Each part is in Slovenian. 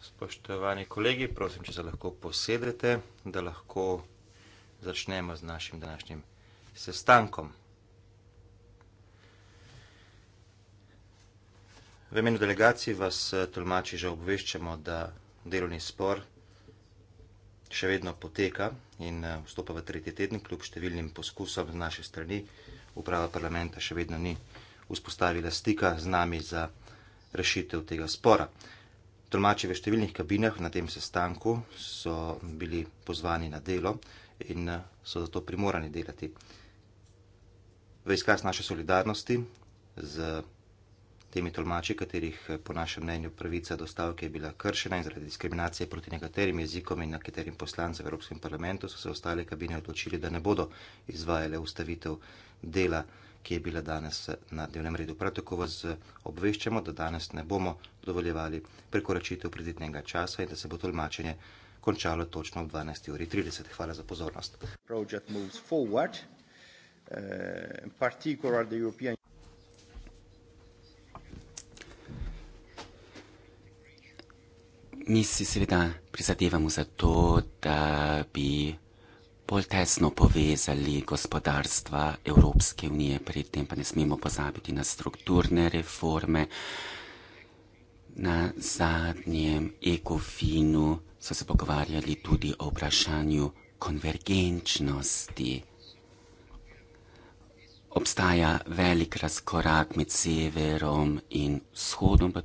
Spoštovani kolegi, prosim, če se lahko posedete, da lahko začnemo z našim današnjim sestankom. V imenu delegacije vas eh, tolmači že obveščamo, da delovni spor še vedno poteka in eh, vstopa v tretji teden, kljub številnim poskusom z naše strani, uprava parlamenta še vedno ni vzpostavila stika z nami za rešitev tega spora. Tolmači v številnih kabinah na tem sestanku so bili pozvani na delo in eh, so zato primorani delati. V izkaz naše solidarnosti z temi tolmači, katerih eh, po našem mnenju pravica do stavke je bila kršena in zaradi diskriminacije proti nekaterim jezikom in nekaterim poslancem v Evropskem parlamentu, so se ostale kabine odločili, da ne bodo izvajale ustavitev dela ki je bila danes na dnevnem redu. Prav tako vas obveščamo, da danes ne bomo dovoljevali prekoračitev predvidnega časa in da se bo tolmačenje končalo točno ob 12.30. Hvala za pozornost. Eh, Mi si seveda prizadevamo za to, da bi bolj tesno povezali gospodarstva Evropske unije, pri tem pa ne smemo pozabiti na strukturne reforme. Na zadnjem ekofinu so se pogovarjali tudi o vprašanju konvergenčnosti. Obstaja velik razkorak med severom in vzhodom, pa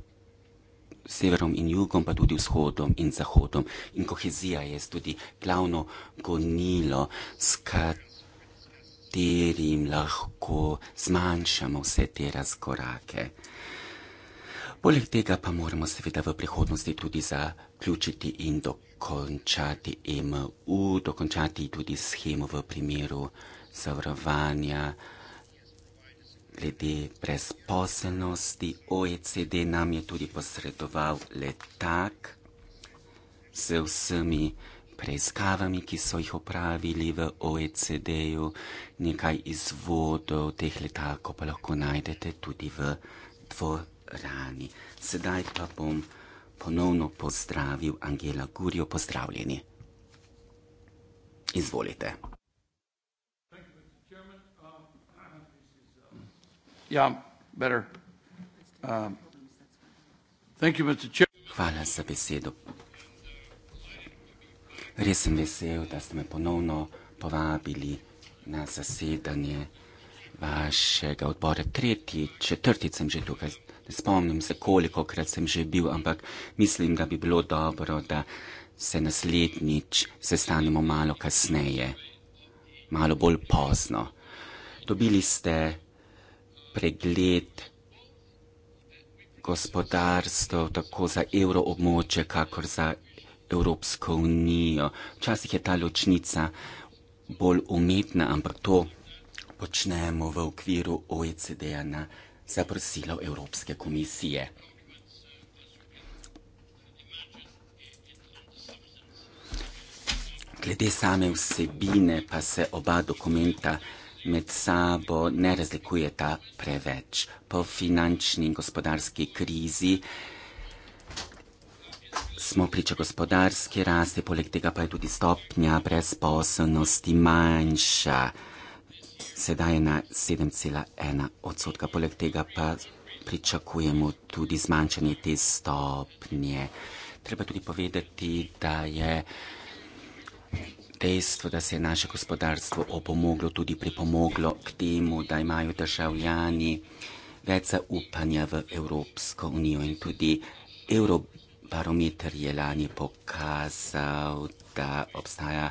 severom in jugom, pa tudi vzhodom in zahodom. In kohezija je tudi glavno gonilo, s katerim lahko zmanjšamo vse te razkorake. Poleg tega pa moramo seveda v prihodnosti tudi zaključiti in dokončati MU, dokončati tudi schemo v primeru zavarovanja glede brezposelnosti. OECD nam je tudi posredoval letak z vsemi preiskavami, ki so jih opravili v OECD-ju. Nekaj izvodov teh letakov pa lahko najdete tudi v dvorani. Sedaj pa bom ponovno pozdravil Angela Gurjo. Pozdravljeni. Izvolite. Yeah, ja, better. Um, thank you, Mr. Chair. Hvala za besedo. Res sem vesel, da ste me ponovno povabili na zasedanje vašega odbora. Tretji, četrti sem že tukaj. Ne spomnim se, koliko krat sem že bil, ampak mislim, da bi bilo dobro, da se naslednjič sestanemo malo kasneje, malo bolj pozno. Dobili ste pregled gospodarstv tako za evroobmoče, kakor za Evropsko unijo. Včasih je ta ločnica bolj umetna, ampak to počnemo v okviru OECD-ja na zaprosilo Evropske komisije. Glede same vsebine pa se oba dokumenta med sabo ne razlikujeta preveč. Po finančni in gospodarski krizi smo priča gospodarske rasti, poleg tega pa je tudi stopnja brezposobnosti manjša. Sedaj je na 7,1 odstotka, poleg tega pa pričakujemo tudi zmanjšanje te stopnje. Treba tudi povedati, da je dejstvo, da se je naše gospodarstvo opomoglo, tudi pripomoglo k temu, da imajo državljani več zaupanja v Evropsko unijo in tudi Eurobarometer je lani pokazal, da obstaja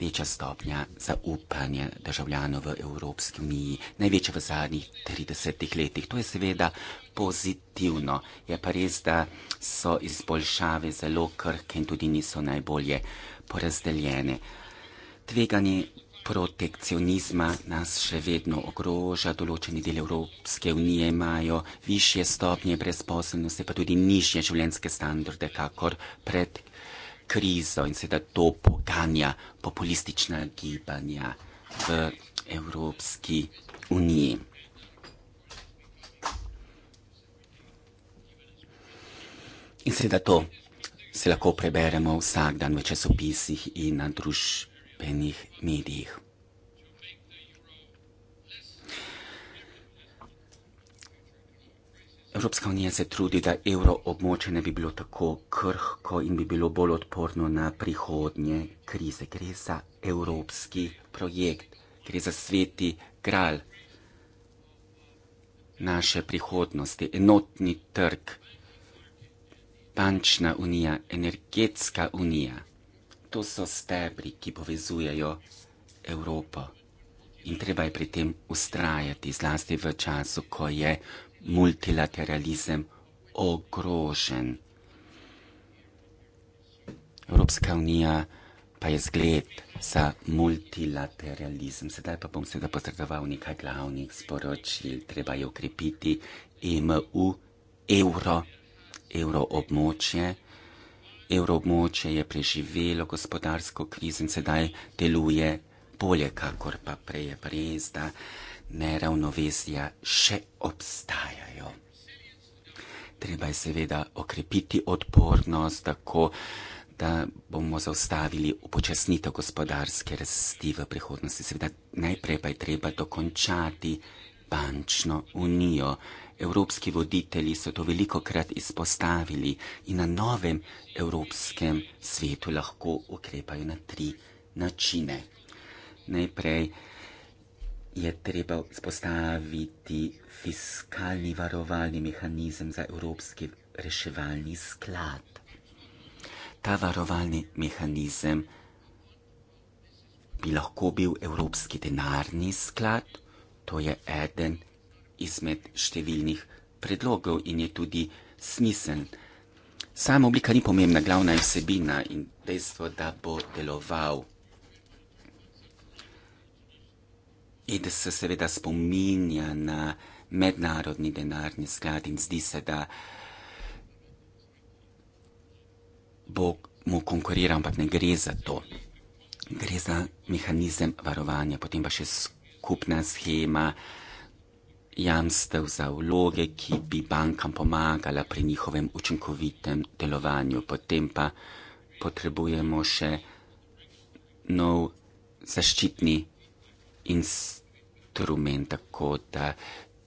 večja stopnja zaupanja državljanov v Evropski uniji, največja v zadnjih 30 letih. To je seveda pozitivno. Je pa res, da so izboljšave zelo krhke in tudi niso najbolje porazdeljene. Tveganje protekcionizma nas še vedno ogroža, določeni deli Evropske unije imajo više stopnje brezposobnosti, pa tudi nižje življenjske standarde, kakor pred krizo in seveda to poganja populistična gibanja v Evropski uniji. In seveda to se lahko preberemo vsak dan v časopisih in na družbenih medijih. Evropska unija se trudi, da evroobmoče ne bi bilo tako krhko in bi bilo bolj odporno na prihodnje krize. Gre za evropski projekt, gre za sveti kralj naše prihodnosti, enotni trg bančna unija, energetska unija. To so stebri, ki povezujejo Evropo in treba je pri tem ustrajati, zlasti v času, ko je multilateralizem ogrožen. Evropska unija pa je zgled za multilateralizem. Sedaj pa bom seveda potrdoval nekaj glavnih sporočil. Treba je ukrepiti EMU, Euro evroobmočje. Evroobmočje je preživelo gospodarsko krizo in sedaj deluje bolje, kakor pa prej je res, da neravnovesja še obstajajo. Treba je seveda okrepiti odpornost, tako da bomo zaustavili upočasnitev gospodarske rasti v prihodnosti. Seveda najprej pa je treba dokončati bančno unijo, evropski voditelji so to veliko krat izpostavili in na novem evropskem svetu lahko ukrepajo na tri načine. Najprej je treba spostaviti fiskalni varovalni mehanizem za evropski reševalni sklad. Ta varovalni mehanizem bi lahko bil evropski denarni sklad, to je eden izmed številnih predlogov in je tudi smisel. Sama oblika ni pomembna, glavna je vsebina in dejstvo, da bo deloval. In e da se seveda spominja na mednarodni denarni sklad in zdi se, da bo mu konkuriral, ampak ne gre za to. Gre za mehanizem varovanja, potem pa še skupna schema jamstev, za vloge, ki bi bankam pomagala pri njihovem učinkovitem delovanju. Potem pa potrebujemo še nov zaščitni instrument, tako da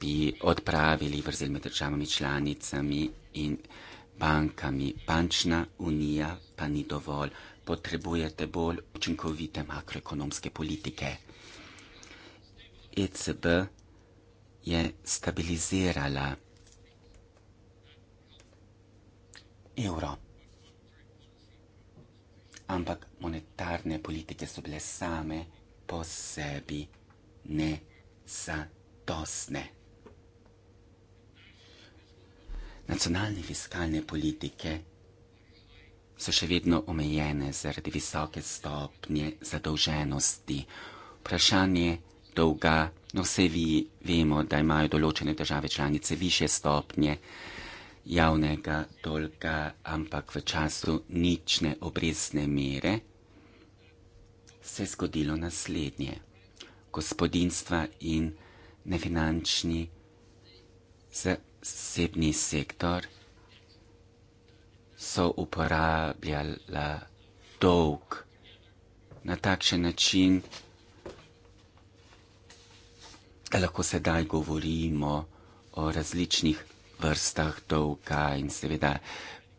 bi odpravili vrzel med državami članicami in bankami. Bančna unija pa ni dovolj. Potrebujete bolj učinkovite makroekonomske politike. ECB je stabilizirala evro. Ampak monetarne politike so bile same po sebi nezadostne. Nacionalne fiskalne politike so še vedno omejene zaradi visoke stopnje zadolženosti. Vprašanje je, dolga, no vse vi vemo, da imajo določene države članice više stopnje javnega dolga, ampak v času nične obrezne mere se je zgodilo naslednje. Gospodinstva in nefinančni zasebni sektor so uporabljala dolg na takšen način, da lahko sedaj govorimo o različnih vrstah dolga in seveda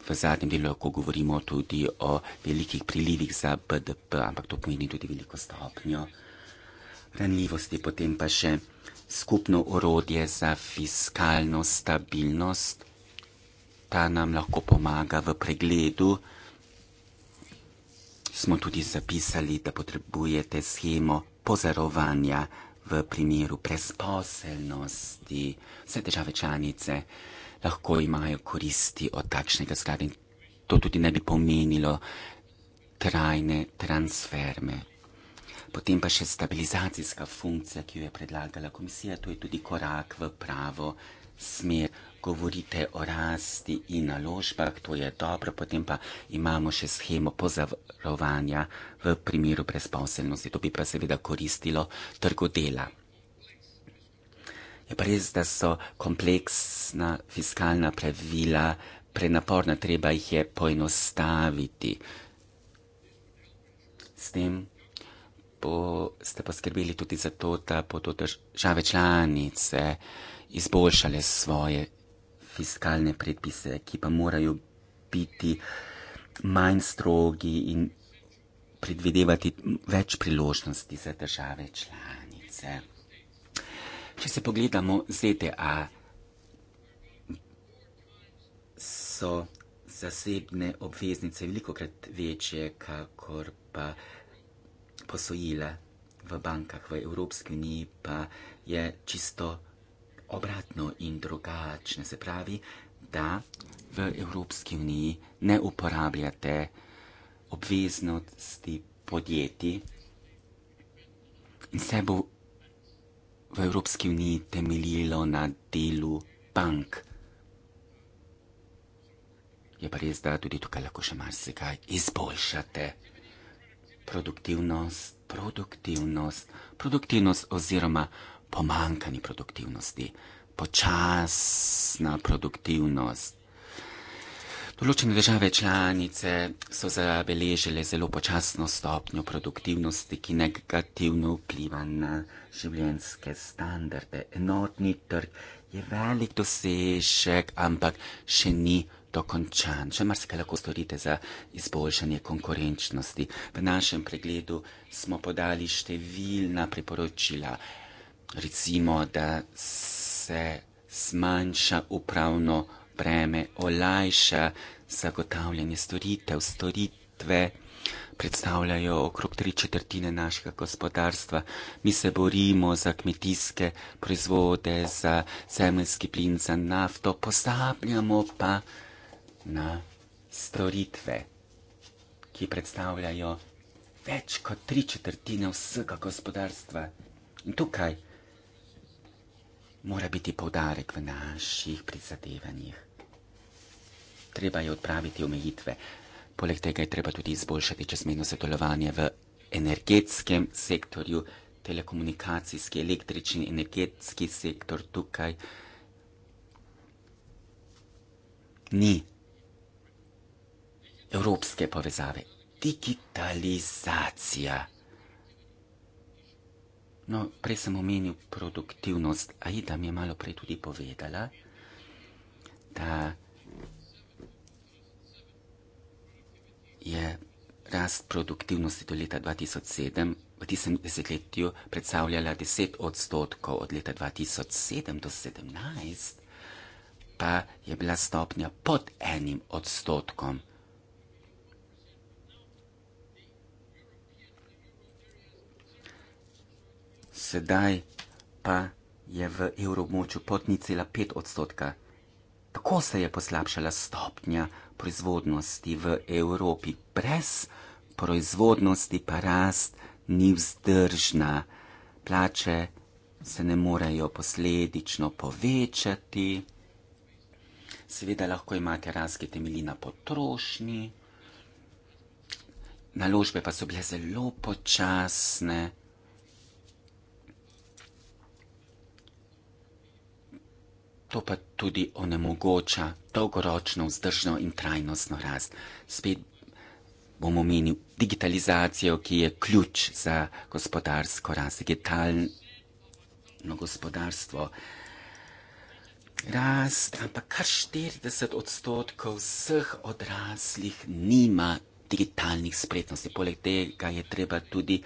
v zadnjem delu lahko govorimo tudi o velikih prilivih za BDP, ampak to pomeni tudi veliko stopnjo ranljivosti, potem pa še skupno orodje za fiskalno stabilnost. Ta nam lahko pomaga v pregledu. Smo tudi zapisali, da potrebujete schemo pozarovanja v primeru brezposelnosti. Vse države članice lahko imajo koristi od takšnega sklada in to tudi ne bi pomenilo trajne transferme. Potem pa še stabilizacijska funkcija, ki jo je predlagala komisija, to je tudi korak v pravo smer govorite o rasti in naložbah, to je dobro, potem pa imamo še schemo pozavarovanja v primeru brezposelnosti, to bi pa seveda koristilo trgu dela. Je pa res, da so kompleksna fiskalna pravila prenaporna, treba jih je poenostaviti. S tem boste poskrbeli tudi za to, da bodo države članice izboljšale svoje fiskalne predpise, ki pa morajo biti manj strogi in predvidevati več priložnosti za države članice. Če se pogledamo ZDA, so zasebne obveznice veliko krat večje, kakor pa posojila v bankah v Evropski uniji, pa je čisto obratno in drugačne. Se pravi, da v Evropski uniji ne uporabljate obveznosti podjetij in se bo v Evropski uniji temeljilo na delu bank. Je pa res, da tudi tukaj lahko še marsikaj izboljšate. Produktivnost, produktivnost, produktivnost oziroma pomankanje produktivnosti, počasna produktivnost. Določene države članice so zabeležile zelo počasno stopnjo produktivnosti, ki negativno vpliva na življenjske standarde. Enotni trg je velik dosežek, ampak še ni dokončan. Še marsikaj lahko storite za izboljšanje konkurenčnosti. V našem pregledu smo podali številna priporočila recimo, da se zmanjša upravno breme, olajša zagotavljanje storitev, storitve predstavljajo okrog tri četrtine našega gospodarstva. Mi se borimo za kmetijske proizvode, za zemljski plin, za nafto, pozabljamo pa na storitve, ki predstavljajo več kot tri četrtine vsega gospodarstva. In tukaj mora biti povdarek v naših prizadevanjih. Treba je odpraviti omejitve. Poleg tega je treba tudi izboljšati čezmeno sodelovanje v energetskem sektorju, telekomunikacijski, električni, energetski sektor tukaj ni evropske povezave. Digitalizacija. No, prej sem omenil produktivnost, a Ida mi je malo prej tudi povedala, da je rast produktivnosti do leta 2007 v tistem desetletju predstavljala 10 odstotkov, od leta 2007 do 2017 pa je bila stopnja pod enim odstotkom. sedaj pa je v evroobmočju pod ničela pet odstotka. Tako se je poslabšala stopnja proizvodnosti v Evropi. Brez proizvodnosti pa rast ni vzdržna. Plače se ne morejo posledično povečati. Seveda lahko imate rast, ki temelji na potrošnji. Naložbe pa so bile zelo počasne. to pa tudi onemogoča dolgoročno vzdržno in trajnostno rast. Spet bom omenil digitalizacijo, ki je ključ za gospodarsko rast, digitalno gospodarstvo. Rast, ampak kar 40 odstotkov vseh odraslih nima digitalnih spretnosti. Poleg tega je treba tudi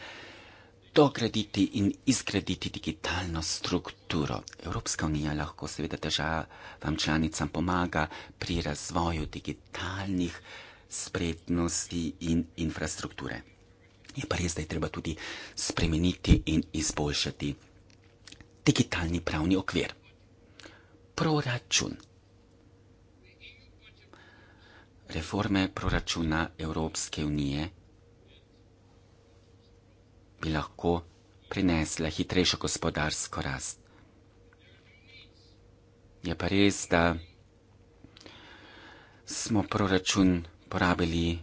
dograditi in izgraditi digitalno strukturo. Evropska unija lahko seveda državam članicam pomaga pri razvoju digitalnih spretnosti in infrastrukture. Je pa res, da je treba tudi spremeniti in izboljšati digitalni pravni okvir. Proračun. Reforme proračuna Evropske unije bi lahko prinesla hitrejšo gospodarsko rast. Je pa res, da smo proračun porabili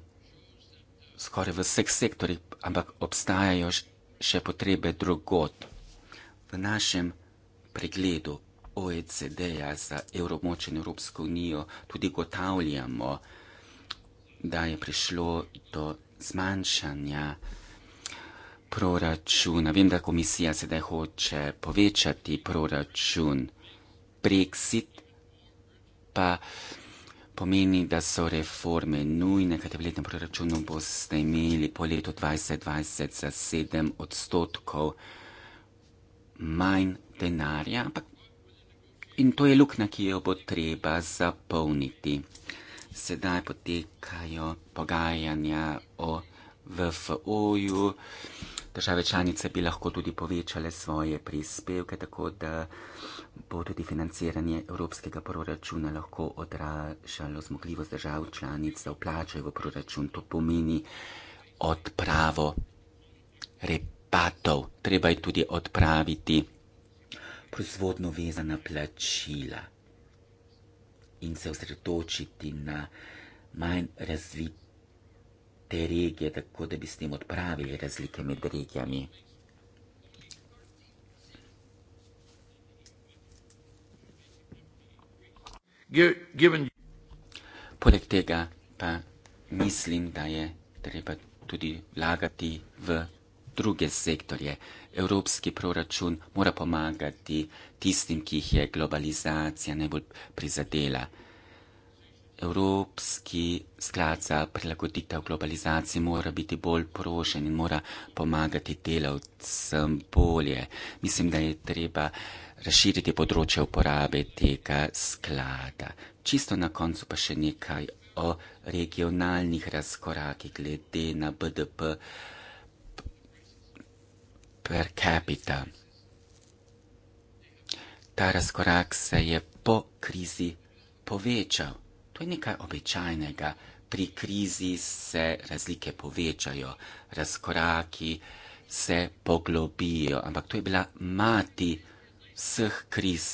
skoraj v vseh sektorjih, ampak obstajajo še potrebe drugot. V našem pregledu OECD-ja za evromoč in Evropsko unijo tudi gotavljamo, da je prišlo do zmanjšanja proračuna. Vem, da komisija sedaj hoče povečati proračun. Brexit pa pomeni, da so reforme nujne. Kaj te v letnem proračunu boste imeli po letu 2020 za 7 odstotkov manj denarja? In to je lukna, ki jo bo treba zapolniti. Sedaj potekajo pogajanja o VFO-ju države članice bi lahko tudi povečale svoje prispevke, tako da bo tudi financiranje evropskega proračuna lahko odražalo zmogljivost držav članic, da vplačajo v proračun. To pomeni odpravo repatov. Treba je tudi odpraviti proizvodno vezana plačila in se osredotočiti na manj razvite te regije, tako da bi s tem odpravili razlike med regijami. Poleg tega pa mislim, da je treba tudi vlagati v druge sektorje. Evropski proračun mora pomagati tistim, ki jih je globalizacija najbolj prizadela. Evropski sklad za prilagoditev globalizaciji mora biti bolj prožen in mora pomagati delavcem bolje. Mislim, da je treba razširiti področje uporabe tega sklada. Čisto na koncu pa še nekaj o regionalnih razkorakih glede na BDP per capita. Ta razkorak se je po krizi povečal. To je nekaj običajnega. Pri krizi se razlike povečajo, razkoraki se poglobijo, ampak to je bila mati vseh kriz.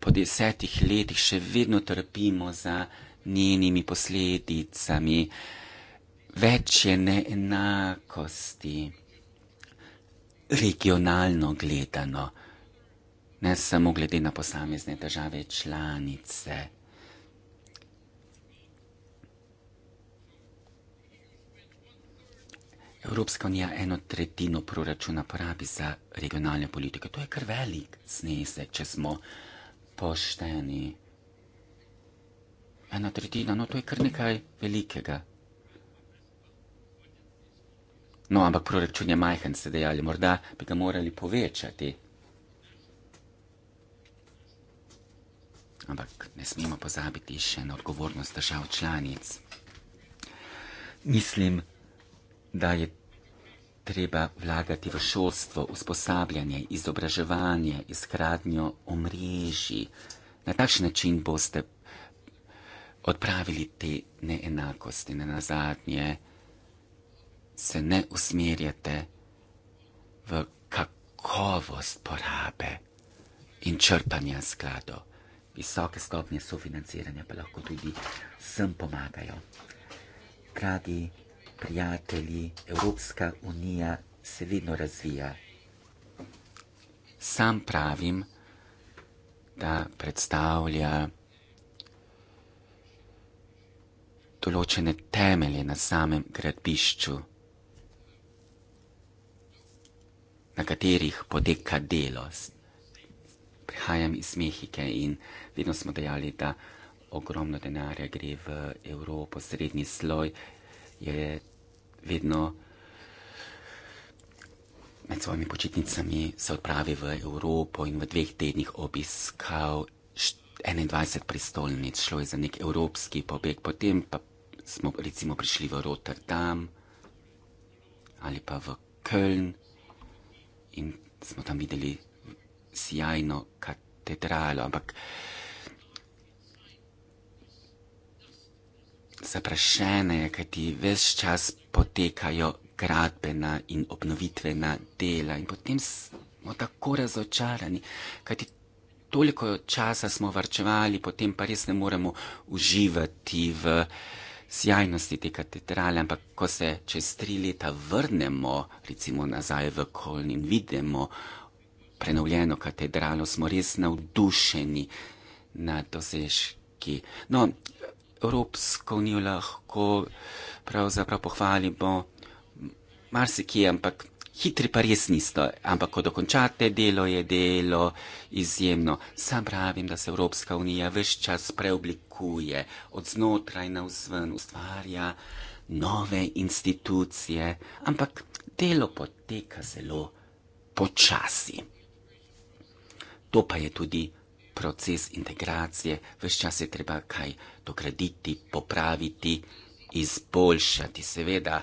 Po desetih letih še vedno trpimo za njenimi posledicami, več je neenakosti, regionalno gledano, ne samo glede na posamezne države članice. Evropska unija eno tretjino proračuna porabi za regionalne politike. To je kar velik znesek, če smo pošteni. Eno tretjino, no to je kar nekaj velikega. No, ampak proračun je majhen, ste dejali, morda bi ga morali povečati. Ampak ne smemo pozabiti še na odgovornost držav članic. Mislim, da je treba vlagati v šolstvo, usposabljanje, izobraževanje, izgradnjo omrežji. Na takšen način boste odpravili te neenakosti. Ne na zadnje se ne usmerjate v kakovost porabe in črpanja sklado. Visoke stopnje sofinanciranja pa lahko tudi vsem pomagajo. Dragi prijatelji, Evropska unija se vedno razvija. Sam pravim, da predstavlja določene temelje na samem gradbišču, na katerih poteka delo. Prihajam iz Mehike in vedno smo dejali, da ogromno denarja gre v Evropo, srednji sloj je vedno med svojimi počitnicami se odpravil v Evropo in v dveh tednih obiskal 21 prestolnic, šlo je za nek evropski pobeg, potem pa smo recimo prišli v Rotterdam ali pa v Köln in smo tam videli sjajno katedralo, ampak zaprašene, kajti ves čas potekajo gradbena in obnovitvena dela in potem smo tako razočarani, kajti toliko časa smo varčevali, potem pa res ne moremo uživati v sjajnosti te katedrale, ampak ko se čez tri leta vrnemo, recimo nazaj v Koln in vidimo prenovljeno katedralo, smo res navdušeni na dosežki. No, Evropsko unijo lahko pravzaprav pohvalimo marsikje, ampak hitri pa res nisto. Ampak, ko dokončate delo, je delo izjemno. Sam pravim, da se Evropska unija vse čas preoblikuje, od znotraj na vzven ustvarja nove institucije, ampak delo poteka zelo počasi. To pa je tudi proces integracije, vse čas je treba kaj dograditi, popraviti, izboljšati. Seveda,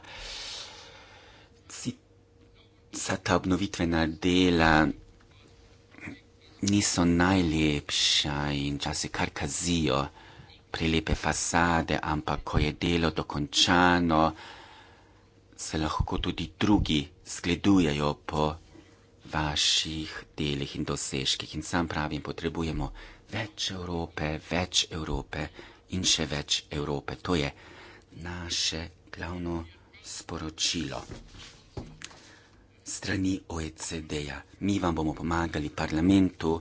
vsa ta obnovitvena dela niso najlepša in čas je kar kazijo prelepe fasade, ampak ko je delo dokončano, se lahko tudi drugi zgledujejo po vaših delih in dosežkih. In sam pravim, potrebujemo več Evrope, več Evrope in še več Evrope. To je naše glavno sporočilo. Strani OECD-ja. Mi vam bomo pomagali, parlamentu,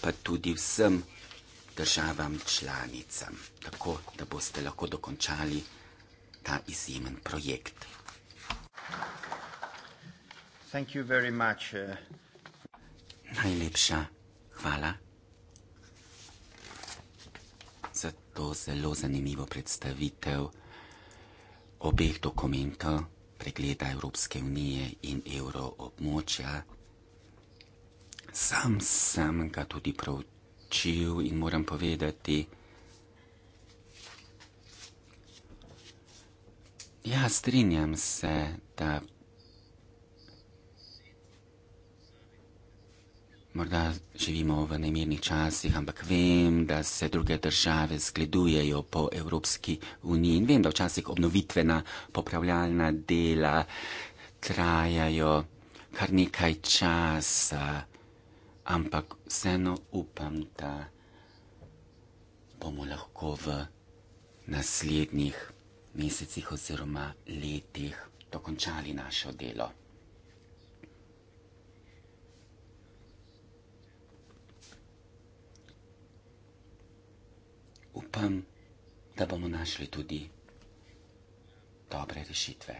pa tudi vsem državam članicam, tako da boste lahko dokončali ta izjemen projekt. Thank you. Thank you very much. Uh, Najlepša hvala za to zelo zanimivo predstavitev obeh dokumentov pregleda Evropske unije in evroobmočja. Sam sem ga tudi proučil in moram povedati, ja, strinjam se, da Morda živimo v nemirnih časih, ampak vem, da se druge države zgledujejo po Evropski uniji in vem, da včasih obnovitvena popravljalna dela trajajo kar nekaj časa, ampak vseeno upam, da bomo lahko v naslednjih mesecih oziroma letih dokončali naše delo. upam, da bomo našli tudi dobre rešitve.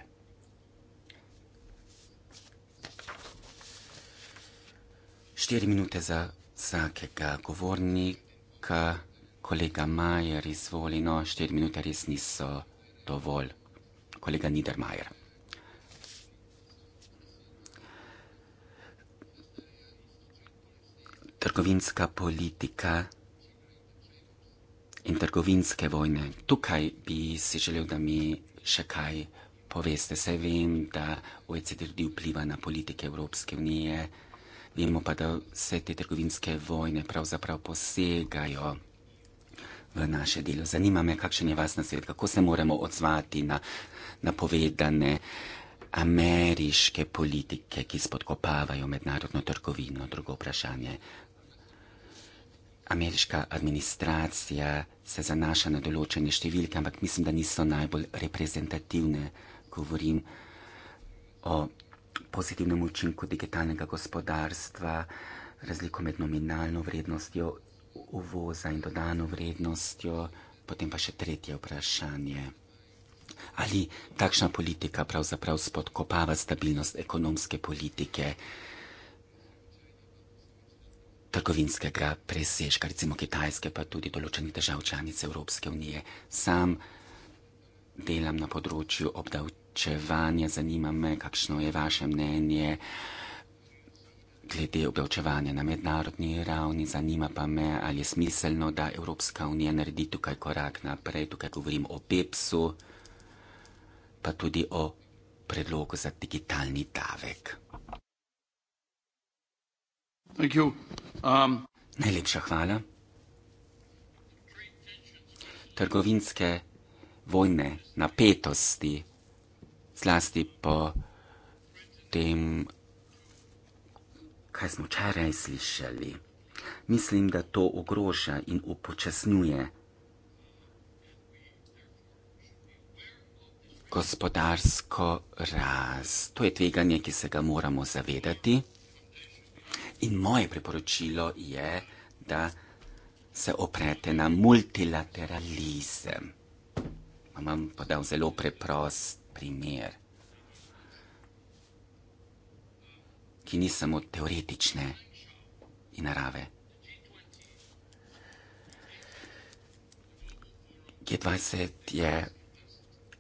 Štiri minute za vsakega govornika, kolega Majer, izvoli, no, štiri minute res niso dovolj, kolega Niedermajer. Trgovinska politika in trgovinske vojne. Tukaj bi si želel, da mi še kaj poveste. Se vem, da OECD tudi vpliva na politike Evropske unije, vemo pa, da vse te trgovinske vojne pravzaprav posegajo v naše delo. Zanima me, kakšen je vas nasvet, kako se moramo odzvati na napovedane ameriške politike, ki spodkopavajo mednarodno trgovino, drugo vprašanje ameriška administracija se zanaša na določene številke, ampak mislim, da niso najbolj reprezentativne. Govorim o pozitivnem učinku digitalnega gospodarstva, razliko med nominalno vrednostjo uvoza in dodano vrednostjo, potem pa še tretje vprašanje. Ali takšna politika pravzaprav spodkopava stabilnost ekonomske politike? trgovinskega presežka, recimo Kitajske, pa tudi določenih držav članic Evropske unije. Sam delam na področju obdavčevanja, zanima me, kakšno je vaše mnenje glede obdavčevanja na mednarodni ravni, zanima pa me, ali je smiselno, da Evropska unija naredi tukaj korak naprej, tukaj govorim o PEPS-u, pa tudi o predlogu za digitalni davek. Um, Najlepša hvala. Trgovinske vojne, napetosti, zlasti po tem, kaj smo včeraj slišali, mislim, da to ogroža in upočasnjuje gospodarsko rast. To je tveganje, ki se ga moramo zavedati. In moje priporočilo je, da se oprete na multilateralizem. Vam bom podal zelo preprost primer, ki ni samo teoretične in narave. G20 je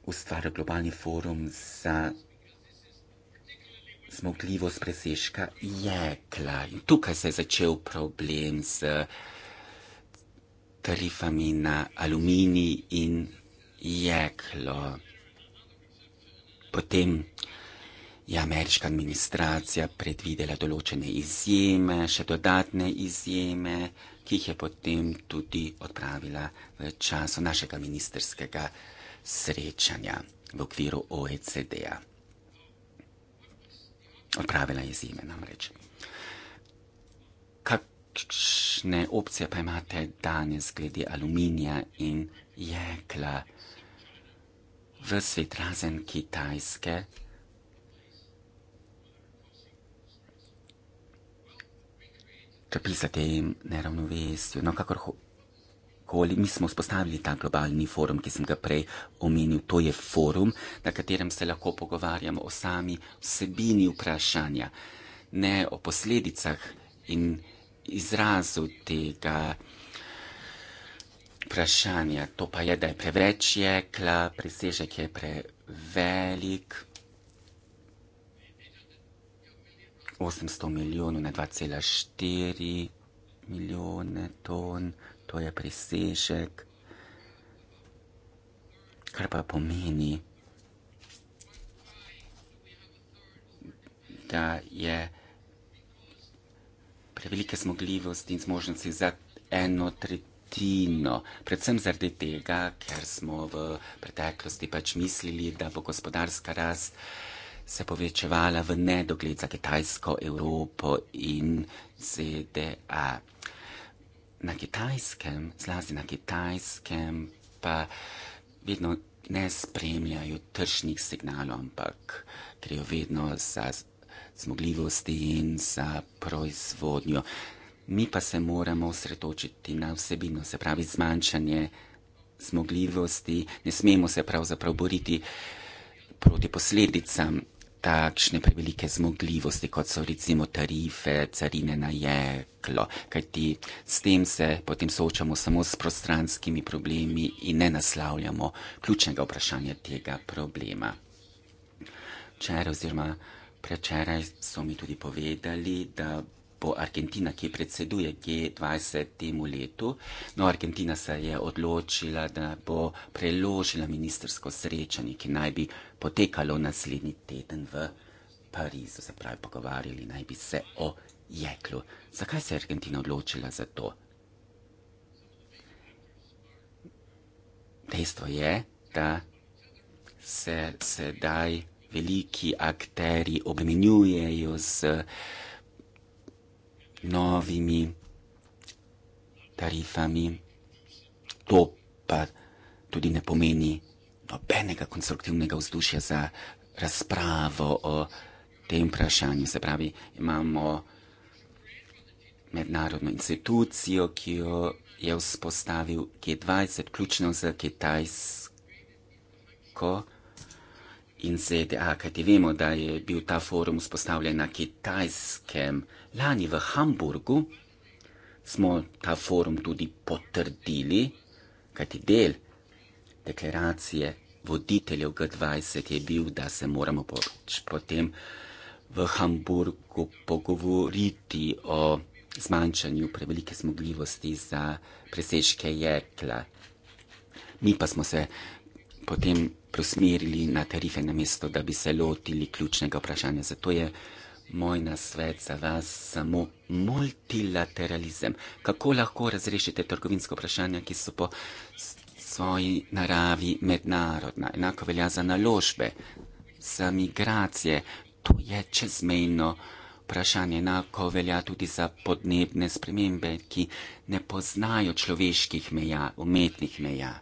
ustvaril globalni forum za zmogljivost presežka jekla. In tukaj se je začel problem z tarifami na aluminij in jeklo. Potem je ameriška administracija predvidela določene izjeme, še dodatne izjeme, ki jih je potem tudi odpravila v času našega ministerskega srečanja v okviru OECD-ja odpravila izjeme namreč. Kakšne opcije pa imate danes glede aluminija in jekla v svet razen kitajske? Če pisate jim neravnovesju, no kakor hočete okoli. Mi smo spostavili ta globalni forum, ki sem ga prej omenil. To je forum, na katerem se lahko pogovarjamo o sami vsebini vprašanja, ne o posledicah in izrazu tega vprašanja. To pa je, da je preveč jekla, presežek je prevelik. 800 milijonov na 2,4 milijone ton to je presežek, kar pa pomeni, da je prevelike zmogljivosti in zmožnosti za eno tretjino, predvsem zaradi tega, ker smo v preteklosti pač mislili, da bo gospodarska rast se povečevala v nedogled za Kitajsko, Evropo in ZDA na kitajskem, zlasti na kitajskem, pa vedno ne spremljajo tržnih signalov, ampak grejo vedno za zmogljivosti in za proizvodnjo. Mi pa se moramo osredotočiti na vsebino, se pravi zmanjšanje zmogljivosti, ne smemo se pravzaprav boriti proti posledicam takšne prevelike zmogljivosti, kot so recimo tarife, carine na jeklo, kajti s tem se potem soočamo samo s prostranskimi problemi in ne naslavljamo ključnega vprašanja tega problema. Včeraj oziroma prečeraj so mi tudi povedali, da bo Argentina, ki predseduje G20 temu letu. No, Argentina se je odločila, da bo preložila ministersko srečanje, ki naj bi potekalo naslednji teden v Parizu. Se pravi, pogovarjali naj bi se o jeklu. Zakaj se je Argentina odločila za to? Dejstvo je, da se sedaj veliki akteri obremenjujejo z uh, novimi tarifami. To pa tudi ne pomeni nobenega konstruktivnega vzdušja za razpravo o tem vprašanju. Se pravi, imamo mednarodno institucijo, ki jo je vzpostavil G20, ključno za Kitajsko in ZDA, kajti vemo, da je bil ta forum vzpostavljen na kitajskem lani v Hamburgu, smo ta forum tudi potrdili, kajti del deklaracije voditeljev G20 je bil, da se moramo potem v Hamburgu pogovoriti o zmanjšanju prevelike zmogljivosti za presežke jekla. Mi pa smo se potem prosmerili na tarife, namesto da bi se lotili ključnega vprašanja. Zato je moj nasvet za vas samo multilateralizem. Kako lahko razrešite trgovinsko vprašanje, ki so po svoji naravi mednarodna. Enako velja za naložbe, za migracije. To je čezmejno vprašanje. Enako velja tudi za podnebne spremembe, ki ne poznajo človeških meja, umetnih meja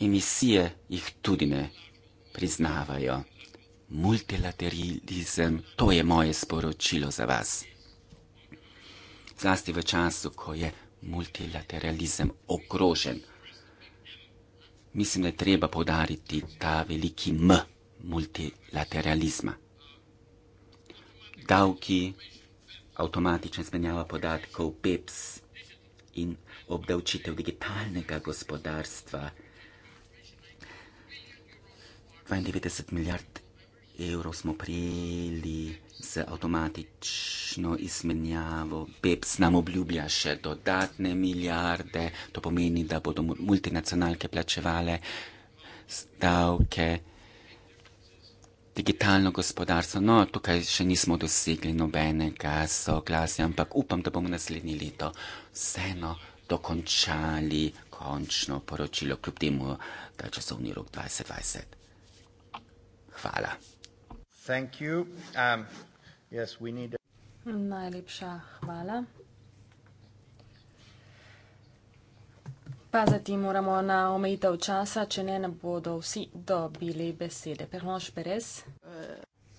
emisije jih tudi ne priznavajo. Multilateralizem, to je moje sporočilo za vas. Zlasti v času, ko je multilateralizem ogrožen, mislim, da je treba podariti ta veliki M multilateralizma. Davki, avtomatična spenjava podatkov, PEPS in obdavčitev digitalnega gospodarstva. 92 milijard evrov smo prijeli z avtomatično izmenjavo. PEPS nam obljublja še dodatne milijarde, to pomeni, da bodo multinacionalke plačevale davke, digitalno gospodarstvo. No, tukaj še nismo dosegli nobenega soglasja, ampak upam, da bomo naslednje leto vseeno dokončali končno poročilo, kljub temu, da je časovni rok 2020 Hvala. Um, yes, need... Najlepša hvala. Paziti moramo na omejitev časa, če ne, ne bodo vsi dobili besede. Perlonš Perez.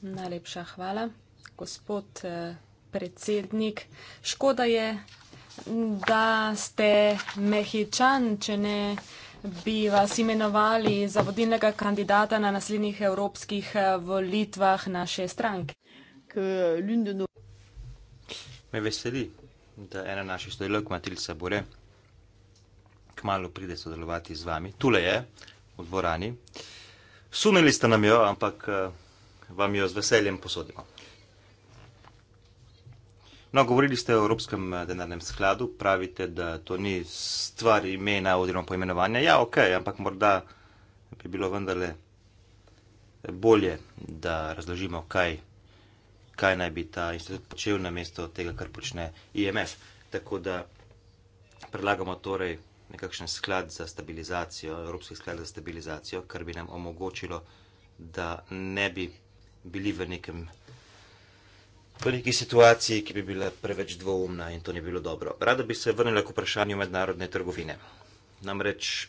Najlepša hvala. Gospod eh, predsednik, škoda je, da ste mehičan, če ne bi vas imenovali za vodilnega kandidata na naslednjih evropskih eh, volitvah naše stranke? Me veseli, da ena naših sodelovk, Matilica Bore, kmalo pride sodelovati z vami. Tule je, v dvorani. Sunili ste nam jo, ampak eh, vam jo z veseljem posodimo. No, govorili ste o Evropskem eh, denarnem skladu, pravite, da to ni stvar imena oziroma poimenovanja. Ja, ok, ampak morda bi bilo vendarle bolje, da razložimo, kaj, kaj naj bi ta institut počel na mesto tega, kar počne IMF. Tako da predlagamo torej nekakšen sklad za stabilizacijo, Evropski sklad za stabilizacijo, kar bi nam omogočilo, da ne bi bili v nekem v neki situaciji, ki bi bila preveč dvoumna in to ni bilo dobro. Rada bi se vrnila k vprašanju mednarodne trgovine. Namreč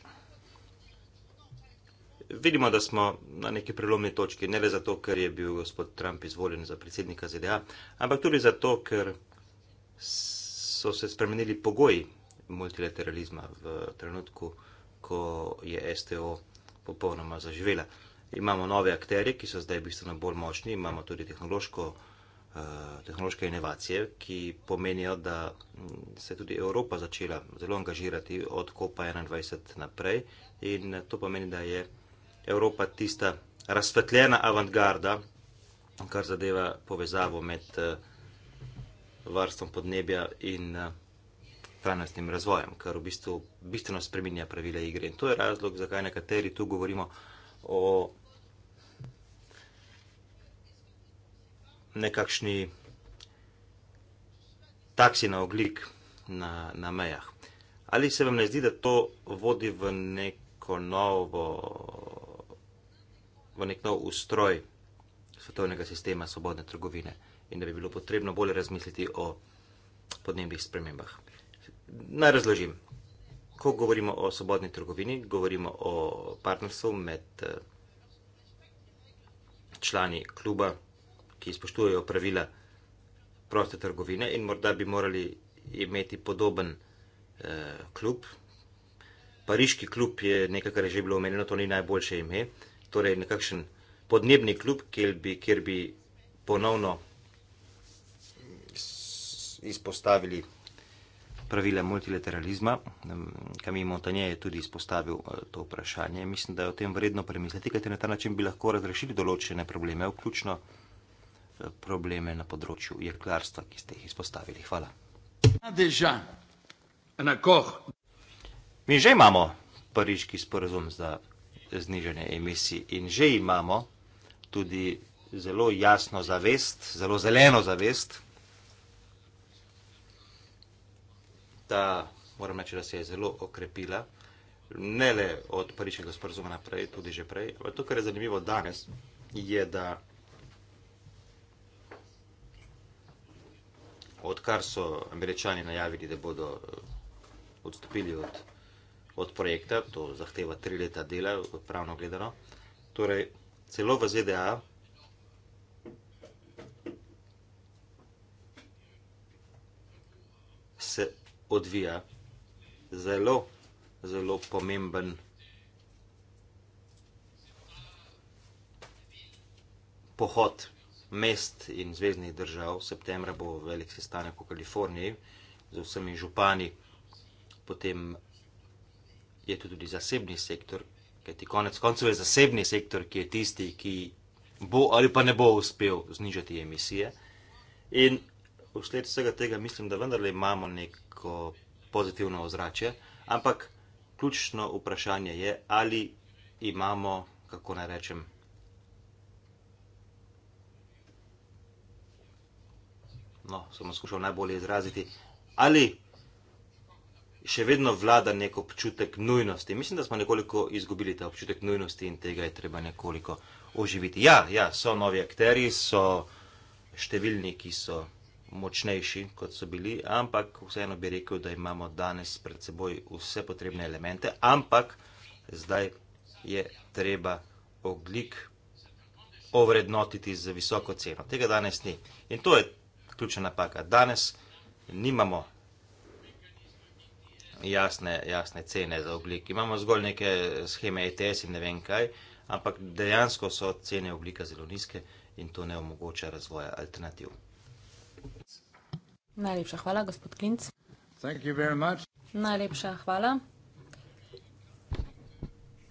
vidimo, da smo na neki prelomni točki, ne le zato, ker je bil gospod Trump izvoljen za predsednika ZDA, ampak tudi zato, ker so se spremenili pogoji multilateralizma v trenutku, ko je STO popolnoma zaživela. Imamo nove akterje, ki so zdaj bistveno bolj močni, imamo tudi tehnološko Eh, tehnološke inovacije, ki pomenijo, da mm, se je tudi Evropa začela zelo angažirati od COP21 naprej in to pomeni, da je Evropa tista razsvetljena avantgarda, kar zadeva povezavo med eh, varstvom podnebja in eh, trajnostnim razvojem, kar v bistvu bistveno spreminja pravile igre. In to je razlog, zakaj nekateri tu govorimo o nekakšni taksi na oglik na, na mejah. Ali se vam ne zdi, da to vodi v neko novo, v nek nov ustroj svetovnega sistema svobodne trgovine in da bi bilo potrebno bolje razmisliti o podnebnih spremembah? Naj razložim. Ko govorimo o svobodni trgovini, govorimo o partnerstvu med eh, člani kluba ki spoštujejo pravila proste trgovine in morda bi morali imeti podoben eh, klub. Pariški klub je nekaj, kar je že bilo omenjeno, to ni najboljše ime, torej nekakšen podnebni klub, kjer bi, kjer bi ponovno izpostavili pravila multilateralizma. Kamil Montanje je tudi izpostavil eh, to vprašanje. Mislim, da je o tem vredno premisliti, kajte na ta način bi lahko razrešili določene probleme, vključno probleme na področju jeklarstva, ki ste jih izpostavili. Hvala. Mi že imamo pariški sporazum za znižanje emisij in že imamo tudi zelo jasno zavest, zelo zeleno zavest, da moram reči, da se je zelo okrepila, ne le od pariškega sporazuma naprej, tudi že prej. To, kar je zanimivo danes, je, da odkar so američani najavili, da bodo eh, odstopili od, od projekta, to zahteva tri leta dela, pravno gledano. Torej, celo v ZDA se odvija zelo, zelo pomemben. Pohod mest in zvezdnih držav. Septembra bo velik sestanek v Kaliforniji z vsemi župani, potem je tu tudi zasebni sektor, kajti konec koncev je zasebni sektor, ki je tisti, ki bo ali pa ne bo uspel znižati emisije. In vsled vsega tega mislim, da vendarle imamo neko pozitivno ozračje, ampak ključno vprašanje je, ali imamo, kako naj rečem, no, sem skušal najbolje izraziti, ali še vedno vlada nek občutek nujnosti. Mislim, da smo nekoliko izgubili ta občutek nujnosti in tega je treba nekoliko oživiti. Ja, ja so novi akteri, so številni, ki so močnejši, kot so bili, ampak vseeno bi rekel, da imamo danes pred seboj vse potrebne elemente, ampak zdaj je treba oglik ovrednotiti z visoko ceno. Tega danes ni. In to je ključna napaka. Danes nimamo jasne, jasne cene za oglik. Imamo zgolj neke scheme ETS in ne vem kaj, ampak dejansko so cene oglika zelo nizke in to ne omogoča razvoja alternativ. Najlepša hvala, gospod Klinc. Najlepša hvala.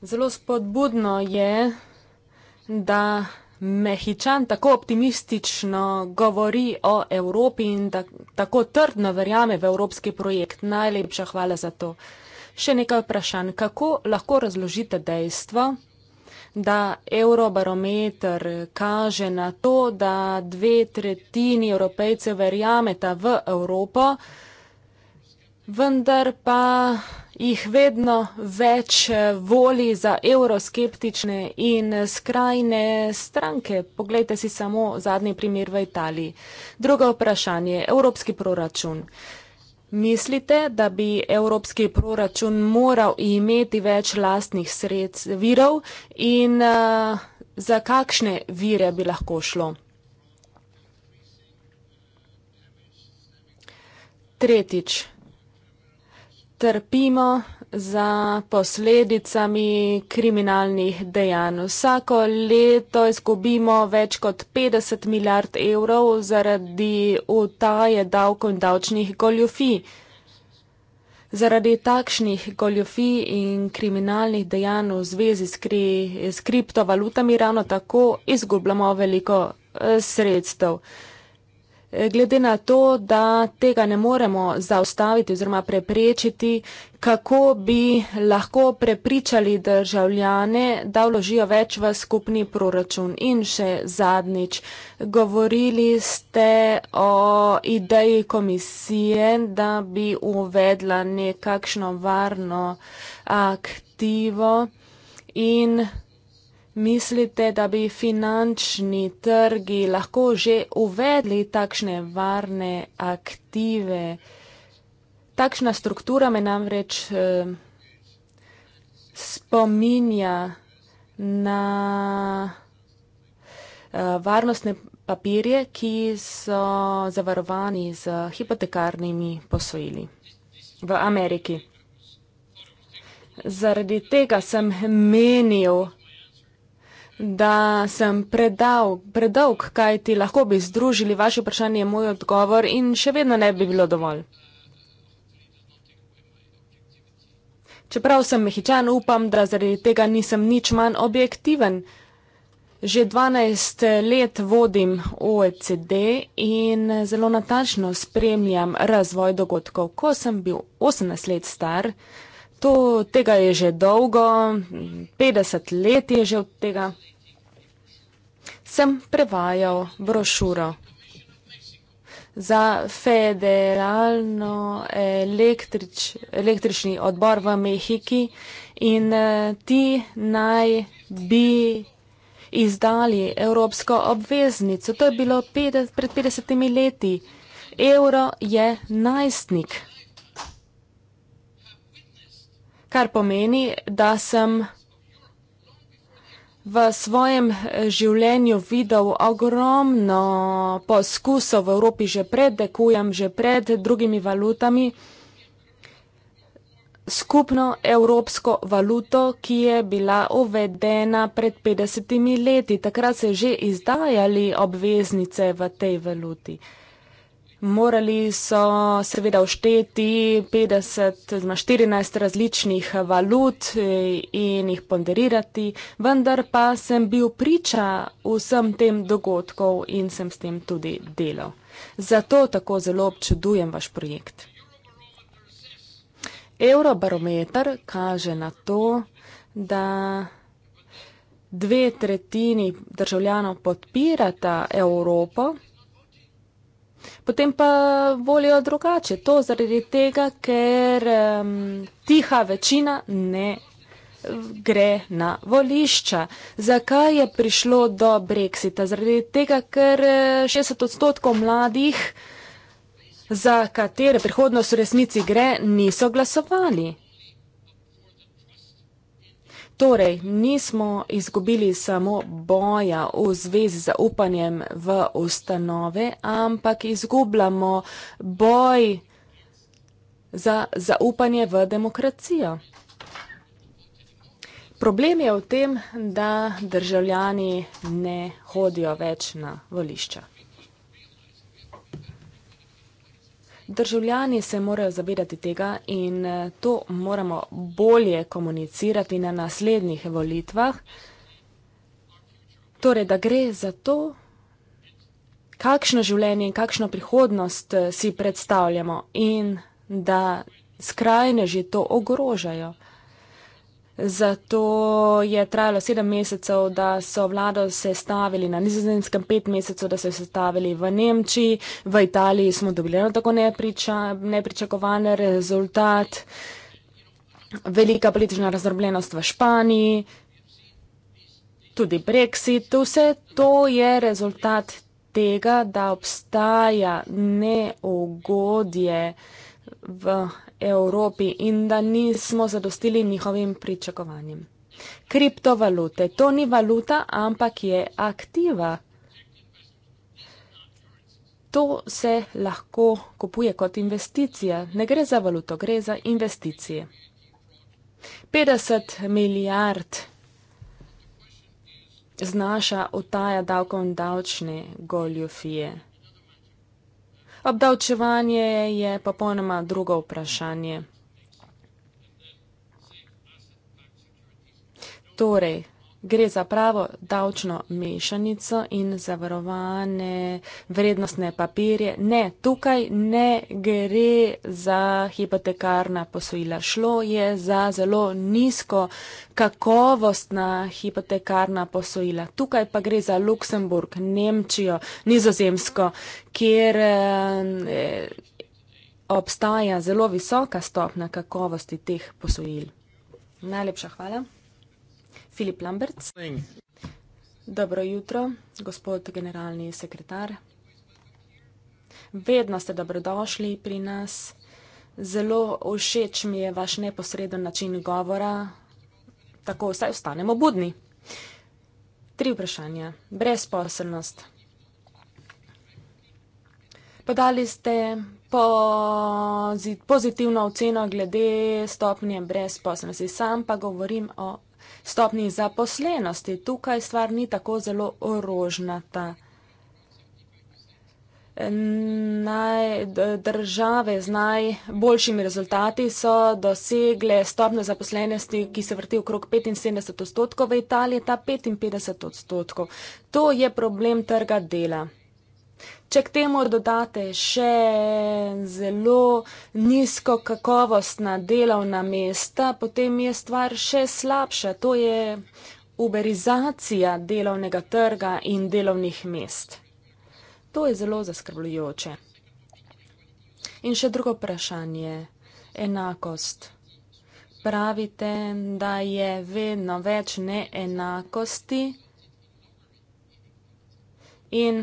Zelo spodbudno je, da Mehičan tako optimistično govori o Evropi in da tako trdno verjame v evropski projekt. Najlepša hvala za to. Še nekaj vprašanj. Kako lahko razložite dejstvo, da eurobarometer kaže na to, da dve tretjini evropejcev verjameta v Evropo, vendar pa jih vedno več eh, voli za evroskeptične in skrajne stranke. Poglejte si samo zadnji primer v Italiji. Drugo vprašanje, evropski proračun. Mislite, da bi evropski proračun moral imeti več lastnih sredstv, virov in uh, za kakšne vire bi lahko šlo? Tretjič, trpimo za posledicami kriminalnih dejanj. Vsako leto izgubimo več kot 50 milijard evrov zaradi utaje davkov in davčnih goljofij. Zaradi takšnih goljofij in kriminalnih dejanj v zvezi s, kri, s kriptovalutami ravno tako izgubljamo veliko eh, sredstev glede na to, da tega ne moremo zaustaviti oziroma preprečiti, kako bi lahko prepričali državljane, da vložijo več v skupni proračun. In še zadnjič, govorili ste o ideji komisije, da bi uvedla nekakšno varno aktivo in Mislite, da bi finančni trgi lahko že uvedli takšne varne aktive? Takšna struktura me namreč eh, spominja na eh, varnostne papirje, ki so zavarovani z hipotekarnimi posojili v Ameriki. Zaradi tega sem menil, da sem predal, predolg, kaj ti lahko bi združili, vaše vprašanje je moj odgovor in še vedno ne bi bilo dovolj. Čeprav sem mehičan, upam, da zaradi tega nisem nič manj objektiven. Že 12 let vodim OECD in zelo natančno spremljam razvoj dogodkov. Ko sem bil 18 let star, To, tega je že dolgo, 50 let je že od tega. Sem prevajal brošuro za federalno električ, električni odbor v Mehiki in ti naj bi izdali evropsko obveznico. To je bilo 50, pred 50 leti. Euro je najstnik. kar pomeni, da sem v svojem življenju videl ogromno poskusov v Evropi že pred dekujem, že pred drugimi valutami, skupno evropsko valuto, ki je bila uvedena pred 50 leti. Takrat se že izdajali obveznice v tej valuti. Morali so seveda ošteti 50 na 14 različnih valut eh, in jih ponderirati, vendar pa sem bil priča vsem tem dogodkov in sem s tem tudi delal. Zato tako zelo občudujem vaš projekt. Eurobarometer kaže na to, da dve tretjini državljanov podpirata Evropo. Potem pa volijo drugače. To zaradi tega, ker um, tiha večina ne gre na volišča. Zakaj je prišlo do brexita? Zaradi tega, ker 60 odstotkov mladih, za katere prihodnost v resnici gre, niso glasovali. Torej, nismo izgubili samo boja v zvezi z upanjem v ustanove, ampak izgubljamo boj za zaupanje v demokracijo. Problem je v tem, da državljani ne hodijo več na volišča. Državljani se morajo zavedati tega in eh, to moramo bolje komunicirati na naslednjih volitvah. Torej, da gre za to, kakšno življenje in kakšno prihodnost eh, si predstavljamo in da skrajneži to ogrožajo. Zato je trajalo sedem mesecev, da so vlado sestavili na nizozemskem, pet mesecev, da so sestavili v Nemčiji. V Italiji smo dobili eno tako nepriča, nepričakovan rezultat. Velika politična razdrobljenost v Španiji, tudi Brexit, vse to je rezultat tega, da obstaja neugodje v Evropi in da nismo zadostili njihovim pričakovanjem. Kriptovalute, to ni valuta, ampak je aktiva. To se lahko kupuje kot investicija. Ne gre za valuto, gre za investicije. 50 milijard znaša otaja davkov in davčne goljofije. Obdavčevanje je popolnoma drugo vprašanje. Torej, gre za pravo davčno mešanico in zavarovane vrednostne papirje. Ne, tukaj ne gre za hipotekarna posojila. Šlo je za zelo nizko kakovostna hipotekarna posojila. Tukaj pa gre za Luksemburg, Nemčijo, Nizozemsko, kjer. Eh, obstaja zelo visoka stopna kakovosti teh posojil. Najlepša hvala. Filip Lamberts. Dobro jutro, gospod generalni sekretar. Vedno ste dobrodošli pri nas. Zelo všeč mi je vaš neposreden način govora. Tako vsaj ostanemo budni. Tri vprašanja. Brezposelnost. Podali ste pozitivno oceno glede stopnje brezposelnosti. Sam pa govorim o stopni zaposlenosti. Tukaj stvar ni tako zelo orožnata. Naj države z najboljšimi rezultati so dosegle stopne zaposlenosti, ki se vrti okrog 75 odstotkov, v Italiji ta 55 odstotkov. To je problem trga dela. Če k temu dodate še zelo nizko kakovostna delovna mesta, potem je stvar še slabša. To je uberizacija delovnega trga in delovnih mest. To je zelo zaskrbljujoče. In še drugo vprašanje. Enakost. Pravite, da je vedno več neenakosti in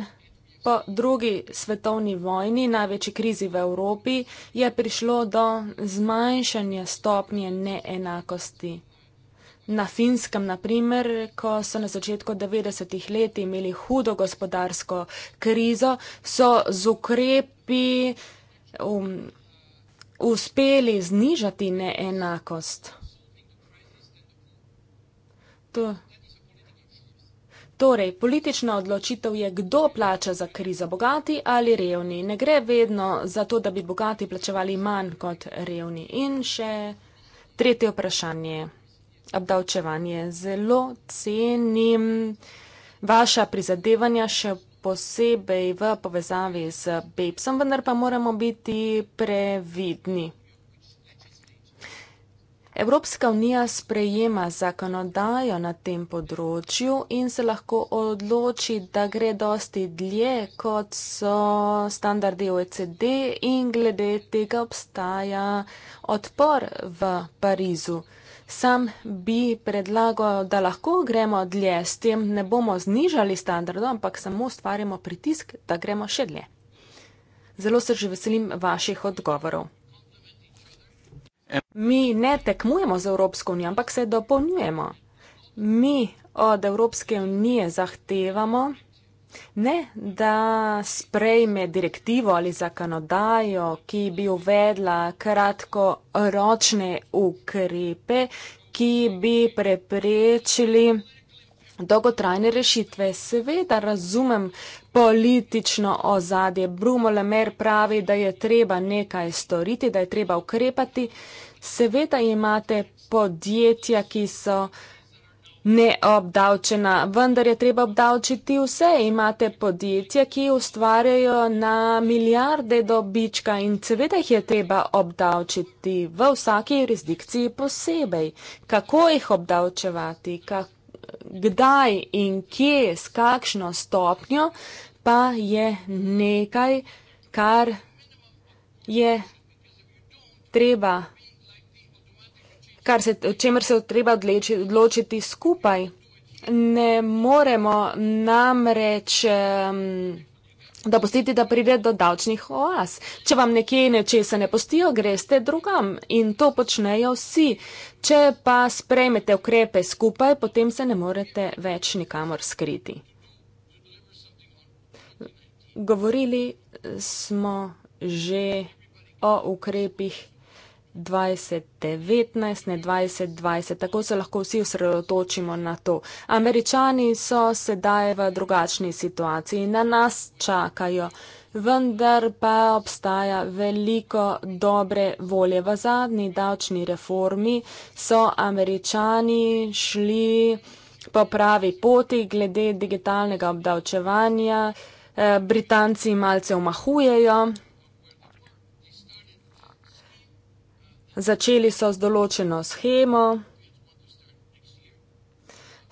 po drugi svetovni vojni, največji krizi v Evropi, je prišlo do zmanjšanja stopnje neenakosti. Na finskem, naprimer, ko so na začetku 90-ih let imeli hudo gospodarsko krizo, so z ukrepi um, uspeli znižati neenakost. To je. Torej, politična odločitev je, kdo plača za krizo, bogati ali revni. Ne gre vedno za to, da bi bogati plačevali manj kot revni. In še tretje vprašanje. Obdavčevanje. Zelo cenim vaša prizadevanja, še posebej v povezavi z Bepsom, vendar pa moramo biti previdni Evropska unija sprejema zakonodajo na tem področju in se lahko odloči, da gre dosti dlje, kot so standardi OECD in glede tega obstaja odpor v Parizu. Sam bi predlagal, da lahko gremo dlje, s tem ne bomo znižali standardov, ampak samo ustvarjamo pritisk, da gremo še dlje. Zelo se že veselim vaših odgovorov mi ne tekmujemo z Evropsko unijo, ampak se dopolnjujemo. Mi od Evropske unije zahtevamo ne, da sprejme direktivo ali zakonodajo, ki bi uvedla kratkoročne ukrepe, ki bi preprečili dolgotrajne rešitve. Seveda razumem politično ozadje. Brumolemer pravi, da je treba nekaj storiti, da je treba ukrepati. Seveda imate podjetja, ki so neobdavčena, vendar je treba obdavčiti vse. Imate podjetja, ki ustvarjajo na milijarde dobička in seveda jih je treba obdavčiti v vsaki jurisdikciji posebej. Kako jih obdavčevati, kak, kdaj in kje, s kakšno stopnjo, pa je nekaj, kar je treba obdavčiti kar se, o čemer se treba odleči, odločiti skupaj. Ne moremo namreč um, dopustiti, da pride do davčnih oaz. Če vam nekje nečesa ne postijo, greste drugam in to počnejo vsi. Če pa sprejmete ukrepe skupaj, potem se ne morete več nikamor skriti. Govorili smo že o ukrepih 2019, ne 2020. Tako se lahko vsi osredotočimo na to. Američani so sedaj v drugačni situaciji, na nas čakajo. Vendar pa obstaja veliko dobre volje. V zadnji davčni reformi so američani šli po pravi poti glede digitalnega obdavčevanja. Eh, Britanci malce omahujejo, Začeli so z določeno schemo.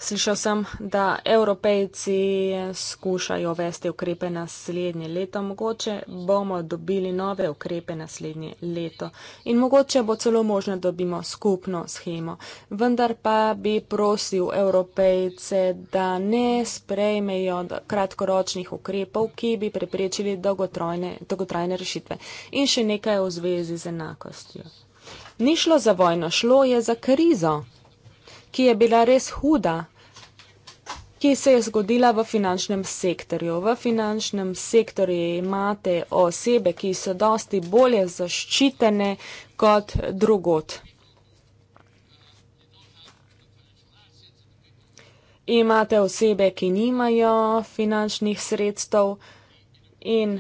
Slišal sem, da evropejci skušajo uvesti ukrepe naslednje leto. Mogoče bomo dobili nove ukrepe naslednje leto in mogoče bo celo možno, da dobimo skupno schemo. Vendar pa bi prosil evropejce, da ne sprejmejo kratkoročnih ukrepov, ki bi preprečili dolgotrajne rešitve. In še nekaj v zvezi z enakostjo. Ni šlo za vojno, šlo je za krizo, ki je bila res huda, ki se je zgodila v finančnem sektorju. V finančnem sektorju imate osebe, ki so dosti bolje zaščitene kot drugot. Imate osebe, ki nimajo finančnih sredstev in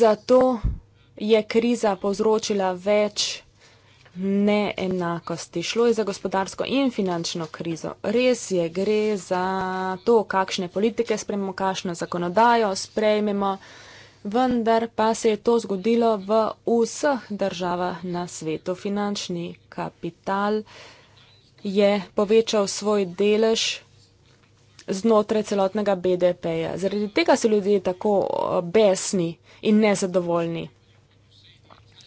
zato je kriza povzročila več neenakosti. Šlo je za gospodarsko in finančno krizo. Res je, gre za to, kakšne politike sprejmemo, kakšno zakonodajo sprejmemo, vendar pa se je to zgodilo v vseh državah na svetu. Finančni kapital je povečal svoj delež znotraj celotnega BDP-ja. Zaradi tega so ljudje tako eh, besni in nezadovoljni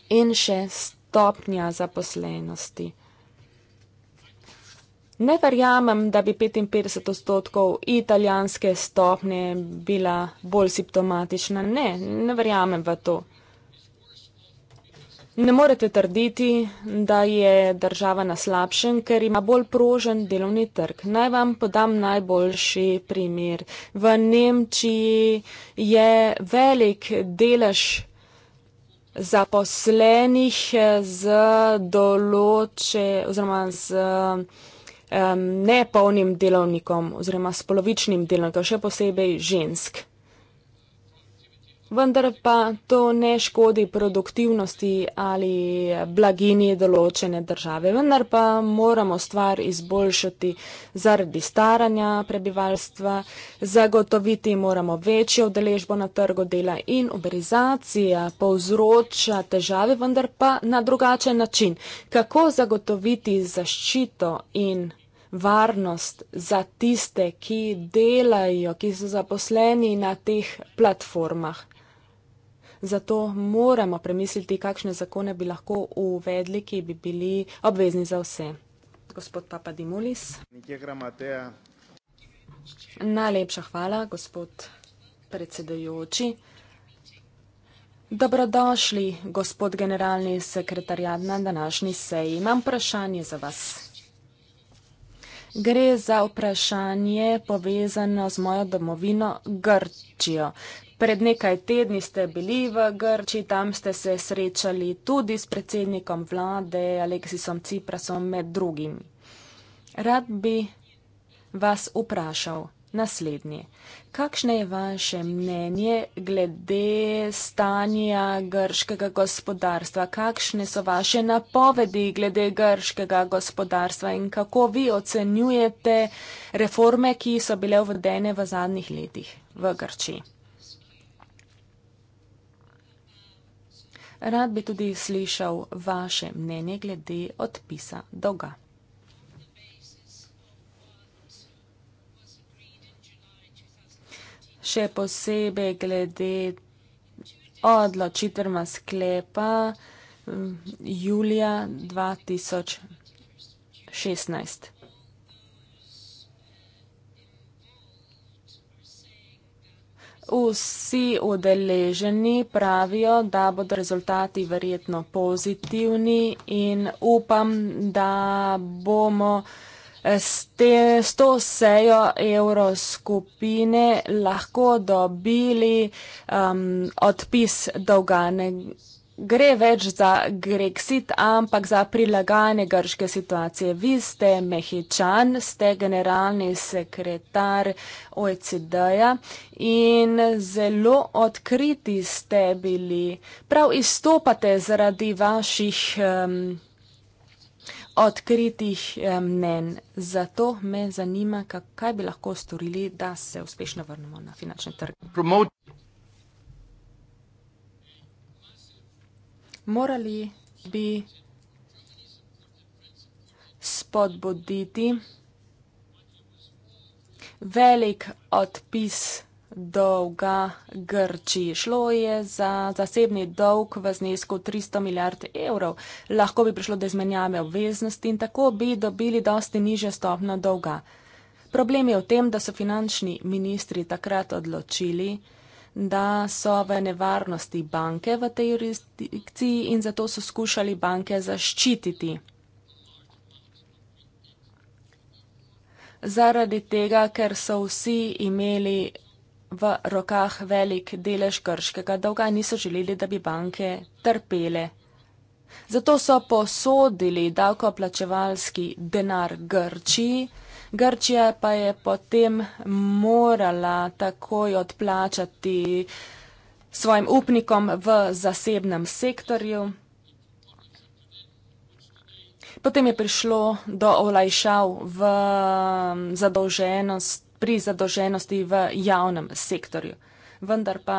in še stopnja zaposlenosti. Ne verjamem, da bi 55 odstotkov italijanske stopnje bila bolj simptomatična. Ne, ne verjamem v to. Ne morete trditi, da je država na slabšem, ker ima bolj prožen delovni trg. Naj vam podam najboljši primer. V Nemčiji je velik delež zaposlenih eh, z določe oziroma z um, nepolnim delovnikom oziroma s polovičnim delovnikom, še posebej žensk vendar pa to ne škodi produktivnosti ali blaginji določene države. Vendar pa moramo stvar izboljšati zaradi staranja prebivalstva, zagotoviti moramo večjo udeležbo na trgu dela in uberizacija povzroča težave, vendar pa na drugačen način. Kako zagotoviti zaščito in varnost za tiste, ki delajo, ki so zaposleni na teh platformah. Zato moramo premisliti, kakšne zakone bi lahko uvedli, ki bi bili obvezni za vse. Gospod Papa Dimulis. Najlepša hvala, gospod predsedojoči. Dobrodošli, gospod generalni sekretarjat na današnji seji. Imam vprašanje za vas. Gre za vprašanje povezano z mojo domovino Grčijo. Pred nekaj tedni ste bili v Grči, tam ste se srečali tudi s predsednikom vlade Aleksisom Ciprasom med drugimi. Rad bi vas vprašal naslednje. Kakšno je vaše mnenje glede stanja grškega gospodarstva? Kakšne so vaše napovedi glede grškega gospodarstva in kako vi ocenjujete reforme, ki so bile uvedene v zadnjih letih v Grčiji? rad bi tudi slišal vaše mnenje glede odpisa dolga. Še posebej glede odločitvrma sklepa mm, julija 2016. Vsi udeleženi pravijo, da bodo rezultati verjetno pozitivni in upam, da bomo eh, s, te, s to sejo evroskupine lahko dobili um, odpis dolganega gre več za Grexit, ampak za prilagajanje grške situacije. Vi ste mehičan, ste generalni sekretar OECD-ja in zelo odkriti ste bili. Prav izstopate zaradi vaših um, odkritih mnen. Zato me zanima, kaj bi lahko storili, da se uspešno vrnemo na finančne trge. morali bi spodbuditi velik odpis dolga Grčiji. Šlo je za zasebni dolg v znesku 300 milijard evrov. Lahko bi prišlo do izmenjave obveznosti in tako bi dobili dosti niže stopno dolga. Problem je v tem, da so finančni ministri takrat odločili, da so v nevarnosti banke v tej jurisdikciji in zato so skušali banke zaščititi. Zaradi tega, ker so vsi imeli v rokah velik delež grškega dolga, niso želeli, da bi banke trpele. Zato so posodili davkoplačevalski denar Grčiji. Grčija pa je potem morala takoj odplačati svojim upnikom v zasebnem sektorju. Potem je prišlo do olajšav v zadolženost, pri zadolženosti v javnem sektorju. Vendar pa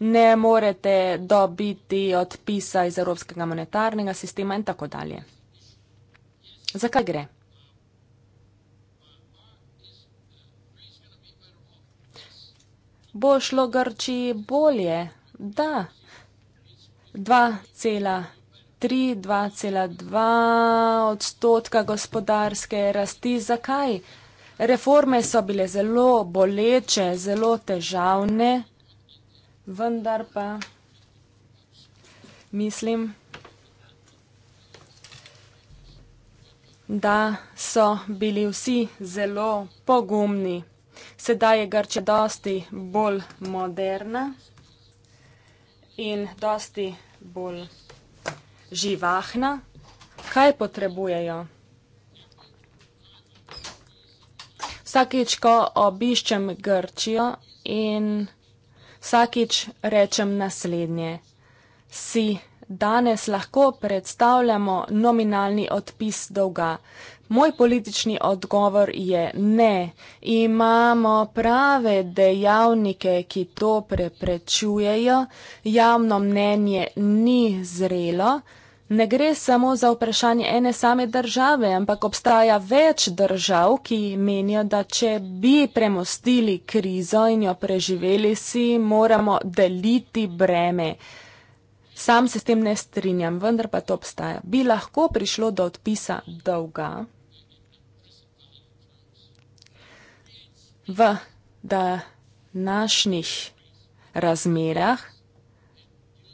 ne morete dobiti odpisa iz Evropskega monetarnega sistema in tako dalje. Zakaj gre? bo šlo Grčiji bolje. Da, 2,3, 2,2 odstotka gospodarske rasti. Zakaj? Reforme so bile zelo boleče, zelo težavne, vendar pa mislim, da so bili vsi zelo pogumni. Sedaj je grče dosti bolj moderna in dosti bolj živahna. Kaj potrebujejo? Vsakič, ko obiščem Grčijo in vsakič rečem naslednje. Si danes lahko predstavljamo nominalni odpis dolga. Moj politični odgovor je ne. Imamo prave dejavnike, ki to preprečujejo. Javno mnenje ni zrelo. Ne gre samo za vprašanje ene same države, ampak obstaja več držav, ki menijo, da če bi premostili krizo in jo preživeli, si moramo deliti breme. Sam se s tem ne strinjam, vendar pa to obstaja. Bi lahko prišlo do odpisa dolga? v današnjih razmerah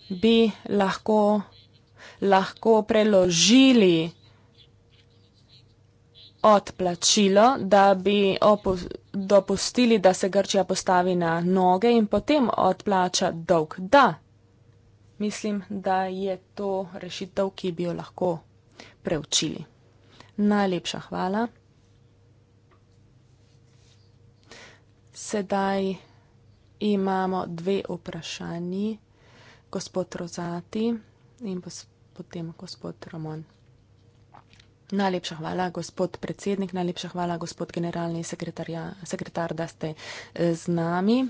bi lahko, lahko preložili odplačilo, da bi dopustili, da se Grčija postavi na noge in potem odplača dolg. Da, mislim, da je to rešitev, ki bi jo lahko preučili. Najlepša hvala. Sedaj imamo dve vprašanji, gospod Rozati in potem gospod Ramon. Najlepša hvala, gospod predsednik, najlepša hvala, gospod generalni sekretar, da ste eh, z nami.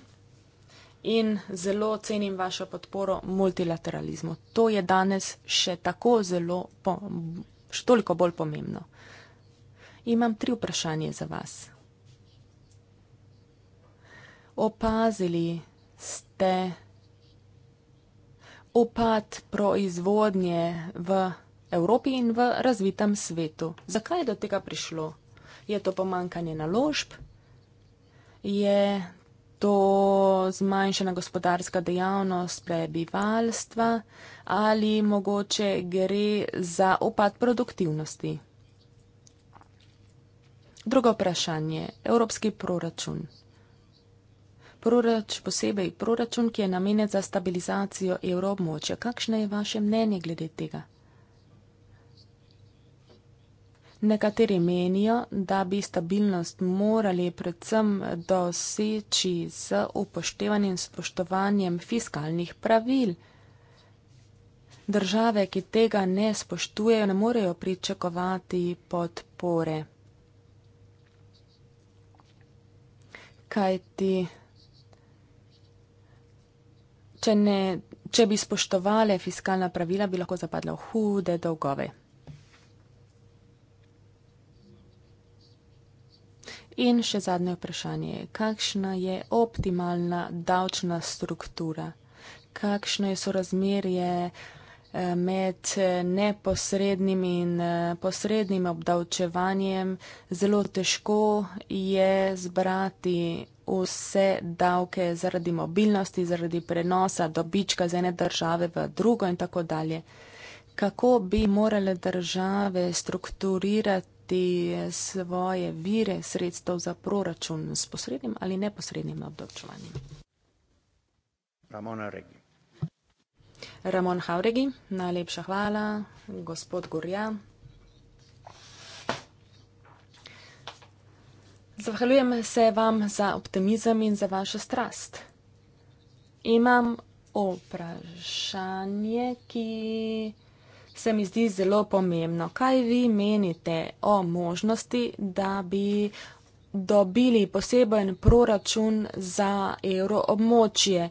In zelo cenim vašo podporo multilateralizmu. To je danes še tako zelo, po, še toliko bolj pomembno. Imam tri vprašanje za vas. Opazili ste upad proizvodnje v Evropi in v razvitem svetu. Zakaj je do tega prišlo? Je to pomankanje naložb? Je to zmanjšana gospodarska dejavnost prebivalstva ali mogoče gre za upad produktivnosti? Drugo vprašanje. Evropski proračun proračun, še posebej proračun, ki je namenjen za stabilizacijo evroobmočja. Kakšno je vaše mnenje glede tega? Nekateri menijo, da bi stabilnost morali predvsem doseči z upoštevanjem in spoštovanjem fiskalnih pravil. Države, ki tega ne spoštujejo, ne morejo pričakovati podpore. Kaj ti če, ne, če bi spoštovali fiskalna pravila, bi lahko zapadlo hude dolgove. In še zadnje vprašanje. Kakšna je optimalna davčna struktura? Kakšno je sorazmerje eh, med eh, neposrednim in eh, posrednim obdavčevanjem? Zelo težko je zbrati vse davke zaradi mobilnosti, zaradi prenosa dobička z ene države v drugo in tako dalje. Kako bi morale države strukturirati svoje vire sredstev za proračun s posrednim ali neposrednim obdavčevanjem? Ramon Hauregi, najlepša hvala, gospod Gorja. Zahvaljujem se vam za optimizem in za vašo strast. Imam vprašanje, ki se mi zdi zelo pomembno. Kaj vi menite o možnosti, da bi dobili poseben proračun za evro območje?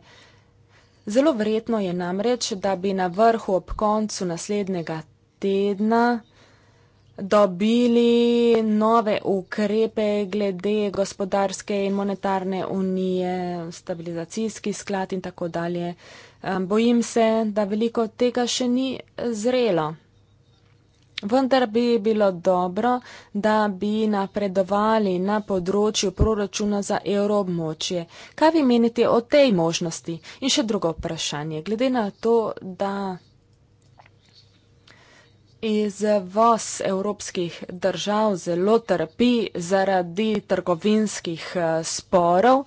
Zelo verjetno je namreč, da bi na vrhu ob koncu naslednjega tedna dobili nove ukrepe glede gospodarske in monetarne unije, stabilizacijski sklad in tako dalje. Bojim se, da veliko tega še ni zrelo. Vendar bi bilo dobro, da bi napredovali na področju proračuna za evroobmočje. Kaj vi menite o tej možnosti? In še drugo vprašanje. Glede na to, da izvoz evropskih držav zelo trpi zaradi trgovinskih eh, sporov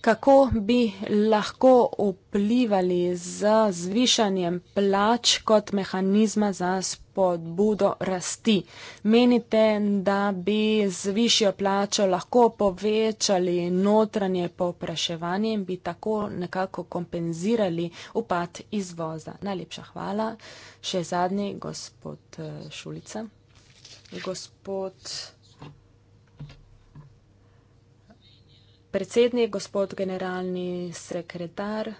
kako bi lahko vplivali z zvišanjem plač kot mehanizma za spodbudo rasti. Menite, da bi z višjo plačo lahko povečali notranje popraševanje in bi tako nekako kompenzirali upad izvoza. Najlepša hvala. Še zadnji, gospod eh, Šulica. Gospod. predsednik, gospod generalni sekretar.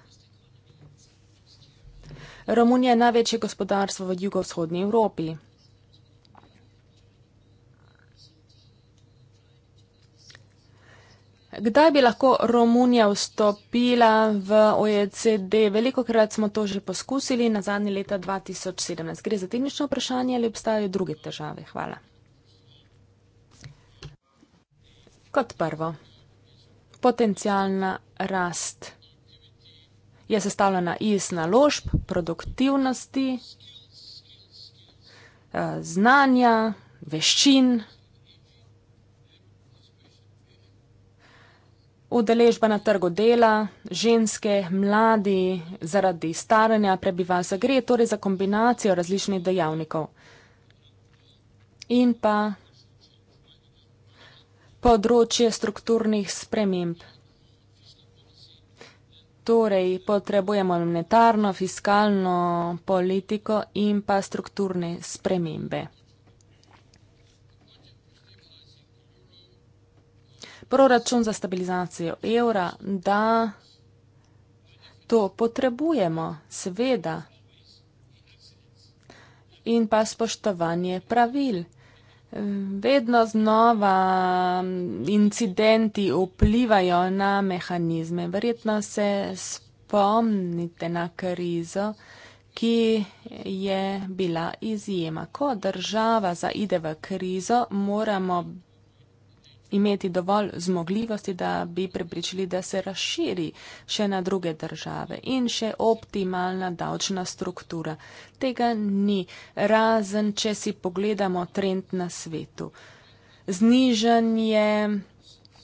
Romunija je največje gospodarstvo v jugovzhodni Evropi. Kdaj bi lahko Romunija vstopila v OECD? Veliko krat smo to že poskusili na zadnje leta 2017. Gre za tehnično vprašanje ali obstajajo druge težave? Hvala. Kot prvo potencialna rast je sestavljena iz naložb, produktivnosti, eh, znanja, veščin. Udeležba na trgu dela, ženske, mladi, zaradi staranja prebivalstva, gre torej za kombinacijo različnih dejavnikov. In pa področje strukturnih sprememb. Torej, potrebujemo monetarno, fiskalno politiko in pa strukturne spremembe. Proračun za stabilizacijo evra, da to potrebujemo, seveda. In pa spoštovanje pravil. Vedno znova mm, incidenti vplivajo na mehanizme. Verjetno se spomnite na krizo, ki je bila izjema. Ko država zaide v krizo, moramo imeti dovolj zmogljivosti, da bi prepričali, da se razširi še na druge države in še optimalna davčna struktura. Tega ni, razen če si pogledamo trend na svetu. Znižanje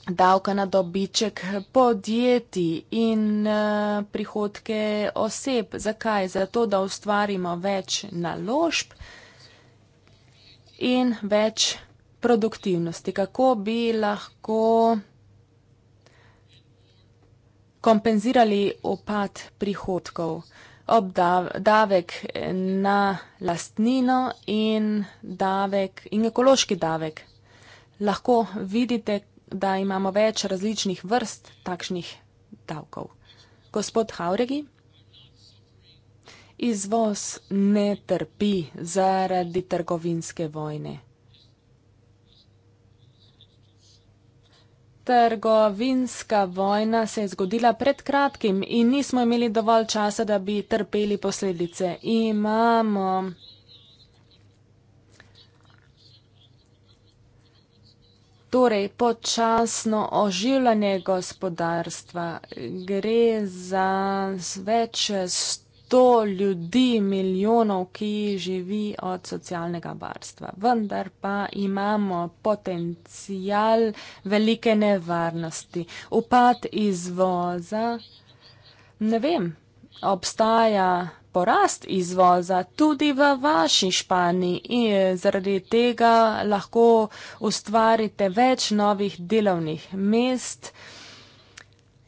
davka na dobiček podjetij in eh, prihodke oseb. Zakaj? Zato, da ustvarimo več naložb in več produktivnosti, kako bi lahko kompenzirali opad prihodkov, obdavek na lastnino in davek in ekološki davek. Lahko vidite, da imamo več različnih vrst takšnih davkov. Gospod Hauregi, izvoz ne trpi zaradi trgovinske vojne. trgovinska vojna se je zgodila pred kratkim in nismo imeli dovolj časa, da bi trpeli posledice. Imamo torej počasno oživljanje gospodarstva. Gre za več sto sto ljudi, milijonov, ki živi od socialnega varstva. Vendar pa imamo potencial velike nevarnosti. Upad izvoza, ne vem, obstaja porast izvoza tudi v vaši Španiji in zaradi tega lahko ustvarite več novih delovnih mest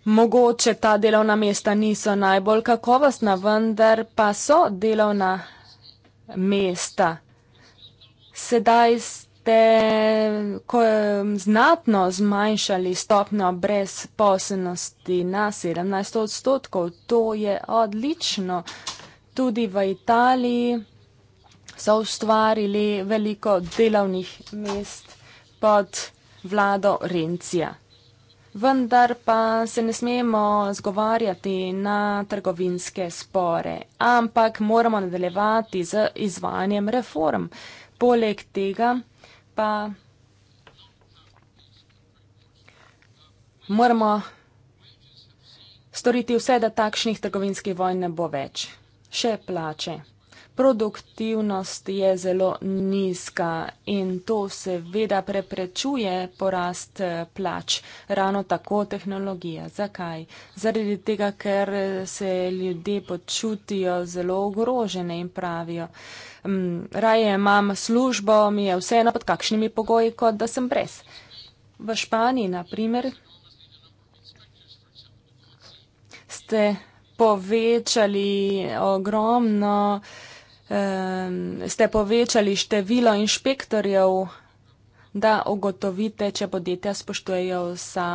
mogoče ta delovna mesta niso najbolj kakovostna, vendar pa so delovna mesta. Sedaj ste ko, znatno zmanjšali stopno brezposobnosti na 17 odstotkov. To je odlično. Tudi v Italiji so ustvarili veliko delovnih mest pod vlado Rencija vendar pa se ne smemo zgovarjati na trgovinske spore, ampak moramo nadaljevati z izvanjem reform. Poleg tega pa moramo storiti vse, da takšnih trgovinskih vojn ne bo več. Še plače produktivnost je zelo nizka in to seveda preprečuje porast eh, plač. Ravno tako tehnologija. Zakaj? Zaradi tega, ker se ljudje počutijo zelo ogrožene in pravijo. Raje imam službo, mi je vseeno pod kakšnimi pogoji, kot da sem brez. V Španiji, na primer, ste povečali ogromno uh, ste povečali število inšpektorjev, da ugotovite, če podjetja spoštujejo vsa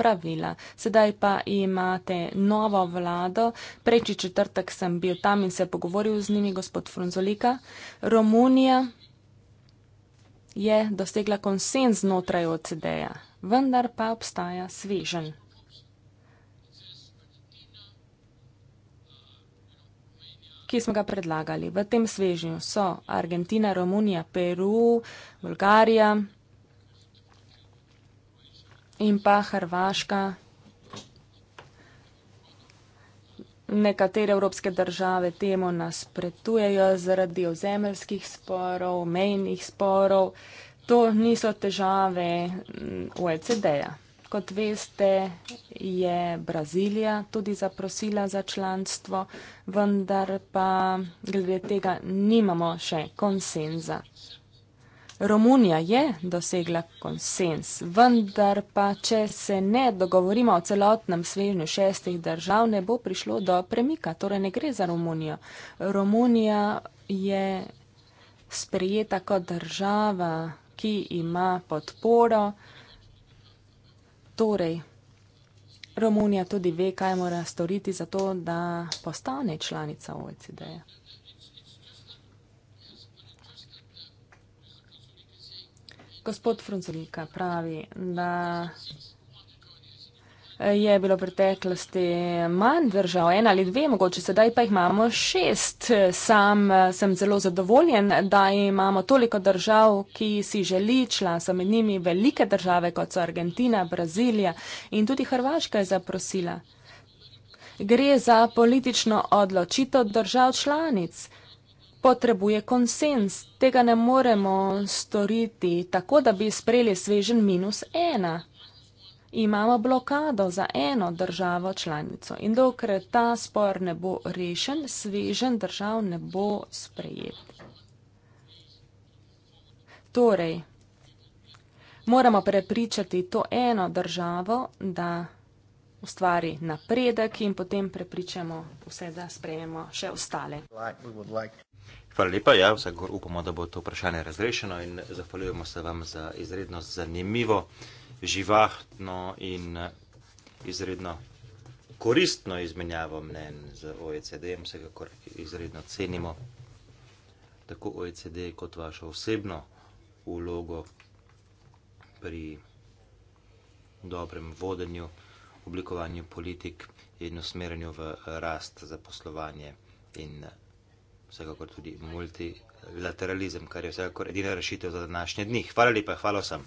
pravila. Sedaj pa imate novo vlado. Prejči četrtek sem bil tam in se pogovoril z njimi, gospod Frunzolika. Romunija je dosegla konsens znotraj OCD-ja, vendar pa obstaja svežen. ki smo ga predlagali. V tem svežnju so Argentina, Romunija, Peru, Bolgarija in pa Hrvaška. Nekatere evropske države temu nasprotujejo zaradi ozemeljskih sporov, mejnih sporov. To niso težave mm, OECD-ja. Kot veste, je Brazilija tudi zaprosila za članstvo, vendar pa glede tega nimamo še konsenza. Romunija je dosegla konsens, vendar pa, če se ne dogovorimo o celotnem svežnju šestih držav, ne bo prišlo do premika. Torej ne gre za Romunijo. Romunija je sprejeta kot država, ki ima podporo. Torej, Romunija tudi ve, kaj mora storiti za to, da postane članica OECD. -ja. Gospod Frunzelika pravi, da je bilo v preteklosti manj držav, ena ali dve, mogoče sedaj pa jih imamo šest. Sam eh, sem zelo zadovoljen, da imamo toliko držav, ki si želi članstvo, med njimi velike države, kot so Argentina, Brazilija in tudi Hrvaška je zaprosila. Gre za politično odločitev držav članic. Potrebuje konsens. Tega ne moremo storiti tako, da bi sprejeli svežen minus ena imamo blokado za eno državo članico in dokler ta spor ne bo rešen, svežen držav ne bo sprejet. Torej, moramo prepričati to eno državo, da ustvari napredek in potem prepričamo vse, da sprejemo še ostale. Hvala lepa, ja, vsekakor upamo, da bo to vprašanje razrešeno in zahvaljujemo se vam za izredno zanimivo živahno in eh, izredno koristno izmenjavo mnen z OECD-em, vsekakor izredno cenimo tako OECD kot vašo osebno vlogo pri dobrem vodenju, oblikovanju politik in usmerjanju v rast za poslovanje in eh, vsekakor tudi multi lateralizem, kar je vsekakor edina rešitev za današnje dni. Hvala lepa, hvala vsem.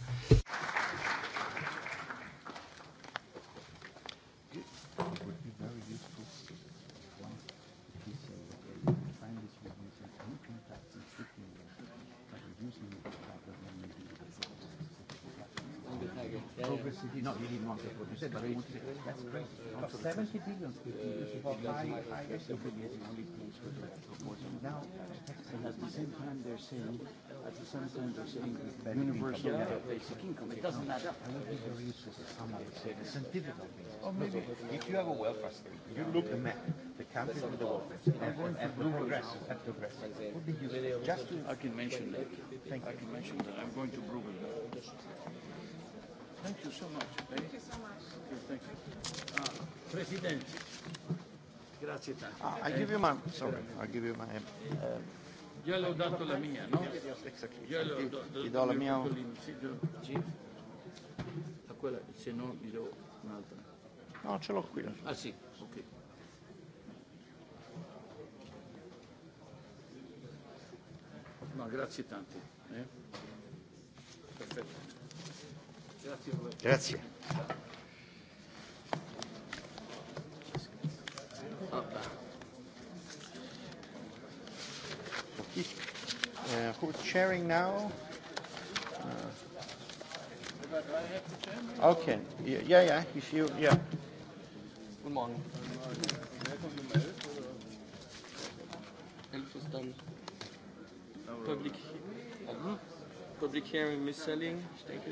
you know, you need more people. You said, but they want to say, that's great. But 70 billion is about five, I guess, only pays for the proportion. Now, and at the same time, they're saying, at the same time, they're saying, universal income. Yeah. basic income. It doesn't matter. I would be very useful if someone would say, the scientific Or oh, maybe, if you have a welfare state, you look at the map, the countries with the welfare state, and blue progressive, and progressive. It would be useful. Just to I can mention that. Thank you. I can mention that. I'm going to Google that. President. Ah, I give you my sorry. I give you my. Um, Io le ho dato la mia, no? Io le ho dato do, do, la mia. Sì, a quella, se no gli do un'altra. No, ce l'ho qui. Ah sì, ok. Ma grazie tante. Eh? Perfetto. Grazie. Grazie. Uh, who's sharing now? Uh, okay. Yeah, yeah, yeah. If you, yeah. Good morning. Public, uh, public hearing mis-selling, ich denke.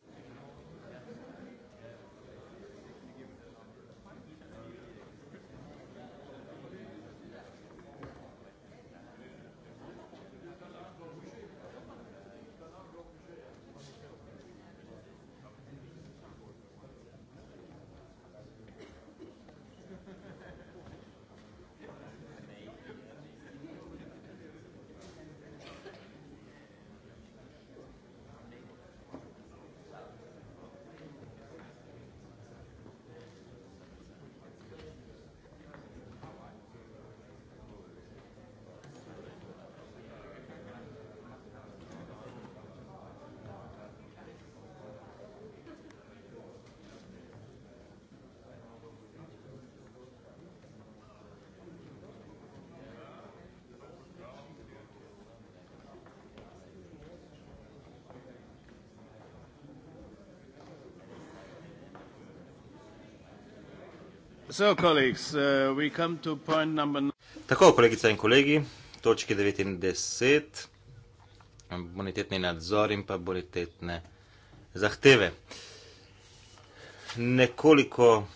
Uh, Tako, kolegice in kolegi, točki 90, bonitetni nadzor in pa bonitetne zahteve. Nekoliko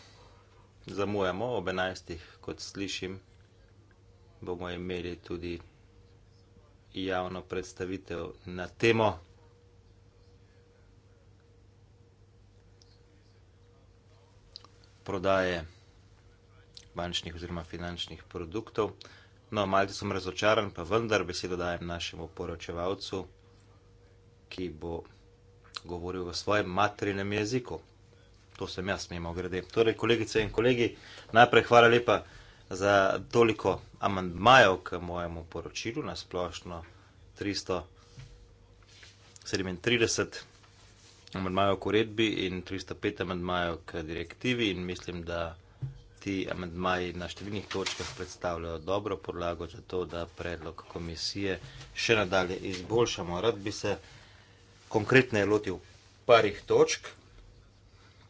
zamujamo, ob 11. kot slišim, bomo imeli tudi javno predstavitev na temo. Prodaje bančnih oziroma finančnih produktov. No, malce sem razočaran, pa vendar besedo dajem našemu poročevalcu, ki bo govoril v svojem materinem jeziku. To sem jaz, mimo grede. Torej, kolegice in kolegi, najprej hvala lepa za toliko amandmajev k mojemu poročilu na splošno 337 amandmajev k uredbi in 305 amandmajev k direktivi in mislim, da ti amedmaji na številnih točkah predstavljajo dobro podlago za to, da predlog komisije še nadalje izboljšamo. Rad bi se konkretno lotil parih točk,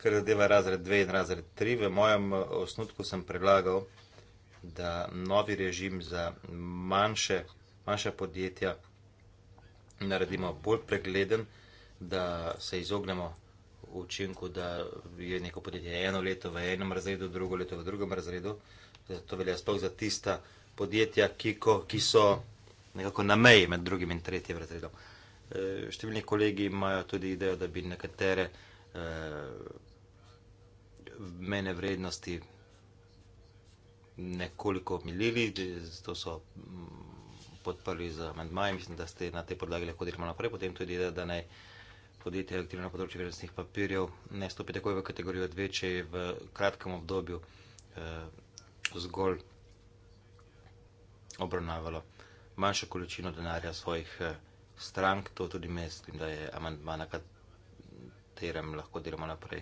ker zadeva razred 2 in razred 3. V mojem eh, osnutku sem predlagal, da novi režim za manjše, manjše podjetja naredimo bolj pregleden, da se izognemo učinku, da je neko podjetje eno leto v enem razredu, drugo leto v drugem razredu. To velja sploh za tista podjetja, ki, ko, ki so nekako na meji med drugim in tretjim razredom. E, številni kolegi imajo tudi idejo, da bi nekatere e, mene vrednosti nekoliko omilili, zato so mm, podprli z amendmajem, mislim, da ste na te podlagi lahko delali naprej, potem tudi ideja, da naj. Ne podjetje aktivno na področju vrednostnih papirjev, ne stopi takoj v kategorijo 2, če je v kratkem obdobju eh, zgolj obravnavalo manjšo količino denarja svojih eh, strank. To tudi mislim, da je amantman, na katerem lahko delamo naprej.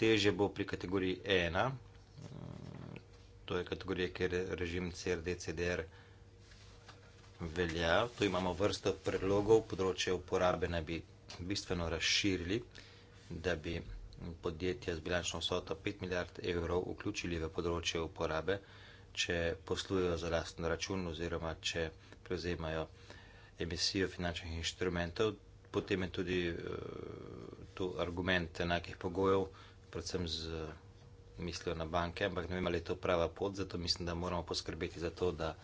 Teže bo pri kategoriji 1, mm, to je kategorija, kjer režim CRD, CDR velja. Tu imamo vrsto predlogov, področje uporabe naj bi bistveno razširili, da bi podjetja z bilančno vsoto 5 milijard evrov vključili v področje uporabe, če poslujejo za lastno račun oziroma če prevzemajo emisijo finančnih inštrumentov. Potem je tudi eh, tu argument enakih pogojev, predvsem z eh, mislijo na banke, ampak ne vem, ali je to prava pot, zato mislim, da moramo poskrbeti za to, da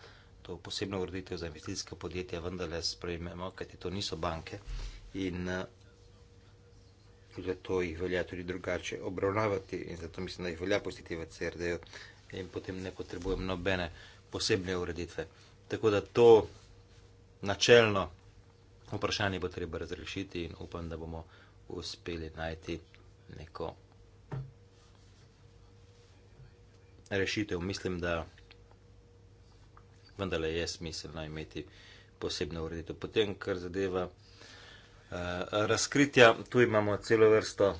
to posebno ureditev za investicijske podjetja vendarle sprejmemo, kajti to niso banke in zato eh, jih velja tudi drugače obravnavati in zato mislim, da jih velja pustiti v CRD-ju in potem ne potrebujem nobene posebne ureditve. Tako da to načelno vprašanje bo treba razrešiti in upam, da bomo uspeli najti neko rešitev. Mislim, da vendarle je smiselno imeti posebno ureditev. Potem, kar zadeva Eh, razkritja. Tu imamo celo vrsto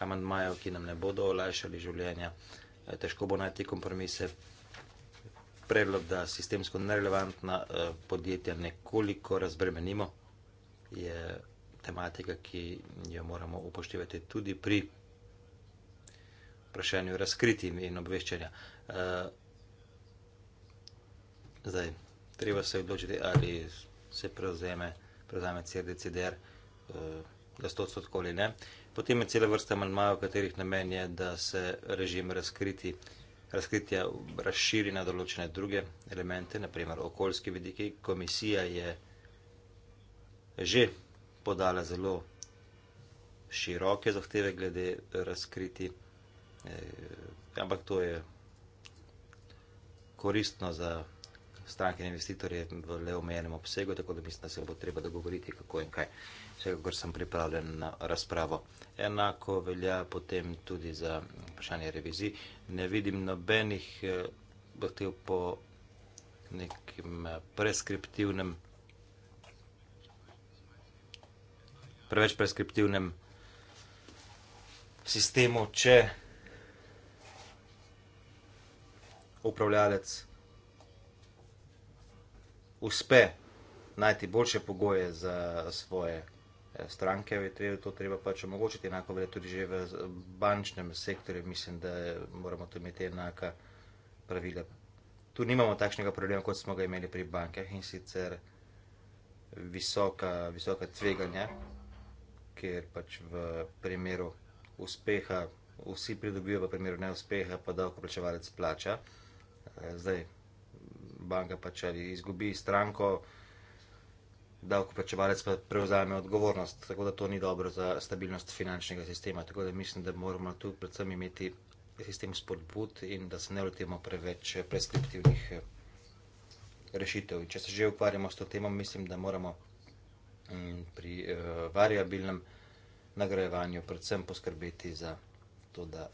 amantmajev, ki nam ne bodo olajšali življenja. Eh, težko bo najti kompromise. Predlog, da sistemsko nerelevantna eh, podjetja nekoliko razbremenimo, je tematika, ki jo moramo upoštevati tudi pri vprašanju razkritij in obveščanja. Zdaj, treba se odločiti, ali se prevzeme prevzame CRDCDR, da eh, sto odstotkov ali ne. Potem je cela vrsta manjmajo, katerih namen je, da se režim razkriti, razkritja razširi na določene druge elemente, naprimer okoljski vidiki. Komisija je že podala zelo široke zahteve glede razkriti, eh, ampak to je koristno za stranke in investitorje v le omejenem obsegu, tako da mislim, da se bo treba dogovoriti, kako in kaj. Vsekakor sem pripravljen na razpravo. Enako velja potem tudi za vprašanje revizij. Ne vidim nobenih vrtev eh, po nekem eh, preskriptivnem, preveč preskriptivnem sistemu, če upravljalec uspe najti boljše pogoje za svoje eh, stranke, je treba, to treba pač omogočiti. Enako velja tudi že v bančnem sektorju. Mislim, da moramo tu imeti enaka pravila. Tu nimamo takšnega problema, kot smo ga imeli pri bankah in sicer visoka, visoka tveganja, ker pač v primeru uspeha vsi pridobijo, v primeru neuspeha pa davkoplačevalec plača. Eh, zdaj, banka pač ali izgubi stranko, davkoplačevalec pa prevzame odgovornost. Tako da to ni dobro za stabilnost finančnega sistema. Tako da mislim, da moramo tu predvsem imeti sistem spodbud in da se ne lotimo preveč preskriptivnih eh, rešitev. In če se že ukvarjamo s to temo, mislim, da moramo mm, pri uh, variabilnem nagrajevanju predvsem poskrbeti za to, da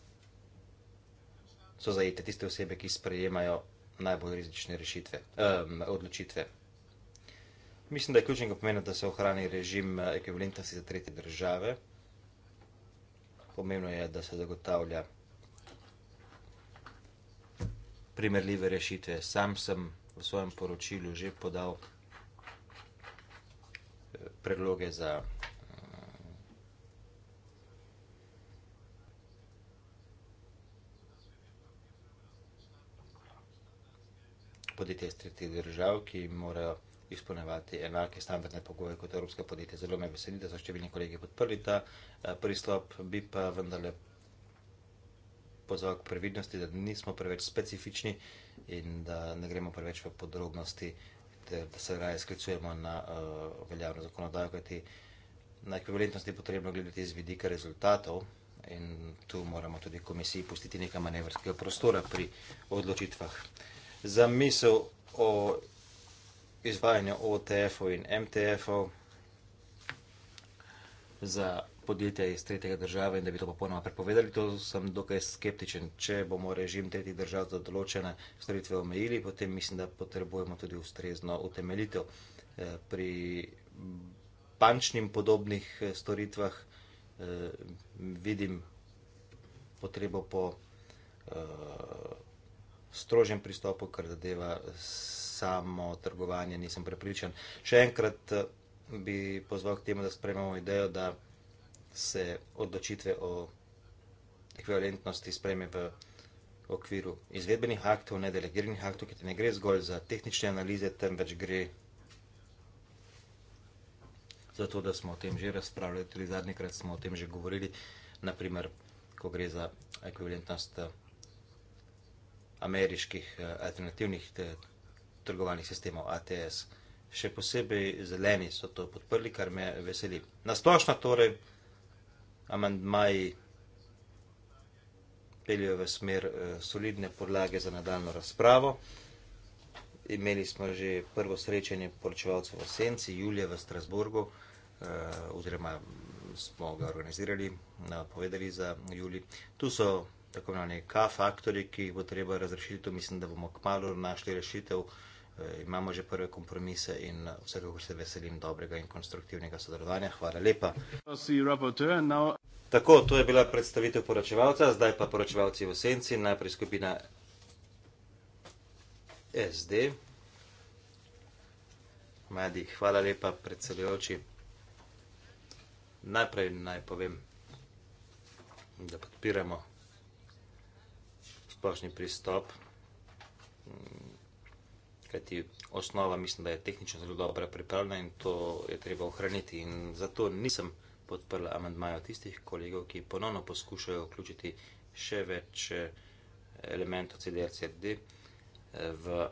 so zajete tiste osebe, ki sprejemajo najbolj rizične rešitve, um, odločitve. Mislim, da je ključnega pomena, da se ohrani režim eh, ekvivalentnosti za tretje države. Pomembno je, da se zagotavlja primerljive rešitve. Sam sem v svojem poročilu že podal eh, predloge za. podjetja iz tretjih držav, ki morajo izpolnevati enake standardne pogoje kot evropske podjetja. Zelo me veseli, da so številni kolegi podprli ta eh, pristop, bi pa vendarle pozval k previdnosti, da nismo preveč specifični in da ne gremo preveč v podrobnosti, ter da se raje sklicujemo na uh, veljavno zakonodajo, kajti na ekvivalentnosti je potrebno gledati iz vidika rezultatov in tu moramo tudi komisiji pustiti nekaj manevrskega prostora pri odločitvah za misel o izvajanju OTF-ov in MTF-ov za podjetja iz tretjega države in da bi to popolnoma prepovedali, to sem dokaj skeptičen. Če bomo režim tretjih držav za določene storitve omejili, potem mislim, da potrebujemo tudi ustrezno utemeljitev. Eh, pri bančnim podobnih eh, storitvah eh, vidim potrebo po strožjem pristopu, kar zadeva samo trgovanje, nisem prepričan. Še enkrat eh, bi pozval k temu, da sprejmemo idejo, da se odločitve o ekvivalentnosti sprejme v okviru izvedbenih aktov, ne delegiranih aktov, ki ne gre zgolj za tehnične analize, temveč gre za to, da smo o tem že razpravljali, tudi zadnjikrat smo o tem že govorili, naprimer, ko gre za ekvivalentnost. Uh, ameriških eh, alternativnih eh, trgovalnih sistemov ATS. Še posebej zeleni so to podprli, kar me veseli. Nasplošno torej amandmaji peljajo v smer eh, solidne podlage za nadaljno razpravo. Imeli smo že prvo srečanje poročevalcev v Senci, Julija v Strasburgu, oziroma smo ga organizirali, povedali za Juli. Tu so tako imenovani K-faktori, ki jih bo treba razrešiti. To mislim, da bomo kmalo našli rešitev. Eh, imamo že prve kompromise in eh, vse, kako se veselim dobrega in konstruktivnega sodelovanja. Hvala lepa. Tako, to je bila predstavitev poročevalca, zdaj pa poročevalci v senci, najprej skupina SD. Madi, hvala lepa, predsedujoči. Najprej naj povem, da podpiramo splošni pristop. Mm, kajti osnova mislim, da je tehnično zelo dobro pripravljena in to je treba ohraniti. In zato nisem podprla amendmaja tistih kolegov, ki ponovno poskušajo vključiti še več eh, elementov CDR-CRD eh, v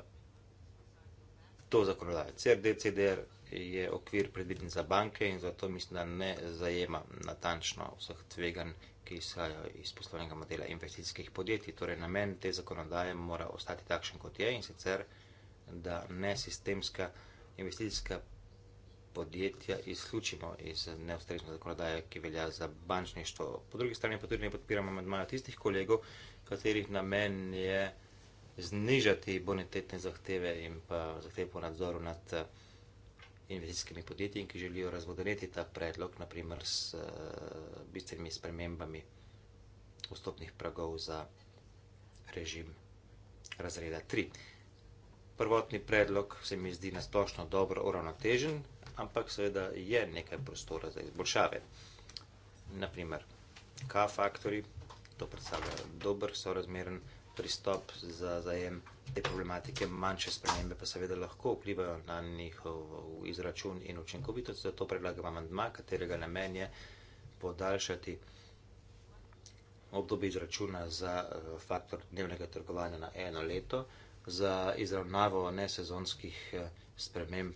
to zakonodajo. CRD-CDR je okvir predviden za banke in zato mislim, da ne zajema natančno vseh tveganj ki izhajajo iz poslovnega modela investicijskih podjetij. Torej, namen te zakonodaje mora ostati takšen, kot je in sicer, da ne sistemska investicijska podjetja izključimo iz neustrezne zakonodaje, ki velja za bančništvo. Po drugi strani pa tudi ne podpiramo amandmaja tistih kolegov, katerih namen je znižati bonitetne zahteve in pa zahteve po nadzoru nad. Uh, investicijskimi podjetji in ki želijo razvodeniti ta predlog, naprimer s eh, bistvenimi spremembami vstopnih pragov za režim razreda 3. Prvotni predlog se mi zdi nasplošno dobro uravnotežen, ampak seveda je nekaj prostora za izboljšave. Naprimer, K-faktori, to predstavlja dober, sorazmeren pristop za zajem te problematike, manjše spremembe pa seveda lahko vplivajo na njihov izračun in učinkovitost. Zato predlagam amandma, katerega namen je podaljšati obdobje izračuna za eh, faktor dnevnega trgovanja na eno leto za izravnavo nesezonskih eh, sprememb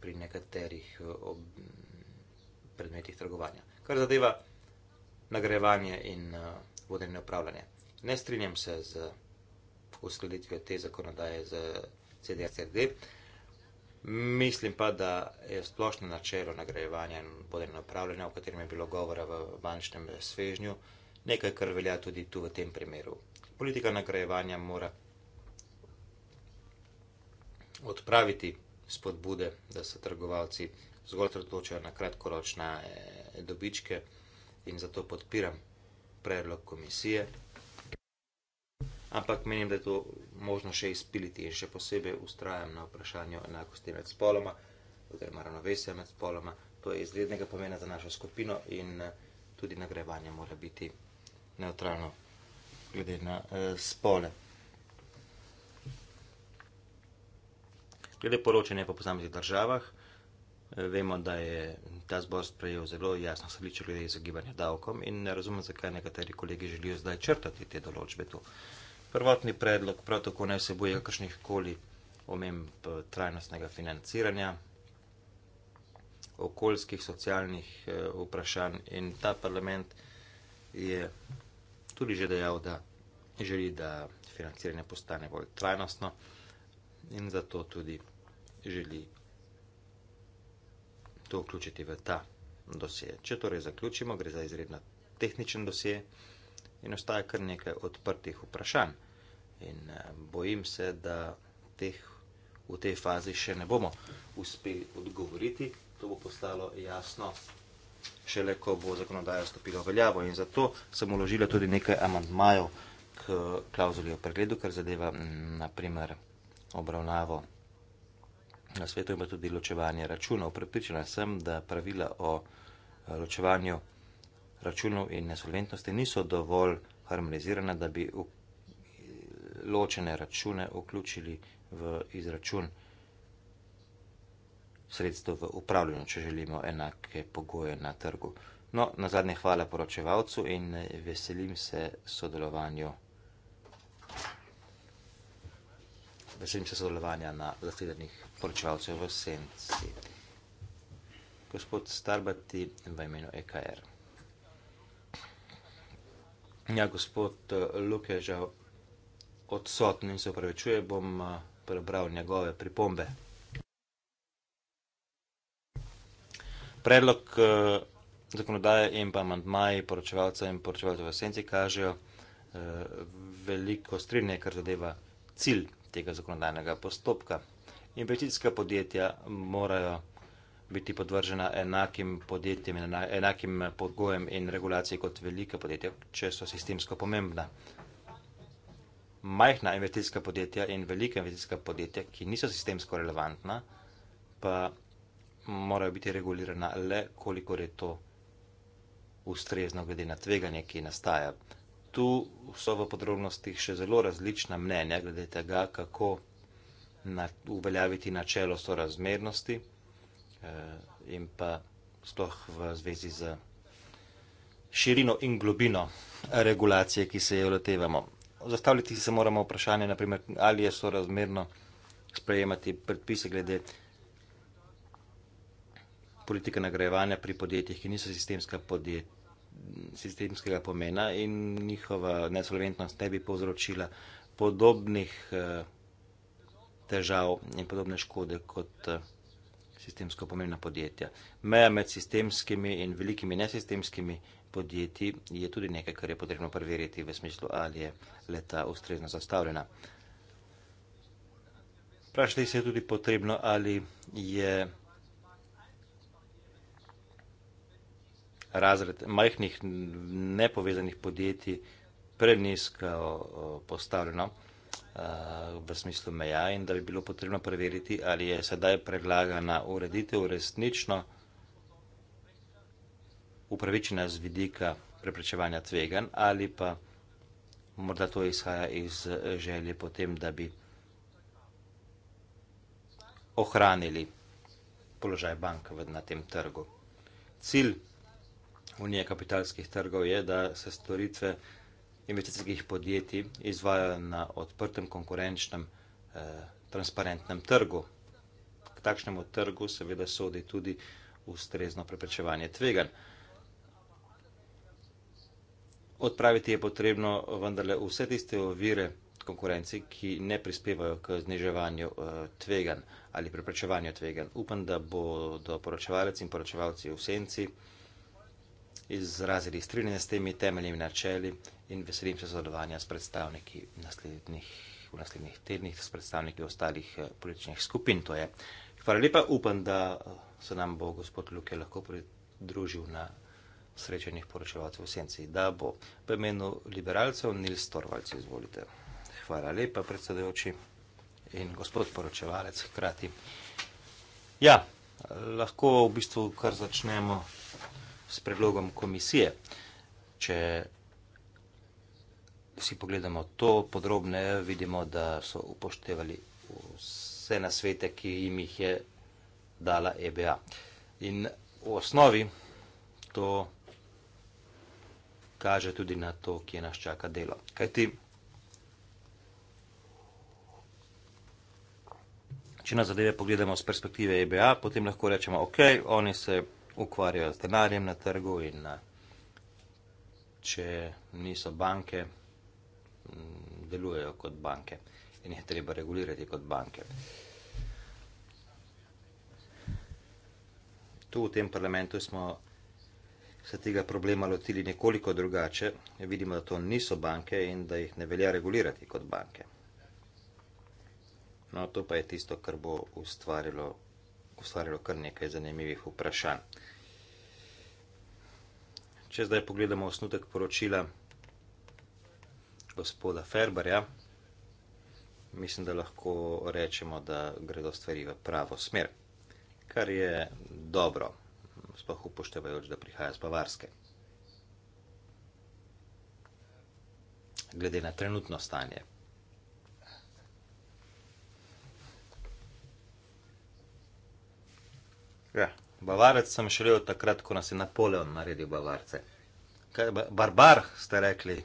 pri nekaterih eh, predmetih trgovanja. Kar zadeva nagrajevanje in vodenje upravljanja ne strinjam se z uskladitvijo te zakonodaje z CDRD. Mislim pa, da je splošno načelo nagrajevanja in bodenja napravljanja, o katerem je bilo govora v bančnem svežnju, nekaj, kar velja tudi tu v tem primeru. Politika nagrajevanja mora odpraviti spodbude, da se trgovalci zgolj trdočajo na kratkoročne eh, dobičke in zato podpiram predlog komisije ampak menim, da je to možno še izpiliti in še posebej ustrajam na vprašanju enakosti med spoloma, oziroma ravnovesja med spoloma. To je izrednega pomena za našo skupino in eh, tudi nagrajevanje mora biti neutralno glede na eh, spole. Glede poročanja po posameznih državah, eh, vemo, da je ta zbor sprejel zelo jasno sličo glede izogibanja davkom in ne razumem, zakaj nekateri kolegi želijo zdaj črtati te določbe tu. Eh, Prvotni predlog prav tako ne vsebuje kakršnih koli omemb eh, trajnostnega financiranja, okoljskih, socialnih eh, vprašanj in ta parlament je tudi že dejal, da želi, da financiranje postane bolj trajnostno in zato tudi želi to vključiti v ta dosje. Če torej zaključimo, gre za izredno tehničen dosje in ostaje kar nekaj odprtih vprašanj. In eh, bojim se, da teh, v tej fazi še ne bomo uspeli odgovoriti. To bo postalo jasno šele, ko bo zakonodaja stopila v veljavo. In zato sem uložila tudi nekaj amantmajev k klauzuli o pregledu, kar zadeva naprimer obravnavo na svetu in pa tudi ločevanje računov. Prepričana sem, da pravila o eh, ločevanju računov in nesolventnosti niso dovolj harmonizirane, da bi ločene račune vključili v izračun sredstev v upravljanju, če želimo enake pogoje na trgu. No, na zadnje hvala poročevalcu in veselim se sodelovanju. Veselim se sodelovanja na zasedanjih poročevalcev v Senci. Gospod Starbati v imenu EKR. Ja, gospod eh, Lukežav, odsoten in se upravičuje, bom eh, prebral njegove pripombe. Predlog eh, zakonodaje in pa mandmaji poročevalca in poročevalcev v senci kažejo eh, veliko strinje, kar zadeva cilj tega zakonodajnega postopka. Investicijska podjetja morajo biti podvržena enakim podjetjem in enakim pogojem in regulacijam kot velike podjetja, če so sistemsko pomembna majhna investicijska podjetja in velika investicijska podjetja, ki niso sistemsko relevantna, pa morajo biti regulirana le, koliko je to ustrezno, glede na tveganje, ki nastaja. Tu so v podrobnostih še zelo različna mnenja glede tega, kako na, uveljaviti načelo sorazmernosti eh, in pa sploh v zvezi z širino in globino regulacije, ki se jo lotevamo zastavljati se moramo vprašanje, naprimer, ali je sorazmerno sprejemati predpise glede politike nagrajevanja pri podjetjih, ki niso sistemska podjet, sistemskega pomena in njihova nesolventnost ne bi povzročila podobnih eh, težav in podobne škode kot eh, sistemsko pomembna podjetja. Meja med sistemskimi in velikimi nesistemskimi podjetij je tudi nekaj, kar je potrebno preveriti v smislu, ali je leta ustrezno zastavljena. Vprašati se je tudi potrebno, ali je razred majhnih nepovezanih podjetij prenisko postavljeno v smislu meja in da bi bilo potrebno preveriti, ali je sedaj predlagana ureditev resnično upravičena z vidika preprečevanja tvegan ali pa morda to izhaja iz eh, želje potem, da bi ohranili položaj bank na tem trgu. Cilj Unije kapitalskih trgov je, da se storitve investicijskih podjetij izvajajo na odprtem, konkurenčnem, eh, transparentnem trgu. K takšnemu trgu seveda sodi tudi ustrezno preprečevanje tveganj odpraviti je potrebno vendarle vse tiste ovire konkurenci, ki ne prispevajo k zniževanju eh, tvegan ali preprečevanju tvegan. Upam, da bodo poročevalec in poročevalci v senci izrazili strinjenje s temi temeljnimi načeli in veselim se sodelovanja s predstavniki naslednjih v naslednjih tednih s predstavniki ostalih eh, političnih skupin. To je. Hvala lepa, upam, da eh, se nam bo gospod Luke lahko pridružil na srečenih poročevalcev v senci. Da bo v imenu liberalcev Nils Torvalc, izvolite. Hvala lepa, predsedujoči in gospod poročevalec hkrati. Ja, lahko v bistvu kar začnemo s predlogom komisije. Če si pogledamo to podrobneje, vidimo, da so upoštevali vse nasvete, ki jim jih je dala EBA. In v osnovi to།ovi kaže tudi na to, kje nas čaka delo. Kaj ti, če na zadeve pogledamo z perspektive EBA, potem lahko rečemo, ok, oni se ukvarjajo z denarjem na trgu in eh, če niso banke, mm, delujejo kot banke in je treba regulirati kot banke. Tu v tem parlamentu smo se tega problema lotili nekoliko drugače, vidimo, da to niso banke in da jih ne velja regulirati kot banke. No, to pa je tisto, kar bo ustvarilo, ustvarilo kar nekaj zanimivih vprašanj. Če zdaj pogledamo osnutek poročila gospoda Ferbarja, mislim, da lahko rečemo, da gredo stvari v pravo smer, kar je dobro sploh upoštevajoč, da prihaja z Bavarske. Glede na trenutno stanje. Ja. Bavarec sem šel od takrat, ko nas je Napoleon naredil Bavarce. Kaj, barbar ste rekli.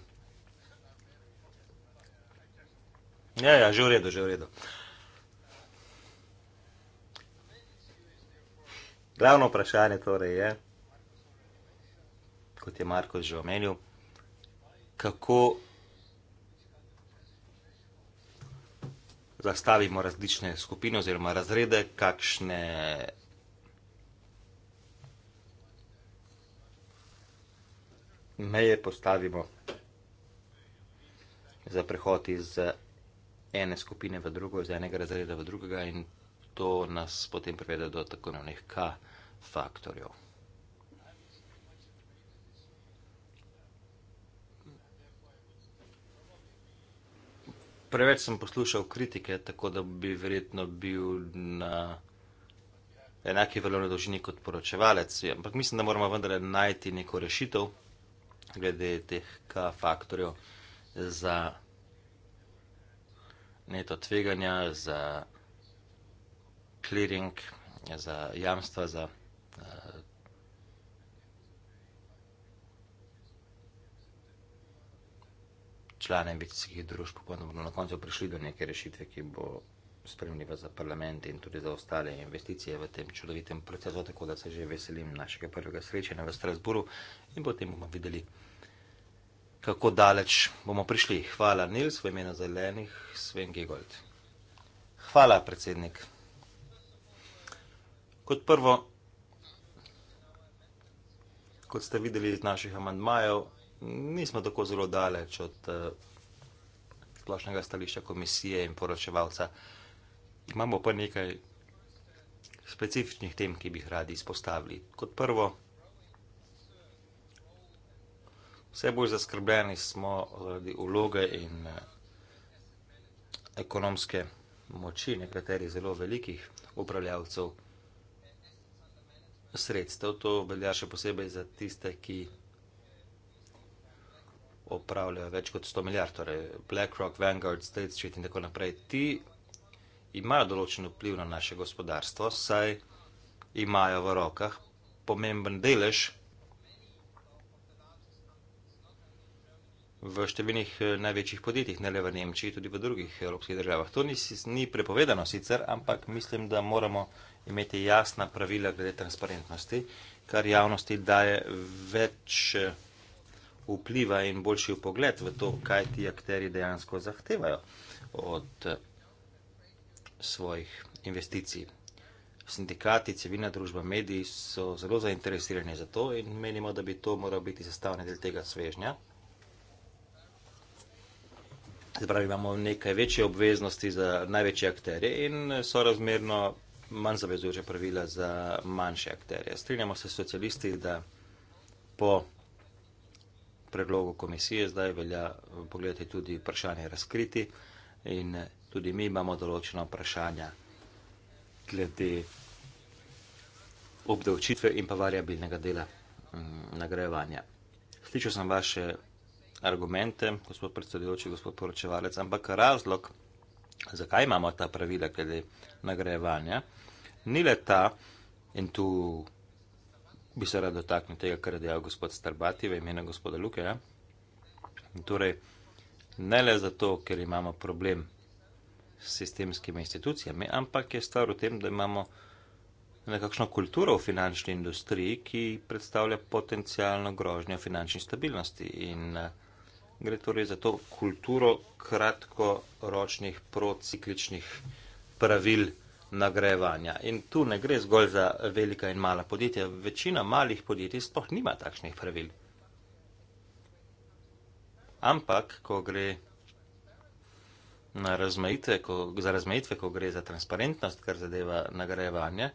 Ja, ja, že v redu, že v redu. Uh, Glavno vprašanje torej je, kot je Marko že omenil, kako zastavimo različne skupine oziroma razrede, kakšne meje postavimo za prehod iz ene skupine v drugo, iz enega razreda v drugega in to nas potem privede do tako imenovanih K faktorjev. Preveč sem poslušal kritike, tako da bi verjetno bil na enaki valovni dolžini kot poročevalec. Ja, ampak mislim, da moramo vendar najti neko rešitev glede teh K faktorjev za neto tveganja, za clearing, za jamstva, za eh, člane invicijskih družb, ko bomo na koncu prišli do neke rešitve, ki bo spremljiva za parlament in tudi za ostale investicije v tem čudovitem procesu, tako da se že veselim našega prvega srečanja v Strasburu in potem bomo videli, kako daleč bomo prišli. Hvala, Nils, v imenu zelenih, Sven Gigold. Hvala, predsednik. Kot prvo, kot ste videli iz naših amandmajev, nismo tako zelo daleč od uh, splošnega stališča komisije in poročevalca. Imamo pa nekaj specifičnih tem, ki bi jih radi izpostavili. Kot prvo, vse bolj zaskrbljeni smo zaradi uloge in uh, ekonomske moči nekaterih zelo velikih upravljavcev sredstev, to velja še posebej za tiste, ki opravljajo več kot 100 milijard, torej BlackRock, Vanguard, State Street in tako naprej. Ti imajo določen vpliv na naše gospodarstvo, saj imajo v rokah pomemben delež v številnih eh, največjih podjetjih, ne le v Nemčiji, tudi v drugih eh, evropskih državah. To ni, ni prepovedano sicer, ampak mislim, da moramo imeti jasna pravila glede transparentnosti, kar javnosti daje več eh, vpliva in boljši upogled v to, kaj ti akteri dejansko zahtevajo od eh, svojih investicij. Sindikati, civilna družba, mediji so zelo zainteresirani za to in menimo, da bi to moral biti sestavni del tega svežnja. Zdaj pravi, imamo nekaj večje obveznosti za največje akterje in eh, sorazmerno manj zavezujoče pravila za manjše akterje. Strinjamo se socialisti, da po predlogu komisije zdaj velja pogledati tudi vprašanje razkriti in tudi mi imamo določena vprašanja glede obdavčitve in pa variabilnega dela mm, nagrajevanja. Slišal sem vaše argumente, gospod predsedujoči, gospod poročevalec, ampak razlog, zakaj imamo ta pravila glede nagrajevanja. Ni le ta, in tu bi se rad dotaknil tega, kar je dejal gospod Starbati v imenu gospoda Luke. Ja? Torej, ne le zato, ker imamo problem s sistemskimi institucijami, ampak je stvar v tem, da imamo nekakšno kulturo v finančni industriji, ki predstavlja potencijalno grožnjo finančni stabilnosti. In eh, gre torej za to kulturo kratkoročnih, procikličnih pravil nagrajevanja. In tu ne gre zgolj za velika in mala podjetja. Večina malih podjetij sploh nima takšnih pravil. Ampak, ko gre na razmejitve, ko, za razmejitve, ko gre za transparentnost, kar zadeva nagrajevanje,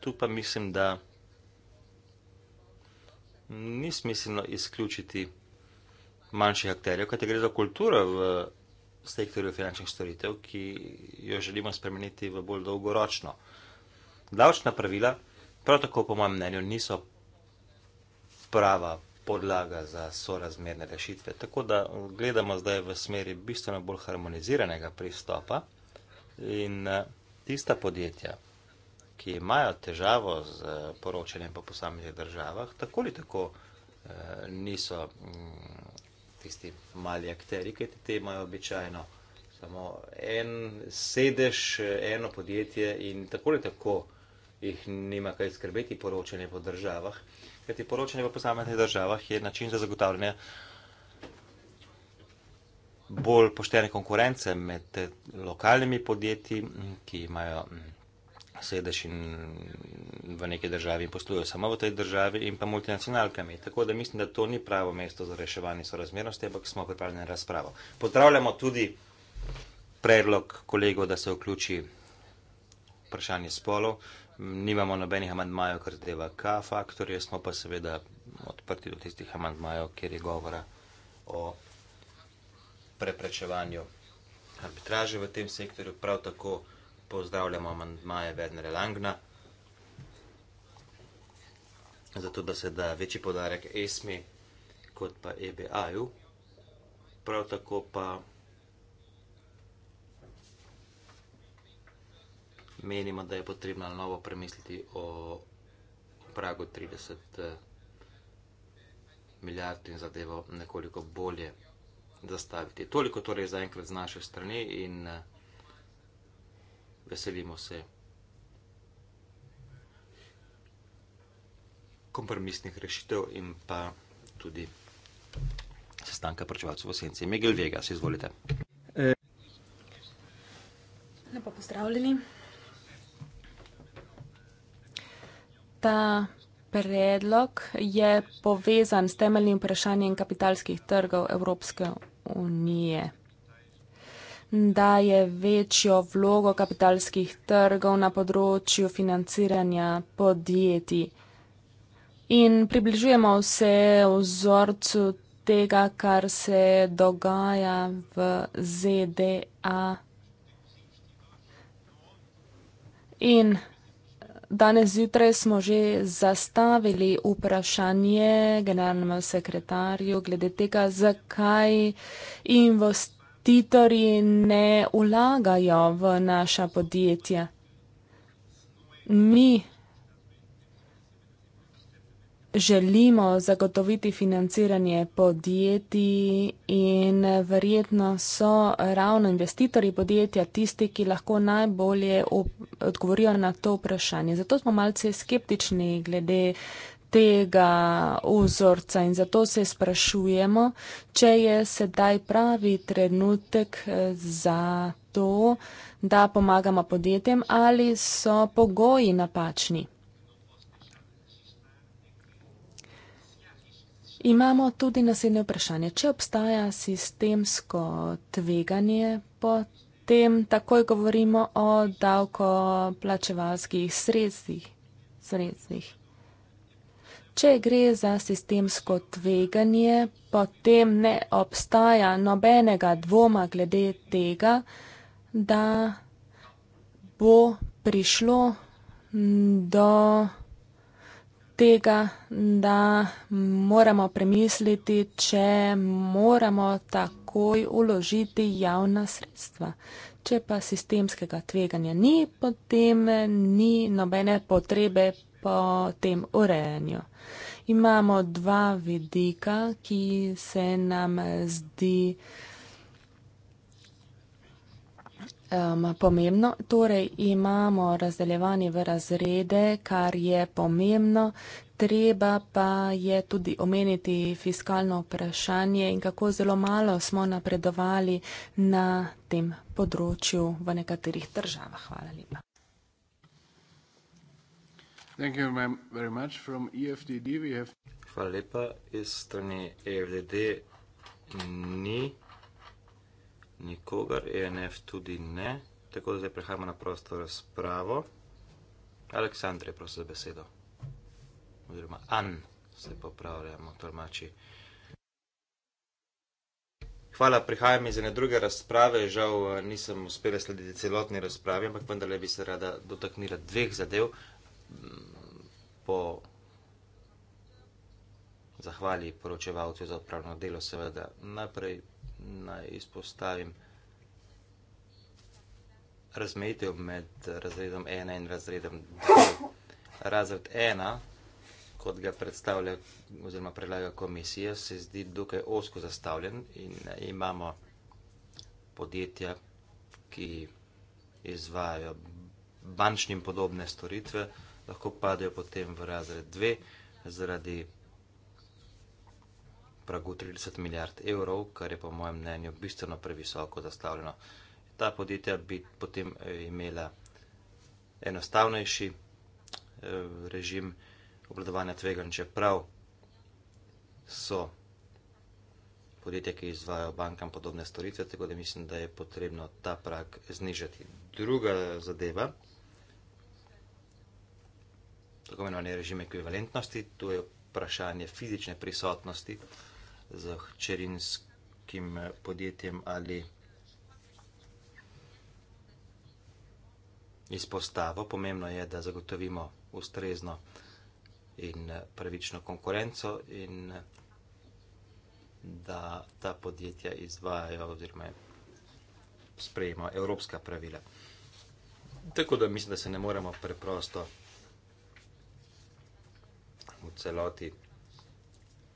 tu pa mislim, da ni smiselno izključiti manjših akterjev, kajte gre za kulturo v sektorju finančnih storitev, ki jo želimo spremeniti v bolj dolgoročno. Davčna pravila, prav tako po mojem mnenju, niso prava podlaga za sorazmerne rešitve. Tako da gledamo zdaj v smeri bistveno bolj harmoniziranega pristopa in eh, tista podjetja, ki imajo težavo z eh, poročanjem po posameznih državah, tako ali tako eh, niso mm, tisti mali akteri, ki te imajo običajno. Samo en sedež, eno podjetje in tako ali tako jih nima kaj skrbeti poročanje po državah. Ker ti poročanje po posameznih državah je način za zagotavljanje bolj poštene konkurence med lokalnimi podjetji, ki imajo sedež in v neki državi in poslujejo samo v tej državi in pa multinacionalkami. Tako da mislim, da to ni pravo mesto za reševanje sorazmernosti, ampak smo pripravljeni na razpravo. Pozdravljamo tudi predlog kolego, da se vključi vprašanje spolov. Nimamo nobenih amantmajev, kar zadeva K faktorje, smo pa seveda odprti do tistih amantmajev, kjer je govora o preprečevanju arbitraže v tem sektorju. Prav tako pozdravljamo amantmaje Vernere Langna, zato da se da večji podarek ESMI kot pa EBA-ju. Prav tako pa menimo, da je potrebno novo premisliti o pragu 30 eh, milijard in zadevo nekoliko bolje zastaviti. Toliko torej za enkrat z naše strani in uh, veselimo se kompromisnih rešitev in pa tudi sestanka pročevalcev v senci. Miguel Vega, se izvolite. Lepo pozdravljeni. Ta predlog je povezan s temeljnim vprašanjem kapitalskih trgov Evropske unije daje večjo vlogo kapitalskih trgov na področju financiranja podjetij. In približujemo se vzorcu tega, kar se dogaja v ZDA. In danes zjutraj smo že zastavili vprašanje generalnemu sekretarju glede tega, zakaj investicije investitorji ne ulagajo v naša podjetja. Mi želimo zagotoviti financiranje podjetij in verjetno so ravno investitorji podjetja tisti, ki lahko najbolje odgovorijo na to vprašanje. Zato smo malce skeptični glede tega vzorca in zato se sprašujemo, če je sedaj pravi trenutek eh, za to, da pomagamo podjetjem ali so pogoji napačni. Imamo tudi naslednje vprašanje. Če obstaja sistemsko tveganje, potem takoj govorimo o davkoplačevalskih sredstvih. sredstvih. Če gre za sistemsko tveganje, potem ne obstaja nobenega dvoma glede tega, da bo prišlo do tega, da moramo premisliti, če moramo takoj uložiti javna sredstva. Če pa sistemskega tveganja ni, potem ni nobene potrebe po tem urejanju. Imamo dva vidika, ki se nam zdi um, pomembno. Torej, imamo razdeljevanje v razrede, kar je pomembno. Treba pa je tudi omeniti fiskalno vprašanje in kako zelo malo smo napredovali na tem področju v nekaterih državah. Hvala lepa. Thank you very much. From EFDD, we have... Hvala lepa. Iz strani EFDD ni nikogar, ENF tudi ne. Tako da zdaj prehajamo na prosto razpravo. Aleksandre, prosim za besedo. Oziroma, An, se popravljamo, tolmači. Hvala, prihajam iz ene druge razprave. Žal eh, nisem uspela slediti celotni razpravi, ampak vendarle bi se rada dotaknila dveh zadev po zahvali poročevalcu za upravno delo, seveda najprej naj izpostavim razmetev med razredom 1 in razredom 2. Razred 1, kot ga predstavlja oziroma predlaga komisija, se zdi dokaj osko zastavljen in imamo podjetja, ki izvajajo bančnim podobne storitve lahko padejo potem v razred 2 zaradi pragu 30 milijard evrov, kar je po mojem mnenju bistveno previsoko zastavljeno. Ta podjetja bi potem eh, imela enostavnejši eh, režim obladovanja tveganj, čeprav so podjetja, ki izvajo bankam podobne storitve, tako da mislim, da je potrebno ta prag znižati. Druga zadeva, tako imenovani režim ekvivalentnosti, to je vprašanje fizične prisotnosti z hčerinskim eh, podjetjem ali izpostavo. Pomembno je, da zagotovimo ustrezno in eh, pravično konkurenco in eh, da ta podjetja izvajajo oziroma sprejemo evropska pravila. Tako da mislim, da se ne moremo preprosto v celoti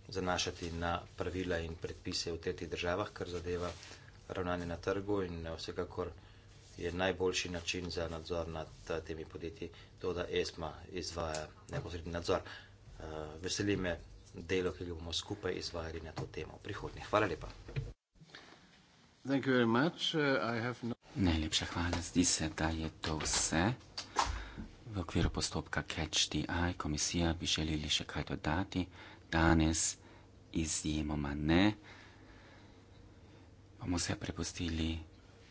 zanašati na pravila in predpise v tretjih državah, kar zadeva ravnanje na trgu in vsekakor je najboljši način za nadzor nad eh, temi podjetji to, da ESMA izvaja neposredni nadzor. Eh, veseli me delo, ki ga bomo skupaj izvajali na to temo v prihodnje. Hvala lepa. Thank you very much. Uh, I have no... Najlepša hvala. Zdi se, da je to vse. V okviru postopka CatchDI komisija bi želeli še kaj dodati. Danes izjemoma ne. Bomo se prepustili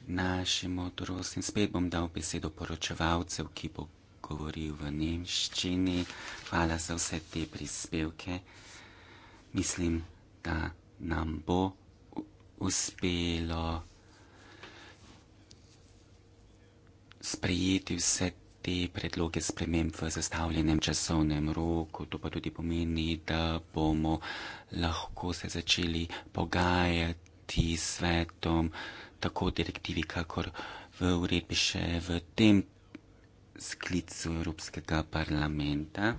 našim modrostim. Spet bom dal besedo poročevalcev, ki bo govoril v nemščini. Hvala za vse te prispevke. Mislim, da nam bo uspelo sprejeti vse te te predloge sprememb v zastavljenem časovnem roku. To pa tudi pomeni, da bomo lahko se začeli pogajati s svetom, tako direktivi, kakor v uredbi še v tem sklicu Evropskega parlamenta.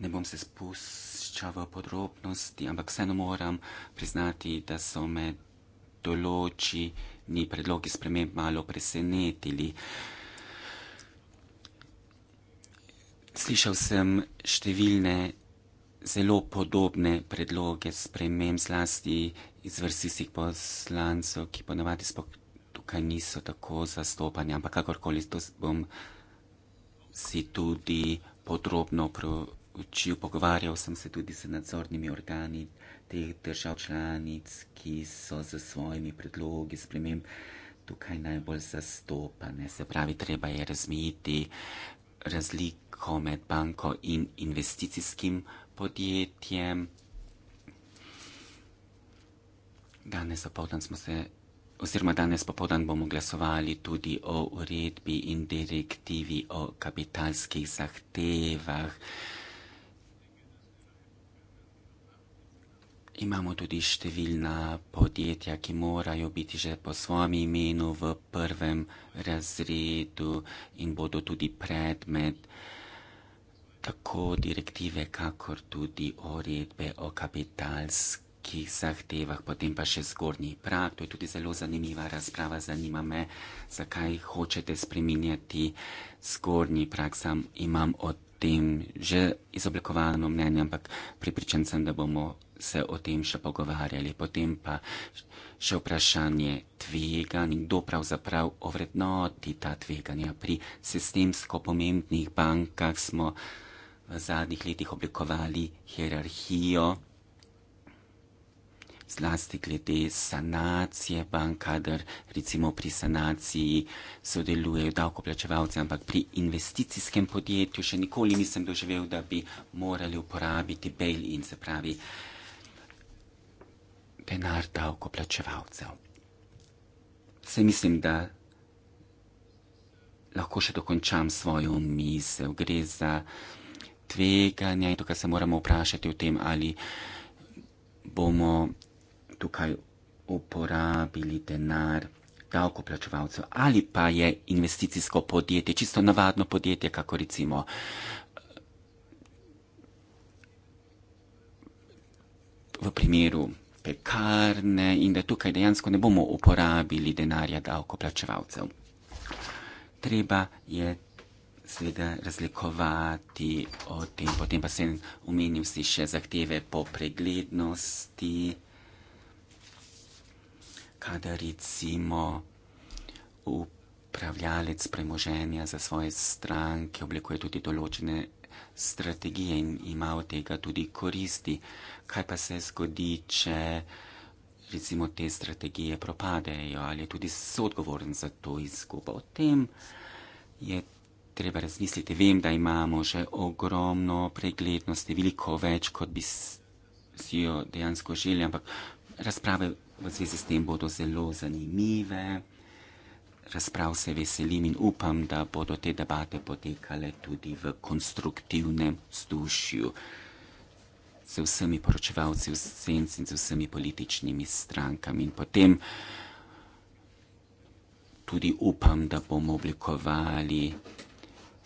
Ne bom se spuščal v podrobnosti, ampak vseeno moram priznati, da so me določi ni predlogi sprememb malo presenetili. Uh, Slišal sem številne zelo podobne predloge sprememb, zlasti iz vrstistih poslancev, ki ponavadi spok tukaj niso tako zastopani, ampak kakorkoli to bom si tudi podrobno proučil, pogovarjal sem se tudi z nadzornimi organi teh držav članic, ki so z svojimi predlogi sprememb tukaj najbolj zastopane. Se pravi, treba je razmiti razlike tako med banko in investicijskim podjetjem. Danes popoldan smo se, oziroma danes popoldan bomo glasovali tudi o uredbi in direktivi o kapitalskih zahtevah. Imamo tudi številna podjetja, ki morajo biti že po svojem imenu v prvem razredu in bodo tudi predmet uh, tako direktive, kakor tudi uredbe o kapitalskih zahtevah, potem pa še zgornji prak. To je tudi zelo zanimiva razprava. Zanima me, zakaj hočete spreminjati zgornji prak. Sam imam o tem že izoblikovano mnenje, ampak pripričan sem, da bomo se o tem še pogovarjali. Potem pa še vprašanje tveganj in kdo pravzaprav ovrednoti ta tveganja. Pri sistemsko pomembnih bankah smo v zadnjih letih oblikovali hierarhijo, zlasti glede sanacije bank, kadar recimo pri sanaciji sodelujejo davkoplačevalci, ampak pri investicijskem podjetju še nikoli nisem doživel, da bi morali uporabiti bail-in, se pravi denar davkoplačevalcev. Se mislim, da lahko še dokončam svojo misel. Gre za tveganja in tukaj se moramo vprašati o tem, ali bomo tukaj uporabili denar davkoplačevalcev ali pa je investicijsko podjetje, čisto navadno podjetje, kako recimo v primeru pekarne in da tukaj dejansko ne bomo uporabili denarja davkoplačevalcev. Treba je seveda razlikovati o tem. Potem pa sem omenil si še zahteve po preglednosti, kada recimo upravljalec premoženja za svoje stranke oblikuje tudi določene strategije in ima od tega tudi koristi. Kaj pa se zgodi, če recimo te strategije propadejo ali je tudi soodgovoren za to izgubo? O tem je treba razmisliti. Vem, da imamo že ogromno preglednosti, veliko več, kot bi si jo dejansko želeli, ampak razprave v zvezi s tem bodo zelo zanimive. Razprav se veselim in upam, da bodo te debate potekale tudi v konstruktivnem vzdušju z vsemi poročevalci v senci in z vsemi političnimi strankami. In potem tudi upam, da bomo oblikovali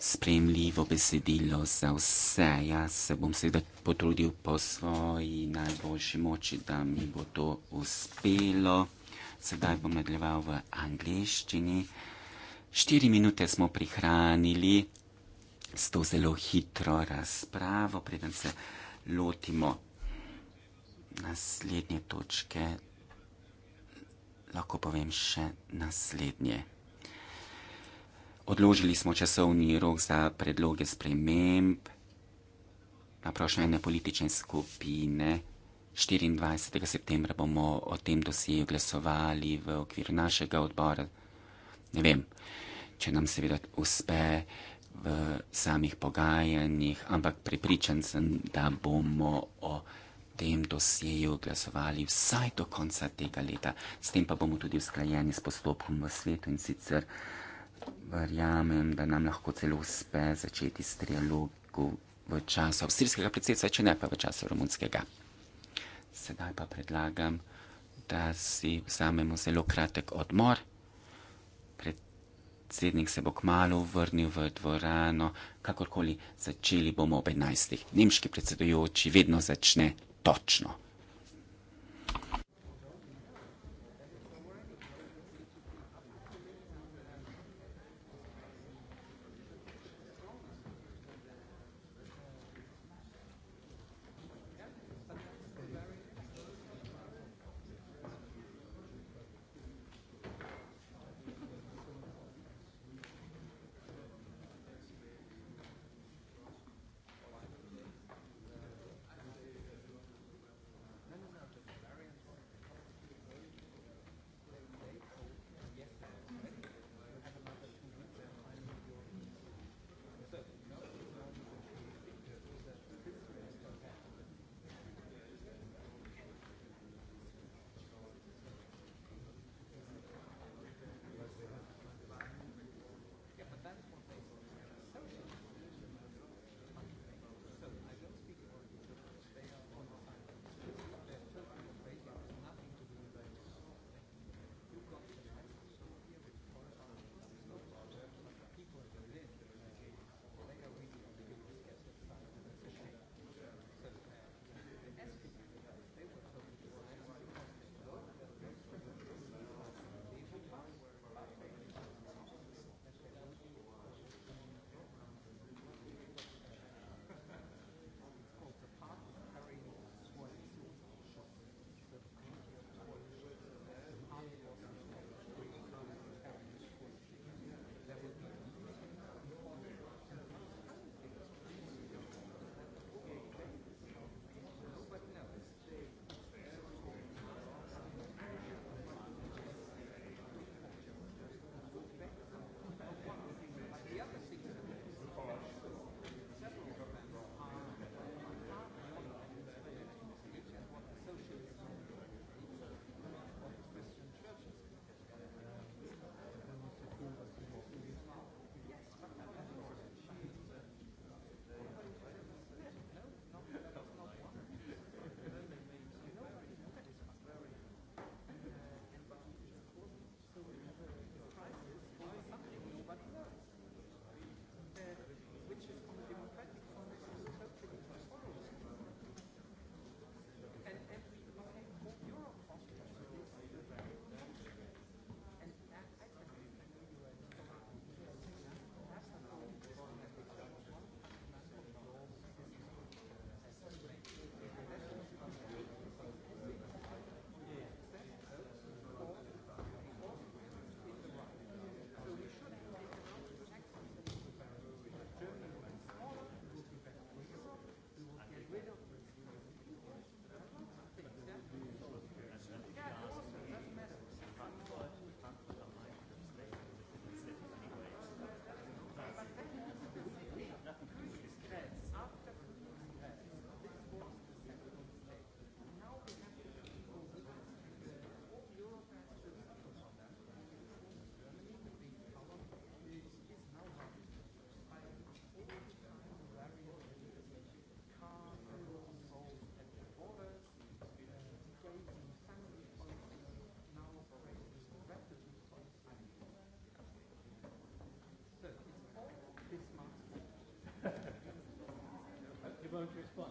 spremljivo besedilo za vse. Jaz se bom seveda potrudil po svoji najboljši moči, da mi bo to uspelo. Sedaj bom nadaljeval v angliščini. Štiri minute smo prihranili s to zelo hitro razpravo, preden se lotimo naslednje točke. Lahko povem še naslednje. Odložili smo časovni rok za predloge sprememb na prošnje ene politične skupine. 24. septembra bomo o tem dosjeju glasovali v okviru našega odbora. Ne vem, če nam seveda uspe v samih pogajanjih, ampak pripričan sem, da bomo o tem dosjeju glasovali vsaj do konca tega leta. S tem pa bomo tudi usklajeni s postopkom v svetu in sicer. Verjamem, da nam lahko celo uspe začeti s trialogom v času avstrijskega predsedstva, če ne pa v času romunskega. Sedaj pa predlagam, da si vzamemo zelo kratek odmor. Predsednik se bo kmalo vrnil v dvorano, kakorkoli začeli bomo ob 11. Nemški predsedujoči vedno začne točno. going to respond.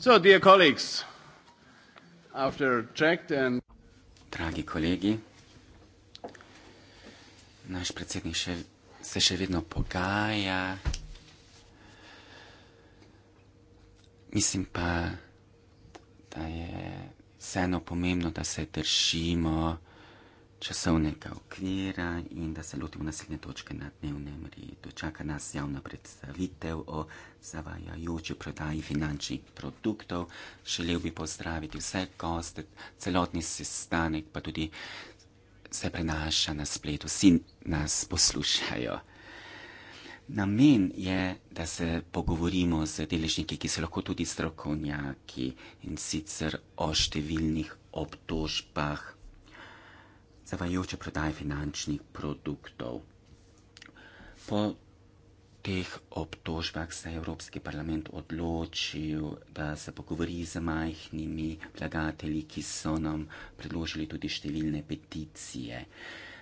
So, dear colleagues, after checked and... Dragi kolegi, naš predsednik še, se še vedno pogaja. Mislim pa, da je vseeno pomembno, da se držimo časovnega okvira in da se lotimo naslednje točke na dnevnem redu. Čaka nas javna predstavitev o zavajajoči prodaji finančnih produktov. Želel bi pozdraviti vse goste, celotni sestanek pa tudi se prenaša na spletu. Vsi nas poslušajo. Namen je, da se pogovorimo z deležniki, ki so lahko tudi strokovnjaki in sicer o številnih obtožbah zavajajoče prodaje finančnih produktov. Po teh obtožbah se je Evropski parlament odločil, da se pogovori z majhnimi vlagatelji, ki so nam predložili tudi številne peticije.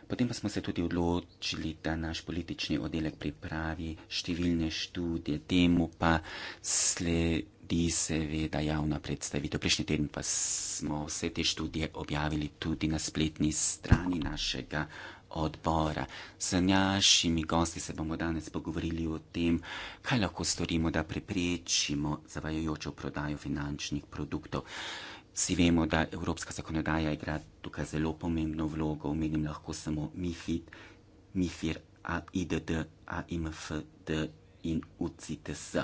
Potem pa smo se tudi odločili, da naš politični oddelek pripravi številne študije, temu pa sledi sledi seveda javna predstavitev. Prejšnji teden pa smo vse te študije objavili tudi na spletni strani našega odbora. Z našimi gosti se bomo danes pogovorili o tem, kaj lahko storimo, da preprečimo zavajajočo prodajo finančnih produktov. Vsi vemo, da evropska zakonodaja igra tukaj zelo pomembno vlogo, omenim lahko samo MIFID, MIFIR, AIDD, AIMFD in UCITS.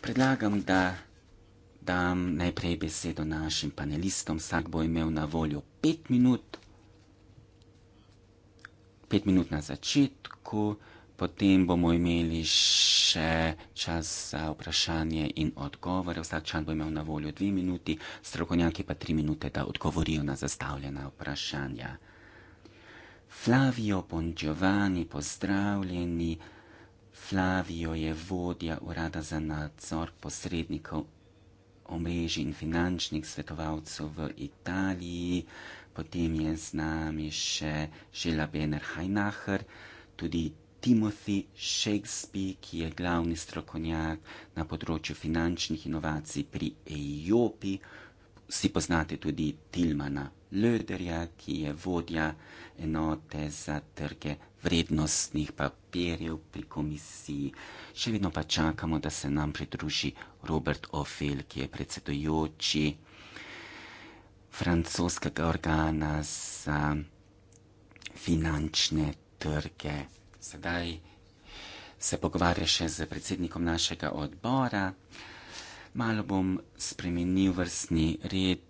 Predlagam, da dam najprej besedo našim panelistom. Vsak bo imel na voljo pet minut. Pet minut na začetku, potem bomo imeli še čas za vprašanje in odgovore. Vsak član bo imel na voljo dve minuti, strokovnjaki pa tri minute, da odgovorijo na zastavljena vprašanja. Flavio, bon Giovanni, pozdravljeni. Flavijo je vodja urada za nadzor posrednikov omrežij in finančnih svetovalcev v Italiji, potem je z nami še Žela Bener Hajnacher, tudi Timothy Shakespeare, ki je glavni strokovnjak na področju finančnih inovacij pri EIOPI, vsi poznate tudi Tilmana Löderja, ki je vodja enote za trge vrednostnih papirjev pri komisiji. Še vedno pa čakamo, da se nam pridruži Robert Ofel, ki je predsedujoči francoskega organa za finančne trge. Sedaj se pogovarja še z predsednikom našega odbora. Malo bom spremenil vrstni red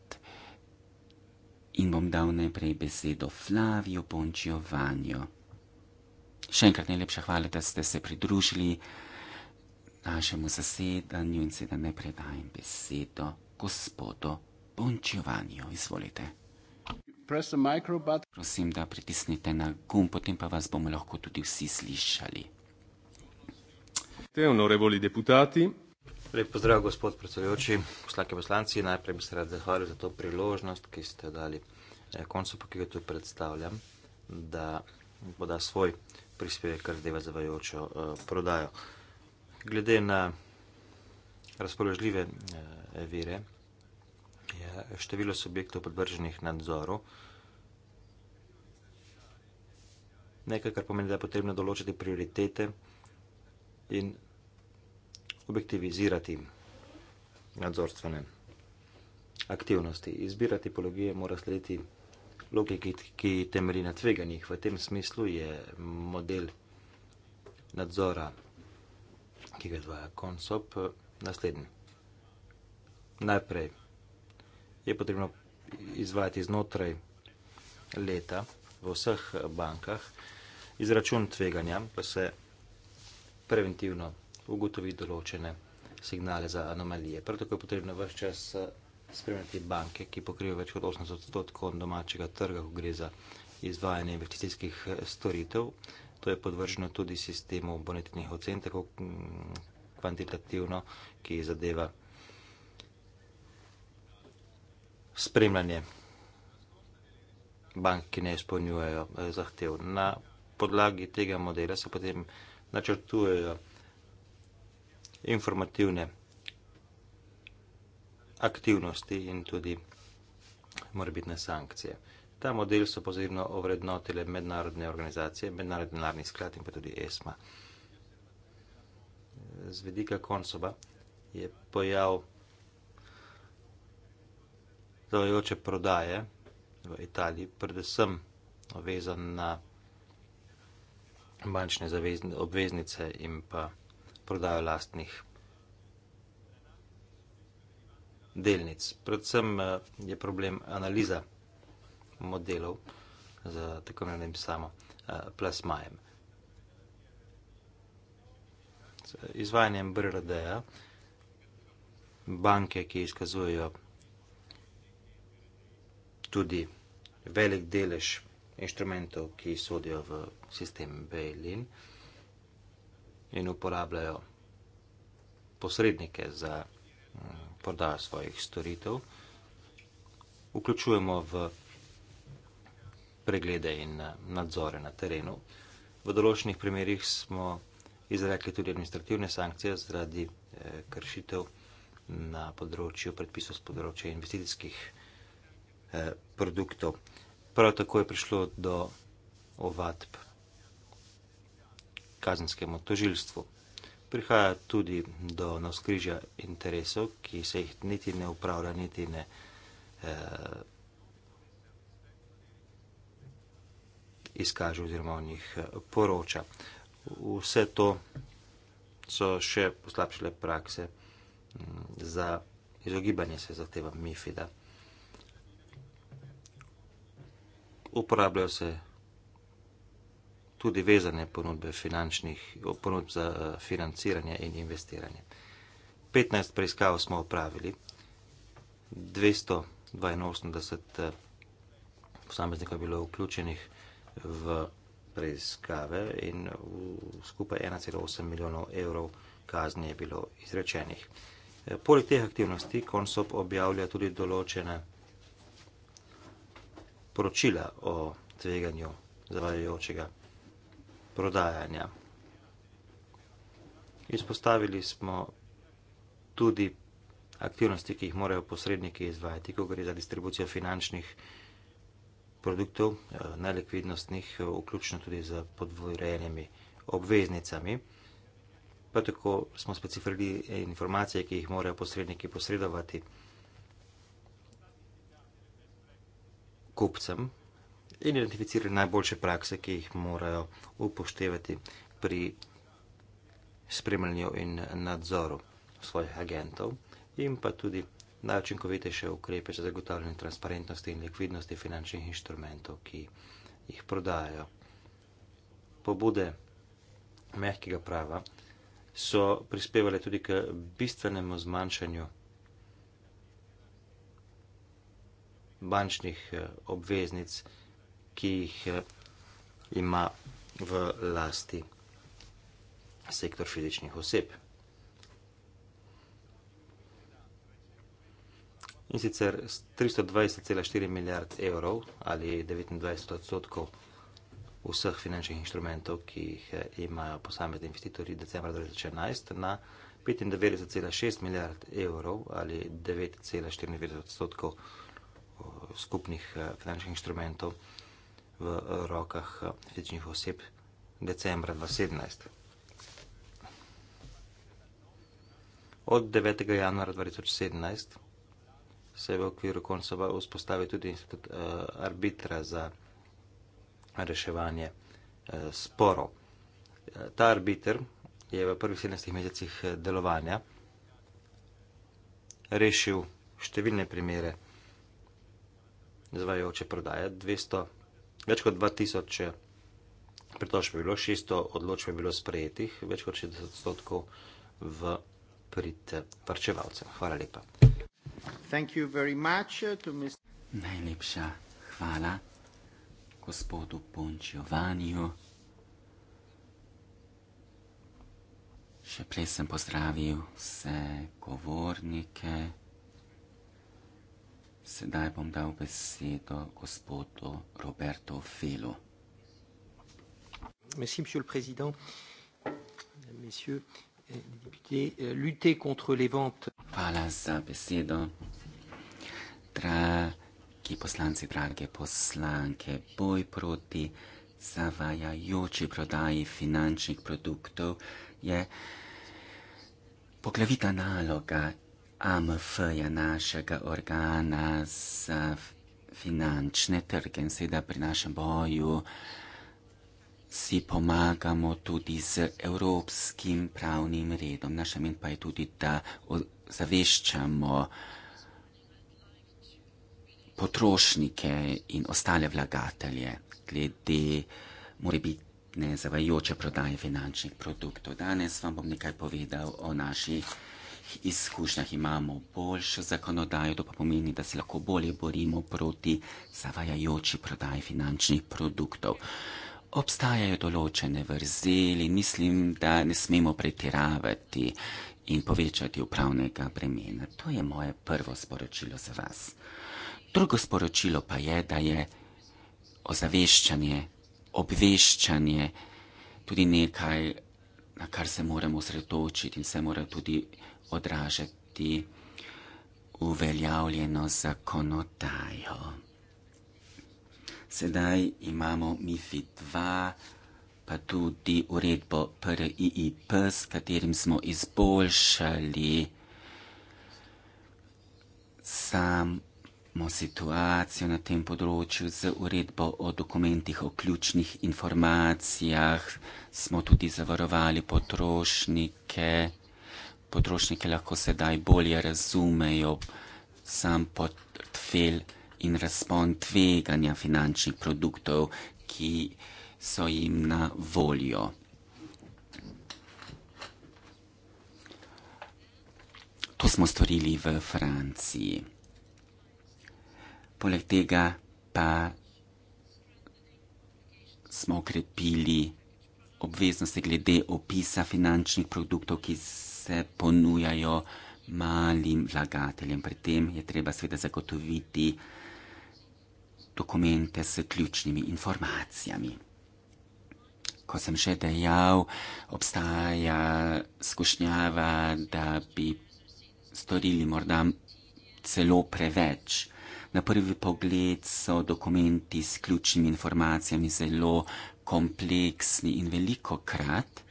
in bom dal najprej besedo Flaviju Pončijo Vanjo. Še enkrat najlepša hvala, da ste se pridružili našemu zasedanju in sedaj ne predajem besedo gospodu Pončijo Vanjo. Izvolite. Prosim, da pritisnite na gumb, potem pa vas bomo lahko tudi vsi slišali. Te onorevoli deputati, Lep pozdrav, gospod predsedujoči, poslake poslanci. Najprej bi se rad zahvalil za to priložnost, ki ste dali eh, koncu, pa ki ga tu predstavljam, da poda svoj prispevek, kar zdaj zavajočo eh, prodajo. Glede na razpoložljive eh, vire, je število subjektov podvrženih nadzoru nekaj, kar pomeni, da je potrebno določiti prioritete in objektivizirati nadzorstvene aktivnosti. Izbira tipologije mora slediti logiki, ki temelji na tveganjih. V tem smislu je model nadzora, ki ga dvaja konsop, naslednji. Najprej je potrebno izvajati znotraj leta v vseh bankah izračun tveganja, pa se preventivno ugotoviti določene signale za anomalije. Prav tako je potrebno vse čas eh, spremljati banke, ki pokrivajo več kot 80 odstotkov domačega trga, ko gre za izvajanje investicijskih eh, storitev. To je podvrženo tudi sistemu bonitetnih ocen, tako mm, kvantitativno, ki zadeva spremljanje bank, ki ne izpolnjujejo eh, zahtev. Na podlagi tega modela se potem načrtujejo informativne aktivnosti in tudi morbitne sankcije. Ta model so pozirno ovrednotile mednarodne organizacije, mednarodni denarni sklad in pa tudi ESMA. Z vedika konsoba je pojav zavajoče prodaje v Italiji, predvsem vezan na bančne obveznice in pa vsega prodajo lastnih delnic. Predvsem eh, je problem analiza modelov z tako imenim samo eh, plasmajem. Z izvajanjem BRD-ja banke, ki izkazujejo tudi velik delež inštrumentov, ki sodijo v sistem Bail-in, in uporabljajo posrednike za mm, prodajo svojih storitev, vključujemo v preglede in eh, nadzore na terenu. V določenih primerjih smo izrekli tudi administrativne sankcije zaradi eh, kršitev na področju predpisov z področja investicijskih eh, produktov. Prav tako je prišlo do ovatb kazenskemu tožilstvu. Prihaja tudi do navskrižja interesov, ki se jih niti ne upravlja, niti ne eh, izkaže oziroma o njih eh, poroča. Vse to so še poslabšile prakse mm, za izogibanje se zahteva MIFID-a. Uporabljajo se tudi vezane ponudbe finančnih, ponudb za eh, financiranje in investiranje. 15 preiskav smo opravili, 282 eh, posameznika je bilo vključenih v preiskave in skupaj 1,8 milijonov evrov kazni je bilo izrečenih. Eh, poleg teh aktivnosti Konsop objavlja tudi določene poročila o tveganju zavajajočega prodajanja. Izpostavili smo tudi aktivnosti, ki jih morajo posredniki izvajati, ko gre za distribucijo finančnih produktov, eh, nelikvidnostnih, eh, vključno tudi z podvojenimi obveznicami. Pa tako smo specifirali informacije, ki jih morajo posredniki posredovati kupcem in identificirali najboljše prakse, ki jih morajo upoštevati pri spremljanju in nadzoru svojih agentov, in pa tudi najučinkovitejše ukrepe za zagotavljanje transparentnosti in likvidnosti finančnih inštrumentov, ki jih prodajajo. Pobude mehkega prava so prispevali tudi k bistvenemu zmanjšanju bančnih eh, obveznic, ki jih eh, ima v lasti sektor fizičnih oseb. In sicer 320,4 milijard evrov ali 29 odstotkov vseh finančnih inštrumentov, ki jih eh, imajo posamezni investitorji decembra 2011 na 95,6 milijard evrov ali 9,94 odstotkov eh, skupnih finančnih inštrumentov v rokah fizičnih oseb decembra 2017. Od 9. januara 2017 se je v okviru koncova vzpostavil tudi institut uh, arbitra za reševanje uh, sporov. Eh, ta arbiter je v prvih 17 mesecih delovanja rešil številne primere zvajajoče prodaje. 200 Več kot 2000 eh, pritožb je bilo, 600 odločb je bilo sprejetih, več kot 60 odstotkov v prid eh, varčevalcem. Hvala lepa. Eh, Najlepša hvala gospodu Pončiju Vanju. Še prej sem pozdravil vse govornike. Sedaj bom dal besedo gospodu Roberto Felu. Merci, monsieur le président. Messieurs eh, les députés, eh, lutter contre les ventes. Hvala za besedo. Dragi poslanci, drage poslanke, boj proti zavajajoči prodaji finančnih produktov je poglavita naloga AMF je našega organa za finančne trge in seveda pri našem boju si pomagamo tudi z evropskim pravnim redom. Naš namen pa je tudi, da zaveščamo potrošnike in ostale vlagatelje glede morebitne zavajajoče prodaje finančnih produktov. Danes vam bom nekaj povedal o naši izkušnjah imamo boljšo zakonodajo, to pa pomeni, da se lahko bolje borimo proti zavajajoči prodaji finančnih produktov. Obstajajo določene vrzeli, mislim, da ne smemo pretiravati in povečati upravnega bremena. To je moje prvo sporočilo za vas. Drugo sporočilo pa je, da je ozaveščanje, obveščanje tudi nekaj, na kar se moramo osredotočiti in se mora tudi odražati uveljavljeno zakonodajo. Sedaj imamo MIFI 2, pa tudi uredbo PRIIP, s katerim smo izboljšali samo situacijo na tem področju z uredbo o dokumentih o ključnih informacijah, smo tudi zavarovali potrošnike potrošniki lahko sedaj bolje razumejo sam portfelj in razpon tveganja finančnih produktov, ki so jim na voljo. To smo storili v Franciji. Poleg tega pa smo okrepili obveznosti glede opisa finančnih produktov, ki se ponujajo malim vlagateljem. Pri tem je treba seveda zagotoviti dokumente s ključnimi informacijami. Ko sem že dejal, obstaja skušnjava, da bi storili morda celo preveč. Na prvi pogled so dokumenti s ključnimi informacijami zelo kompleksni in veliko krat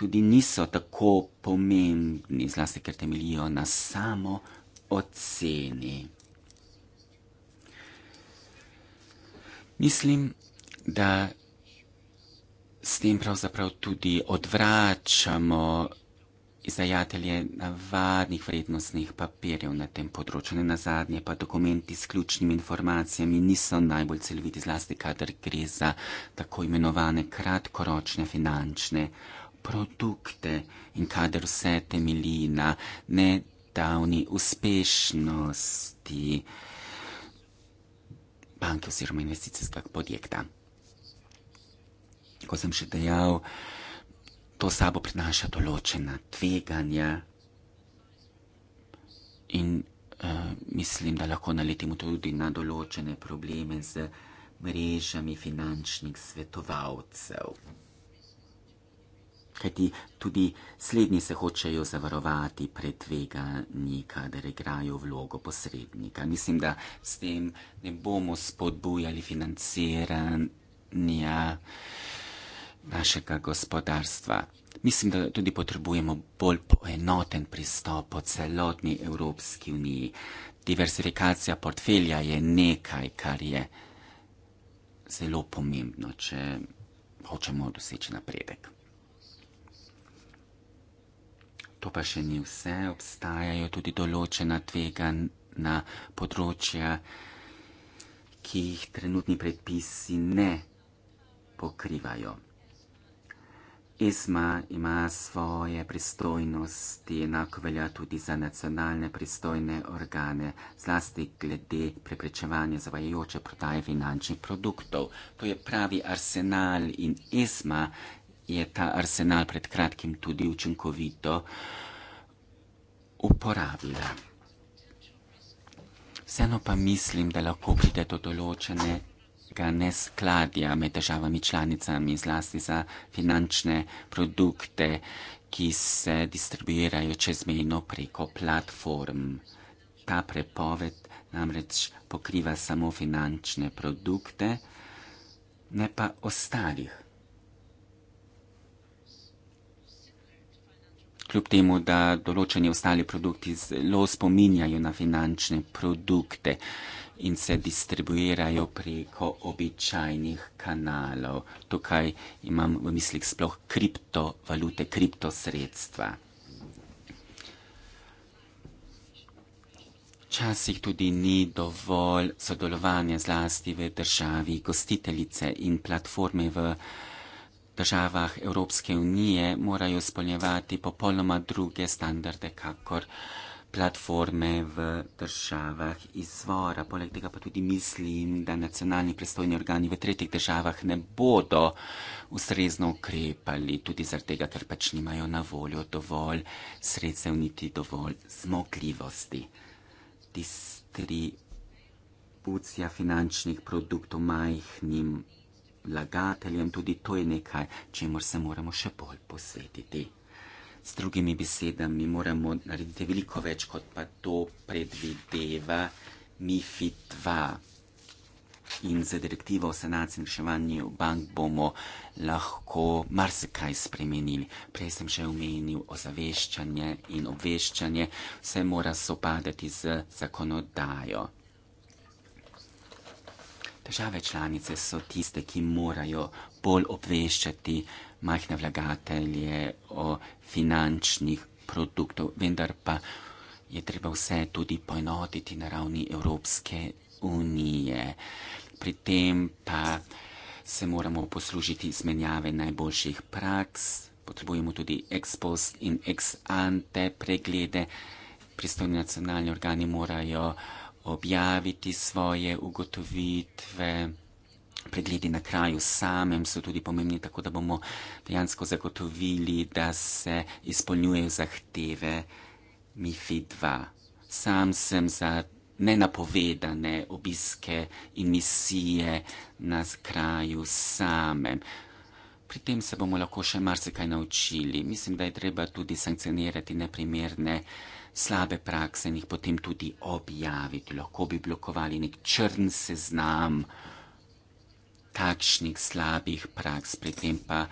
tudi niso tako pomembni, zlasti ker temeljijo na samo oceni. Mislim, da s tem pravzaprav tudi odvračamo izdajatelje navadnih vrednostnih papirjev na tem področju. Ne nazadnje pa dokumenti s ključnimi informacijami niso najbolj celoviti, zlasti kadar gre za tako imenovane kratkoročne finančne produkte in kader vse temelji na nedavni uspešnosti banke oziroma investicijskega podjekta. Ko sem še dejal, to sabo prinaša določena tveganja in uh, mislim, da lahko naletimo tudi na določene probleme z mrežami finančnih svetovalcev. Kajti tudi slednji se hočejo zavarovati pred tveganji, kadar igrajo vlogo posrednika. Mislim, da s tem ne bomo spodbujali financiranja našega gospodarstva. Mislim, da tudi potrebujemo bolj poenoten pristop po celotni Evropski uniji. Diversifikacija portfelja je nekaj, kar je zelo pomembno, če hočemo doseči napredek. To pa še ni vse, obstajajo tudi določena tvegana področja, ki jih trenutni predpisi ne pokrivajo. ESMA ima svoje pristojnosti, enako velja tudi za nacionalne pristojne organe, zlasti glede preprečevanja zavajajoče prodaje finančnih produktov. To je pravi arsenal in ESMA je ta arsenal pred kratkim tudi učinkovito uporabila. Vseeno pa mislim, da lahko pride do določenega neskladja med državami članicami, zlasti za finančne produkte, ki se distribuirajo čezmejno preko platform. Ta prepoved namreč pokriva samo finančne produkte, ne pa ostalih kljub temu, da določeni ostali produkti zelo spominjajo na finančne produkte in se distribuirajo preko običajnih kanalov. Tukaj imam v mislih sploh kriptovalute, kriptosredstva. Včasih tudi ni dovolj sodelovanja zlasti v državi, gostiteljice in platforme v uh, državah Evropske unije morajo spoljevati popolnoma druge standarde, kakor platforme v državah izvora. Poleg tega pa tudi mislim, da nacionalni predstojni organi v tretjih državah ne bodo ustrezno ukrepali, tudi zato, ker pač nimajo na voljo dovolj sredstev, niti dovolj zmogljivosti. Distribucija finančnih produktov majhnim lagateljem, tudi to je nekaj, čemu se moramo še bolj posvetiti. Z drugimi besedami moramo narediti veliko več, kot pa to predvideva MIFI 2. In za direktivo o sanacijem reševanju bank bomo lahko marsikaj spremenili. Prej sem še omenil ozaveščanje in obveščanje, vse mora sopadati z zakonodajo. Države članice so tiste, ki morajo bolj obveščati majhne vlagatelje o finančnih produktov, vendar pa je treba vse tudi poenotiti na ravni Evropske unije. Pri tem pa se moramo poslužiti izmenjave najboljših praks, potrebujemo tudi ex post in ex ante preglede, pristojni nacionalni organi morajo objaviti svoje ugotovitve. Pregledi na kraju samem so tudi pomembni, tako da bomo dejansko zagotovili, da se izpolnjujejo zahteve MIFI 2. Sam sem za nenapovedane obiske in misije na kraju samem. Pri tem se bomo lahko še marsikaj naučili. Mislim, da je treba tudi sankcionirati neprimerne slabe prakse in jih potem tudi objaviti. Lahko bi blokovali nek črn seznam takšnih slabih praks, pri tem pa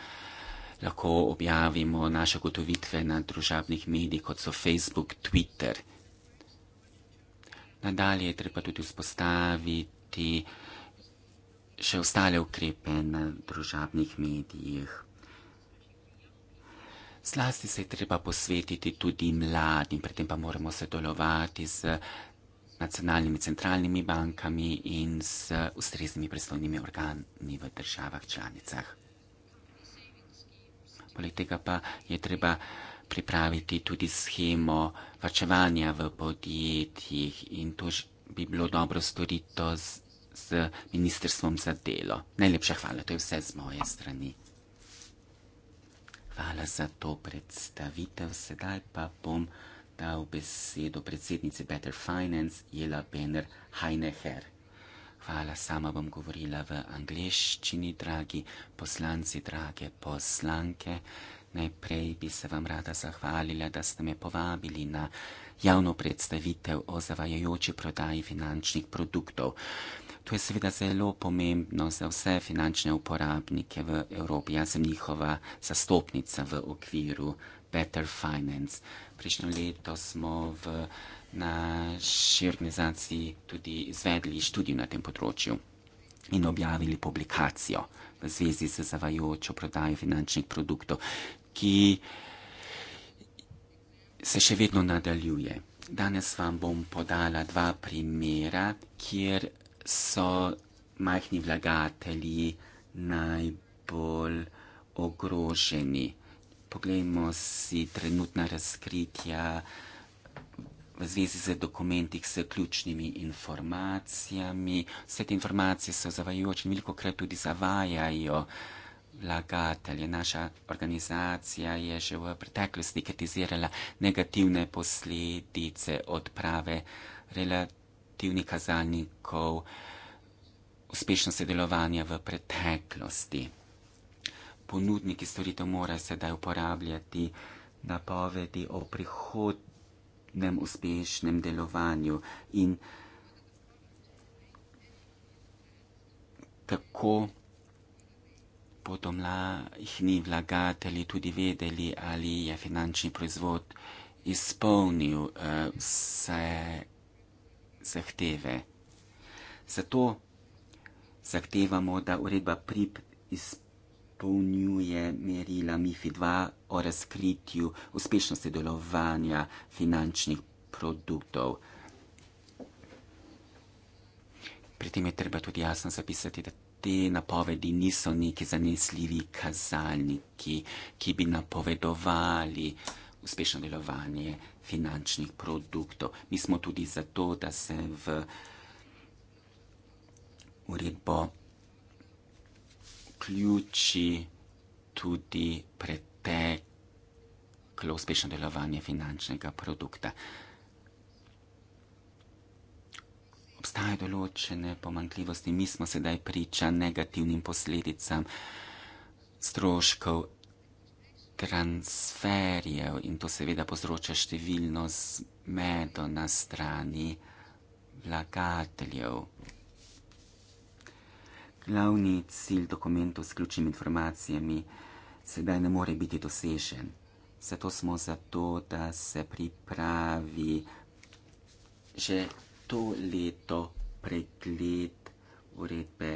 lahko objavimo naše gotovitve na družabnih medijih, kot so Facebook, Twitter. Nadalje je treba tudi vzpostaviti še ostale ukrepe na družabnih medijih. Zlasti se je treba posvetiti tudi mladim, predtem pa moramo sodelovati z nacionalnimi centralnimi bankami in z ustreznimi predstavnimi organi v državah članicah. Poleg tega pa je treba pripraviti tudi schemo vačevanja v podjetjih in to bi bilo dobro storiti to z, z ministrstvom za delo. Najlepša hvala, to je vse z moje strani. Hvala za to predstavitev. Sedaj pa bom dal besedo predsednici Better Finance, Jela Benner Heineher. Hvala, sama bom govorila v angleščini, dragi poslanci, drage poslanke. Najprej bi se vam rada zahvalila, da ste me povabili na javno predstavitev o zavajajoči prodaji finančnih produktov. To je seveda zelo pomembno za vse finančne uporabnike v Evropi. Jaz sem njihova zastopnica v okviru Better Finance. Prejšnjo leto smo v naši organizaciji tudi izvedli študijo na tem področju in objavili publikacijo v zvezi z zavajočo prodajo finančnih produktov, ki se še vedno nadaljuje. Danes vam bom podala dva primera, kjer so majhni vlagatelji najbolj ogroženi. Poglejmo si trenutna razkritja v zvezi z dokumenti s ključnimi informacijami. Vse te informacije so zavajajoče in veliko krat tudi zavajajo vlagatelje. Naša organizacija je že v preteklosti kritizirala negativne posledice odprave relativnosti objektivnih kazalnikov uspešno sodelovanja v preteklosti. Ponudniki storitev morajo sedaj uporabljati napovedi o prihodnem uspešnem delovanju in tako bodo mlajhni vlagatelji tudi vedeli, ali je finančni proizvod izpolnil uh, vse zahteve. Zato zahtevamo, da uredba PRIP izpolnjuje merila MIFI 2 o razkritju uspešnosti delovanja finančnih produktov. Pri tem je treba tudi jasno zapisati, da te napovedi niso neki zanesljivi kazalniki, ki bi napovedovali, uh, uspešno delovanje finančnih produktov. Mi smo tudi zato, da se v uredbo vključi tudi preteklo uspešno delovanje finančnega produkta. Obstajajo določene pomankljivosti, mi smo sedaj priča negativnim posledicam stroškov transferjev in to seveda povzroča številno zmedo na strani vlagateljev. Glavni cilj dokumentov s ključnimi informacijami sedaj ne more biti dosežen. Zato smo zato, da se pripravi že to leto pregled uredbe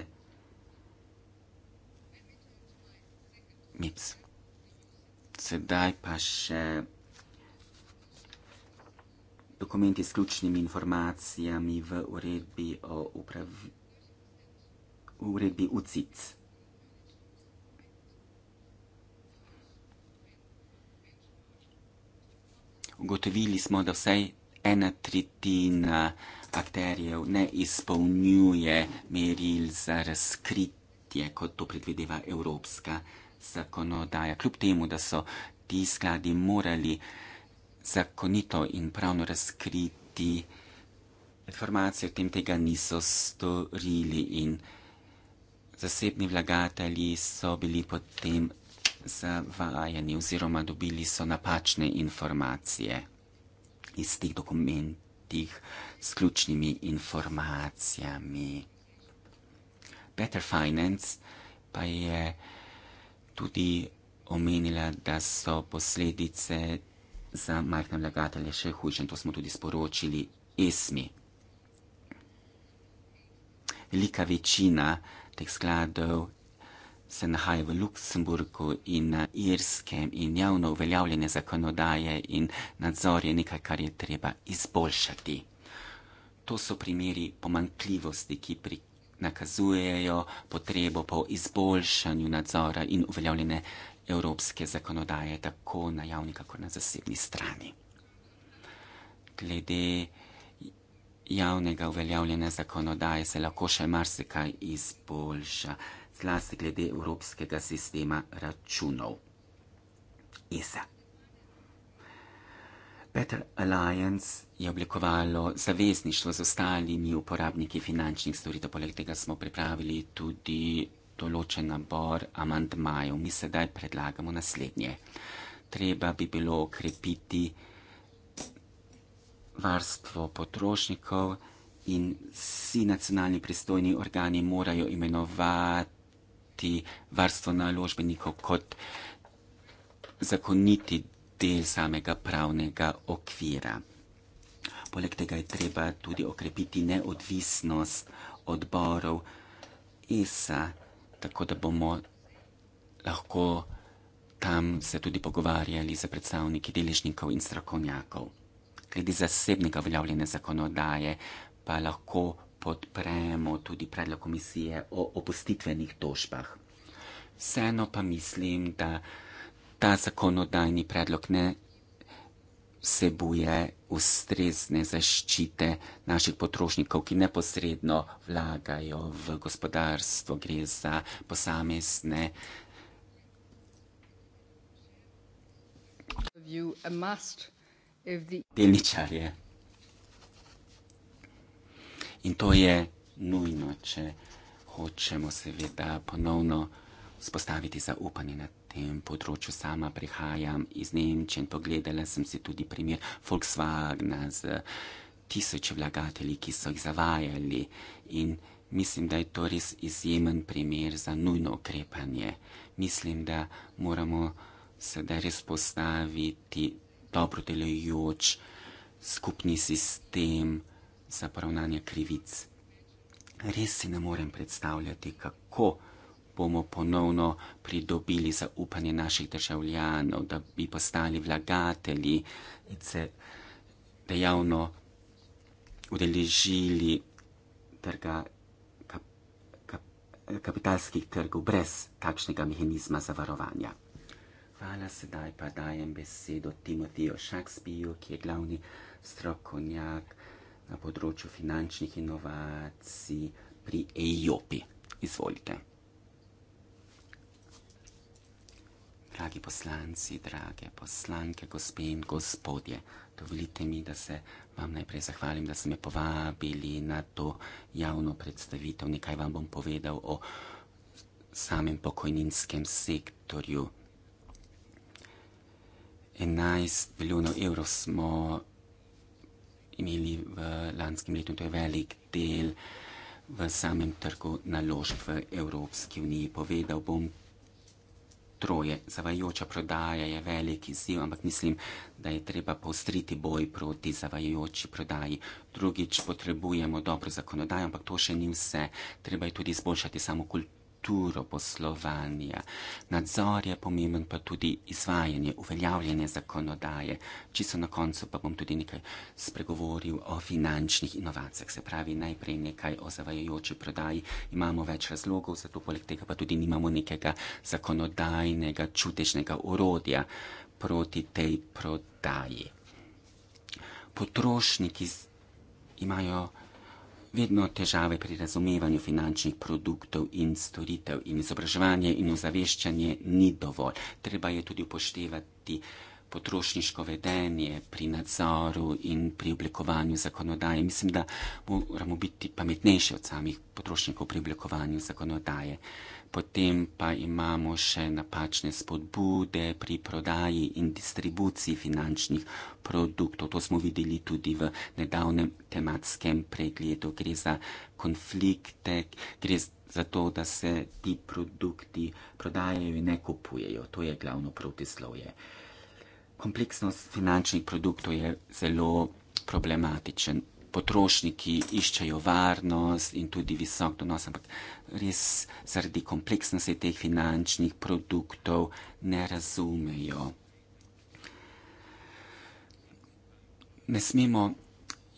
MIPS. Sedaj pa še dokumenti s ključnimi informacijami v uredbi o upravi, uredbi UCIC. Ugotovili smo, da vsaj ena tretjina akterjev ne izpolnjuje meril za razkritje, kot to predvideva Evropska unija zakonodaja, kljub temu, da so ti skladi morali zakonito in pravno razkriti informacije, o tem tega niso storili in zasebni vlagatelji so bili potem zavajani oziroma dobili so napačne informacije iz teh dokumentih s ključnimi informacijami. Better Finance pa je tudi omenila, da so posledice za majhne vlagatelje še hujše in to smo tudi sporočili esmi. Velika večina teh skladov se nahaja v Luksemburgu in na Irskem in javno uveljavljene zakonodaje in nadzor je nekaj, kar je treba izboljšati. To so primeri pomankljivosti, ki prikazujejo nakazujejo potrebo po izboljšanju nadzora in uveljavljene evropske zakonodaje, tako na javni, kako na zasebni strani. Glede javnega uveljavljene zakonodaje se lahko še marsikaj izboljša, zlasti glede evropskega sistema računov. ISA. Better Alliance je oblikovalo zavezništvo z ostalimi uporabniki finančnih storitev. Poleg tega smo pripravili tudi določen nabor amantmajev. Mi sedaj predlagamo naslednje. Treba bi bilo okrepiti varstvo potrošnikov in vsi nacionalni pristojni organi morajo imenovati varstvo naložbenikov kot zakoniti del samega pravnega okvira. Poleg tega je treba tudi okrepiti neodvisnost odborov ESA, tako da bomo lahko tam se tudi pogovarjali z predstavniki deležnikov in strokovnjakov. Glede zasebnega uveljavljene zakonodaje pa lahko podpremo tudi predlog komisije o opustitvenih tožbah. Vseeno pa mislim, da ta zakonodajni predlog ne vsebuje ustrezne zaščite naših potrošnikov, ki neposredno vlagajo v gospodarstvo, gre za posamezne. Delničarje. In to je nujno, če hočemo seveda ponovno vzpostaviti zaupanje na to tem področju sama prihajam iz Nemčije in pogledala sem si tudi primer Volkswagna z tisoči vlagatelji, ki so jih zavajali in mislim, da je to res izjemen primer za nujno ukrepanje. Mislim, da moramo sedaj res postaviti dobro delujoč skupni sistem za poravnanje krivic. Res si ne morem predstavljati, kako bomo ponovno pridobili zaupanje naših državljanov, da bi postali vlagatelji in se dejavno udeležili trga kap, kap, kapitalskih trgov brez takšnega mehanizma zavarovanja. Hvala, sedaj pa dajem besedo Timotiju Šakspiju, ki je glavni strokovnjak na področju finančnih inovacij pri EIOPI. Izvolite. Dragi poslanci, drage poslanke, gospe in gospodje, dovolite mi, da se vam najprej zahvalim, da ste me povabili na to javno predstavitev. Nekaj vam bom povedal o samem pokojninskem sektorju. 11 milijonov evrov smo imeli v lanskem letu, to je velik del v samem trgu naložb v Evropski uniji. Povedal bom troje. Zavajajoča prodaja je velik izziv, ampak mislim, da je treba postriti boj proti zavajajoči prodaji. Drugič, potrebujemo dobro zakonodajo, ampak to še ni vse. Treba je tudi izboljšati samo kulturo kulturo poslovanja. Nadzor je pomemben, pa tudi izvajanje, uveljavljanje zakonodaje. Čisto na koncu pa bom tudi nekaj spregovoril o finančnih inovacijah. Se pravi, najprej nekaj o zavajajoči prodaji. Imamo več razlogov, zato poleg tega pa tudi nimamo nekega zakonodajnega čudežnega orodja proti tej prodaji. Potrošniki imajo vedno težave pri razumevanju finančnih produktov in storitev in izobraževanje in ozaveščanje ni dovolj. Treba je tudi upoštevati potrošniško vedenje pri nadzoru in pri oblikovanju zakonodaje. Mislim, da moramo biti pametnejši od samih potrošnikov pri oblikovanju zakonodaje potem pa imamo še napačne spodbude pri prodaji in distribuciji finančnih produktov. To smo videli tudi v nedavnem tematskem pregledu. Gre za konflikte, gre za to, da se ti produkti prodajajo in ne kupujejo. To je glavno protislovje. Kompleksnost finančnih produktov je zelo problematičen potrošniki iščejo varnost in tudi visok donos, ampak res zaradi kompleksnosti teh finančnih produktov ne razumejo. Ne smemo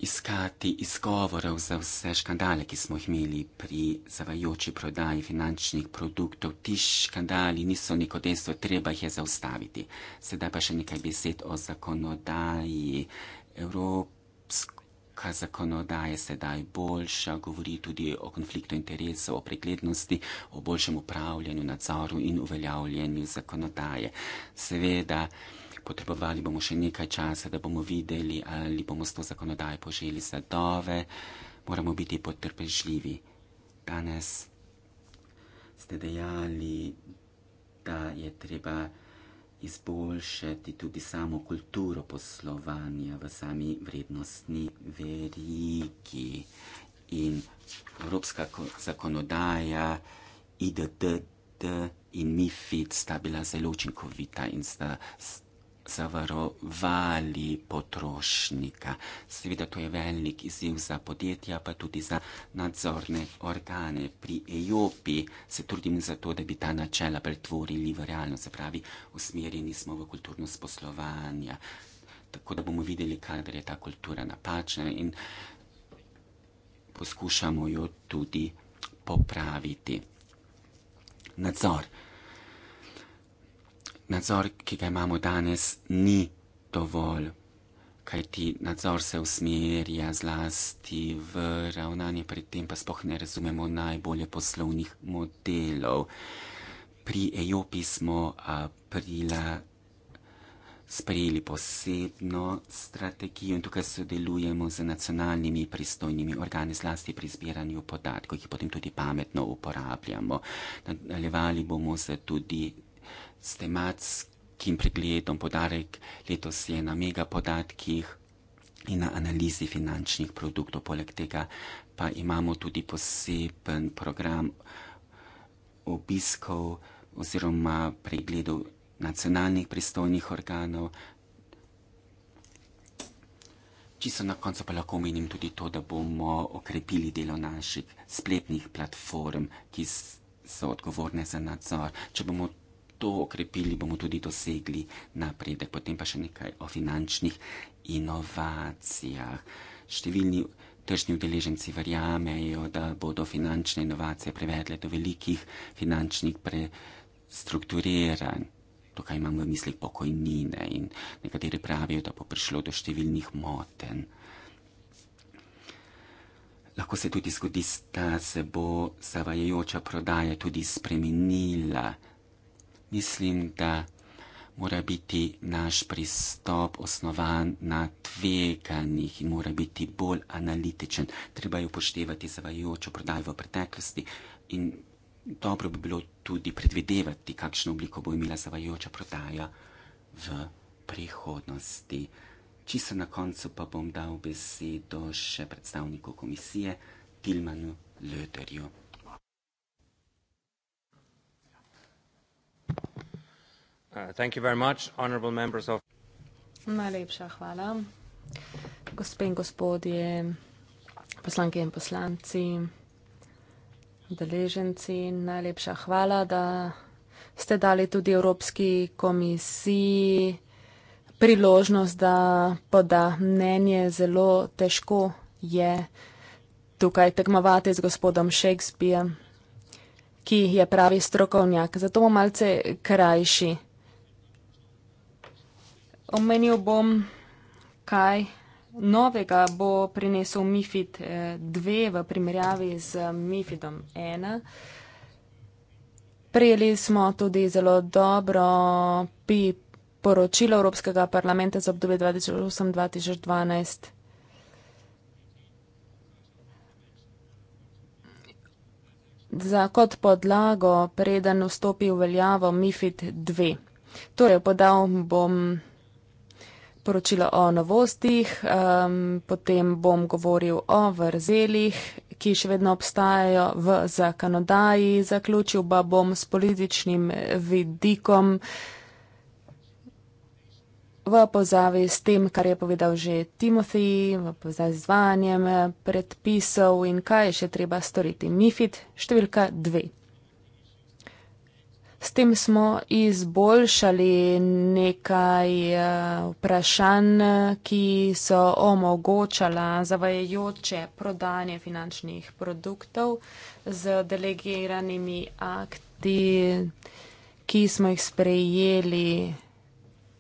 iskati izgovorov za vse škandale, ki smo jih imeli pri zavajoči prodaji finančnih produktov. Ti škandali niso neko dejstvo, treba jih je zaustaviti. Sedaj pa še nekaj besed o zakonodaji Evrope. Kaj zakonodaje sedaj boljša, govori tudi o konfliktu interesov, o preglednosti, o boljšem upravljanju, nadzoru in uveljavljanju zakonodaje. Seveda, potrebovali bomo še nekaj časa, da bomo videli, ali bomo s to zakonodajo poželi sadove. Moramo biti potrpežljivi. Danes ste dejali, da je treba izboljšati tudi samo kulturo poslovanja v sami vrednostni verigi. In evropska zakonodaja, IDDD in MIFID sta bila zelo učinkovita in sta. sta zavarovali potrošnika. Seveda to je velik izziv za podjetja, pa tudi za nadzorne organe. Pri EOP se trudim za to, da bi ta načela pretvorili v realnost, se pravi, usmerjeni smo v kulturnost poslovanja, tako da bomo videli, kadar je ta kultura napačna in poskušamo jo tudi popraviti. Nadzor nadzor, ki ga imamo danes, ni dovolj. Kaj ti nadzor se usmerja zlasti v ravnanje, predtem pa spoh ne razumemo najbolje poslovnih modelov. Pri EOP-i smo aprila sprejeli posebno strategijo in tukaj sodelujemo z nacionalnimi pristojnimi organi zlasti pri zbiranju podatkov, ki jih potem tudi pametno uporabljamo. Nadaljevali bomo se tudi s tematskim pregledom podarek letos je na mega podatkih in na analizi finančnih produktov. Poleg tega pa imamo tudi poseben program obiskov oziroma pregledov nacionalnih pristojnih organov. Čisto na koncu pa lahko omenim tudi to, da bomo okrepili delo naših spletnih platform, ki so odgovorne za nadzor. Če bomo to okrepili, bomo tudi dosegli napredek. Potem pa še nekaj o finančnih inovacijah. Številni tržni udeleženci verjamejo, da bodo finančne inovacije prevedle do velikih finančnih prestrukturiranj. Tukaj imamo v mislih pokojnine in nekateri pravijo, da bo prišlo do številnih moten. Lahko se tudi zgodi, da se bo zavajajoča prodaja tudi spremenila mislim, da mora biti naš pristop osnovan na tveganjih in mora biti bolj analitičen. Treba je upoštevati zavajajočo prodajo v preteklosti in dobro bi bilo tudi predvidevati, kakšno obliko bo imela zavajajoča prodaja v prihodnosti. Čisto na koncu pa bom dal besedo še predstavniku komisije Tilmanu Löderju. Uh, najlepša hvala. Gospe in gospodje, poslanke in poslanci, deleženci, najlepša hvala, da ste dali tudi Evropski komisiji priložnost, da poda mnenje. Zelo težko je tukaj tekmovati z gospodom Shakespeareom ki je pravi strokovnjak. Zato bom malce krajši. Omenil bom, kaj novega bo prinesel MIFID 2 eh, v primerjavi z MIFIDom 1. Prijeli smo tudi zelo dobro PIP poročilo Evropskega parlamenta za obdobje 2008-2012. za kot podlago, preden vstopi v veljavo MIFID 2. Torej, podal bom poročilo o novostih, um, potem bom govoril o vrzelih, ki še vedno obstajajo v zakonodaji, zaključil pa bom s političnim vidikom. Uh, v povezavi s tem, kar je povedal že Timothy, v povezavi z izvajanjem eh, predpisov in kaj je še treba storiti. Mifid številka dve. S tem smo izboljšali nekaj eh, vprašanj, ki so omogočala zavajajoče prodanje finančnih produktov z delegiranimi akti, ki smo jih sprejeli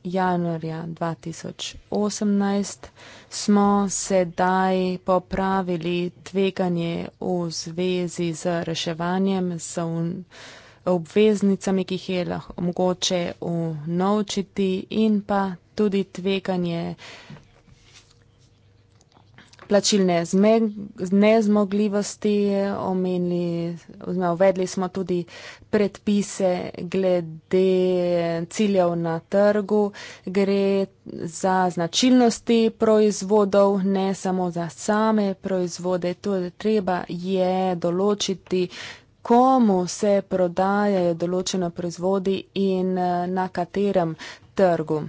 januarja 2018 smo sedaj popravili tveganje v zvezi z reševanjem z obveznicami, ki jih je lahko mogoče unovčiti in pa tudi tveganje plačilne nezmogljivosti, omenili, oziroma uvedli smo tudi predpise glede ciljev na trgu, gre za značilnosti proizvodov, ne samo za same proizvode, tudi treba je določiti, komu se prodajajo določeno proizvodi in na katerem trgu.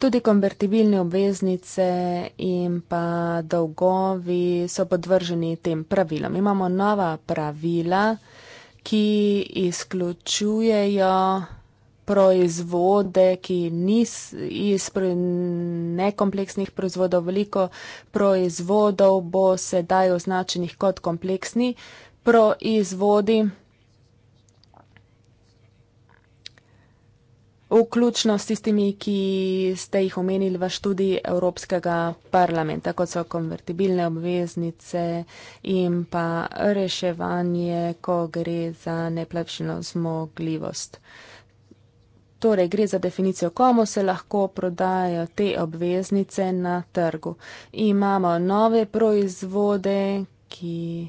Tudi konvertibilne obveznice in pa dolgovi so podvrženi tem pravilom. Imamo nova pravila, ki izključujejo proizvode, ki niz iz nekompleksnih proizvodov, veliko proizvodov bo sedaj označenih kot kompleksni proizvodi. vključno s tistimi, ki ste jih omenili v študiji Evropskega parlamenta, kot so konvertibilne obveznice in pa reševanje, ko gre za neplačno zmogljivost. Torej, gre za definicijo, komu se lahko prodajo te obveznice na trgu. Imamo nove proizvode, ki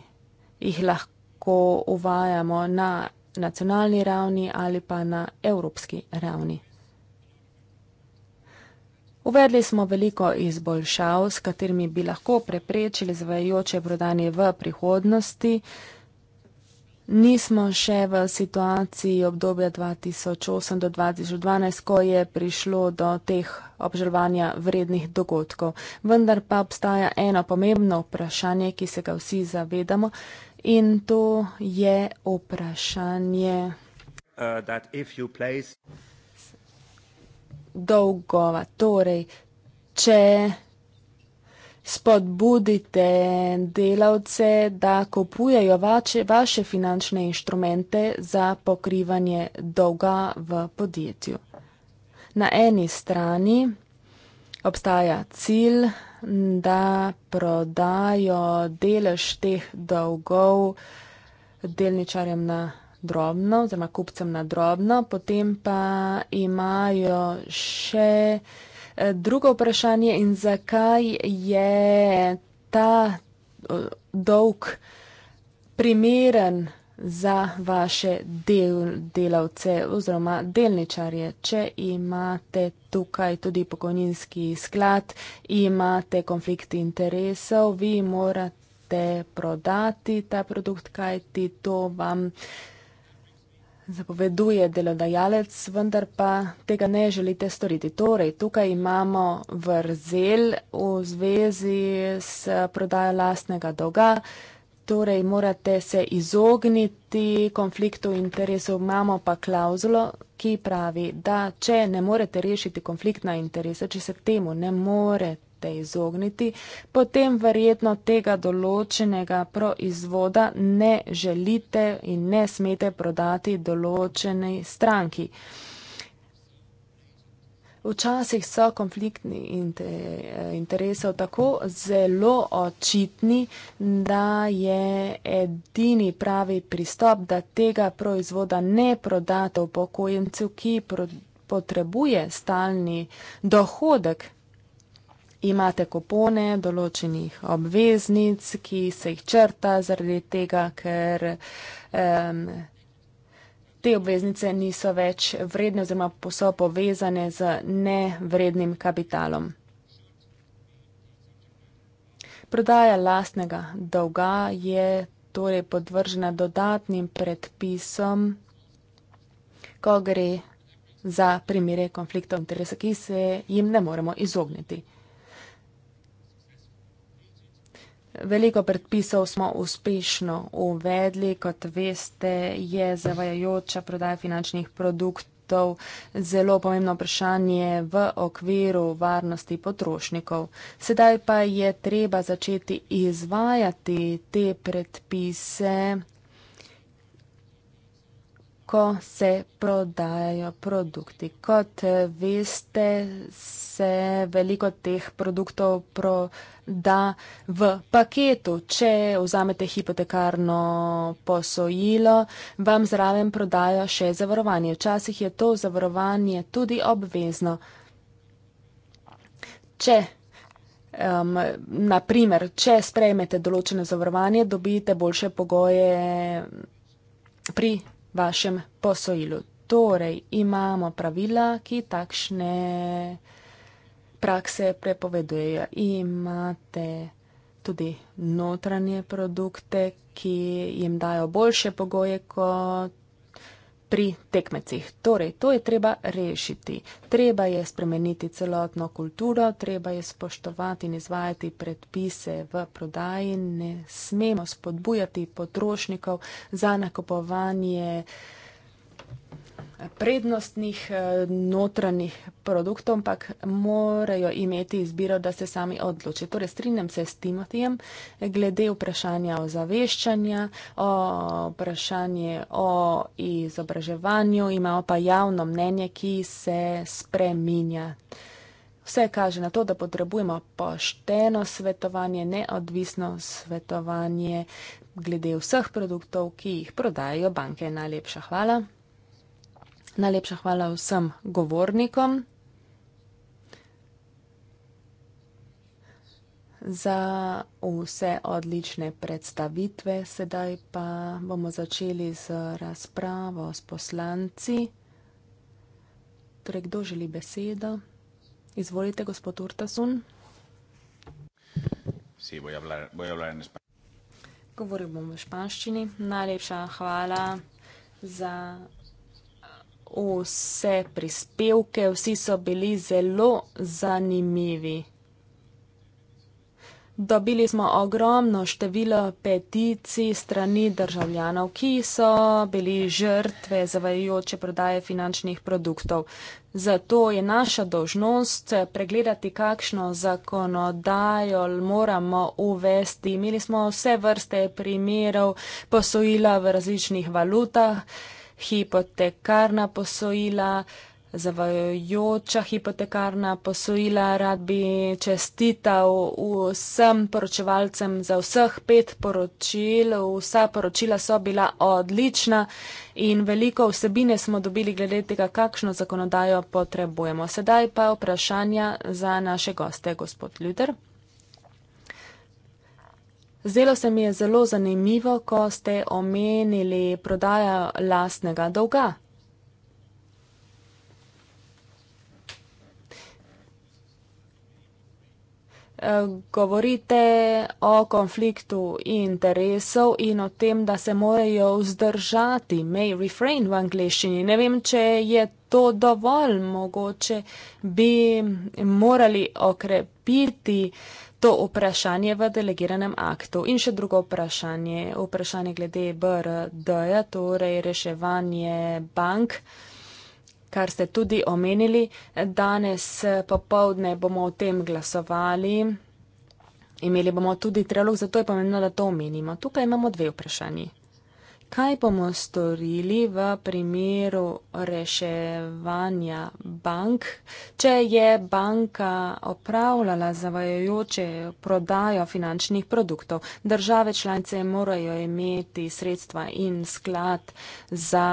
jih lahko uvajamo na nacionalni ravni ali pa na evropski ravni. Uvedli smo veliko izboljšav, s katerimi bi lahko preprečili zvajajoče prodanje v prihodnosti. Nismo še v situaciji obdobja 2008 do 2012, ko je prišlo do teh obžalovanja vrednih dogodkov. Vendar pa obstaja eno pomembno vprašanje, ki se ga vsi zavedamo. In to je vprašanje uh, dolgova. Torej, če spodbudite delavce, da kupujejo vaše, vaše finančne inštrumente za pokrivanje dolga v podjetju. Na eni strani obstaja cilj, da prodajo delež teh dolgov delničarjem na drobno oziroma kupcem na drobno, potem pa imajo še eh, drugo vprašanje in zakaj je ta eh, dolg primeren za vaše del, delavce oziroma delničarje. Če imate tukaj tudi pokojninski sklad, imate konflikt interesov, vi morate prodati ta produkt, kajti to vam zapoveduje delodajalec, vendar pa tega ne želite storiti. Torej, tukaj imamo vrzel v zvezi s prodajo lastnega dolga torej morate se izogniti konfliktu interesov. Imamo pa klauzulo, ki pravi, da če ne morete rešiti konfliktna interesa, če se temu ne morete izogniti, potem verjetno tega določenega proizvoda ne želite in ne smete prodati določenej stranki včasih so konfliktni eh, interesov tako zelo očitni, da je edini pravi pristop, da tega proizvoda ne prodate upokojencu, ki potrebuje stalni dohodek. Imate kupone določenih obveznic, ki se jih črta zaradi tega, ker. Um, te obveznice niso več vredne oziroma so povezane z nevrednim kapitalom. Prodaja lastnega dolga je torej podvržena dodatnim predpisom, ko gre za primere konfliktov interesa, ki se jim ne moremo izogniti. Veliko predpisov smo uspešno uvedli, kot veste, je zavajajoča prodaja finančnih produktov zelo pomembno vprašanje v okviru varnosti potrošnikov. Sedaj pa je treba začeti izvajati te predpise ko se prodajajo produkti. Kot veste, se veliko teh produktov proda v paketu. Če vzamete hipotekarno posojilo, vam zraven prodajo še zavarovanje. Včasih je to zavarovanje tudi obvezno. Če Um, naprimer, če sprejmete določene zavarovanje, dobite boljše pogoje pri vašem posojilu. Torej, imamo pravila, ki takšne prakse prepovedujejo. Imate tudi notranje produkte, ki jim dajo boljše pogoje kot pri tekmecih. Torej, to je treba rešiti. Treba je spremeniti celotno kulturo, treba je spoštovati in izvajati predpise v prodaji. Ne smemo spodbujati potrošnikov za nakupovanje prednostnih eh, notranjih produktov, ampak morajo imeti izbiro, da se sami odloči. Torej, strinjam se s Timotijem glede vprašanja o zaveščanju, o vprašanje o izobraževanju, imamo pa javno mnenje, ki se spreminja. Vse kaže na to, da potrebujemo pošteno svetovanje, neodvisno svetovanje glede vseh produktov, ki jih prodajajo banke. Najlepša hvala. Najlepša hvala vsem govornikom za vse odlične predstavitve. Sedaj pa bomo začeli z razpravo s poslanci. Torej, kdo želi besedo? Izvolite, gospod Urtasun. Si, bojo hablar, bojo hablar Govoril bom v španščini. Najlepša hvala za vse prispevke, vsi so bili zelo zanimivi. Dobili smo ogromno število peticij strani državljanov, ki so bili žrtve zavajajoče prodaje finančnih produktov. Zato je naša dožnost pregledati, kakšno zakonodajo moramo uvesti. Imeli smo vse vrste primerov posojila v različnih valutah hipotekarna posojila, zavajojoča hipotekarna posojila. Rad bi čestital vsem poročevalcem za vseh pet poročil. Vsa poročila so bila odlična in veliko vsebine smo dobili glede tega, kakšno zakonodajo potrebujemo. Sedaj pa vprašanja za naše goste, gospod Ljuter. Zdelo se mi je zelo zanimivo, ko ste omenili prodajo lastnega dolga. E, govorite o konfliktu interesov in o tem, da se morajo vzdržati, may refrain v angliščini. Ne vem, če je to dovolj mogoče, bi morali okrepiti to vprašanje v delegiranem aktu in še drugo vprašanje, vprašanje glede BRD-ja, torej reševanje bank, kar ste tudi omenili. Danes popovdne bomo o tem glasovali. Imeli bomo tudi trialog, zato je pomembno, da to omenimo. Tukaj imamo dve vprašanji. Kaj bomo storili v primeru reševanja bank, če je banka opravljala zavajajoče prodajo finančnih produktov? Države članice morajo imeti sredstva in sklad za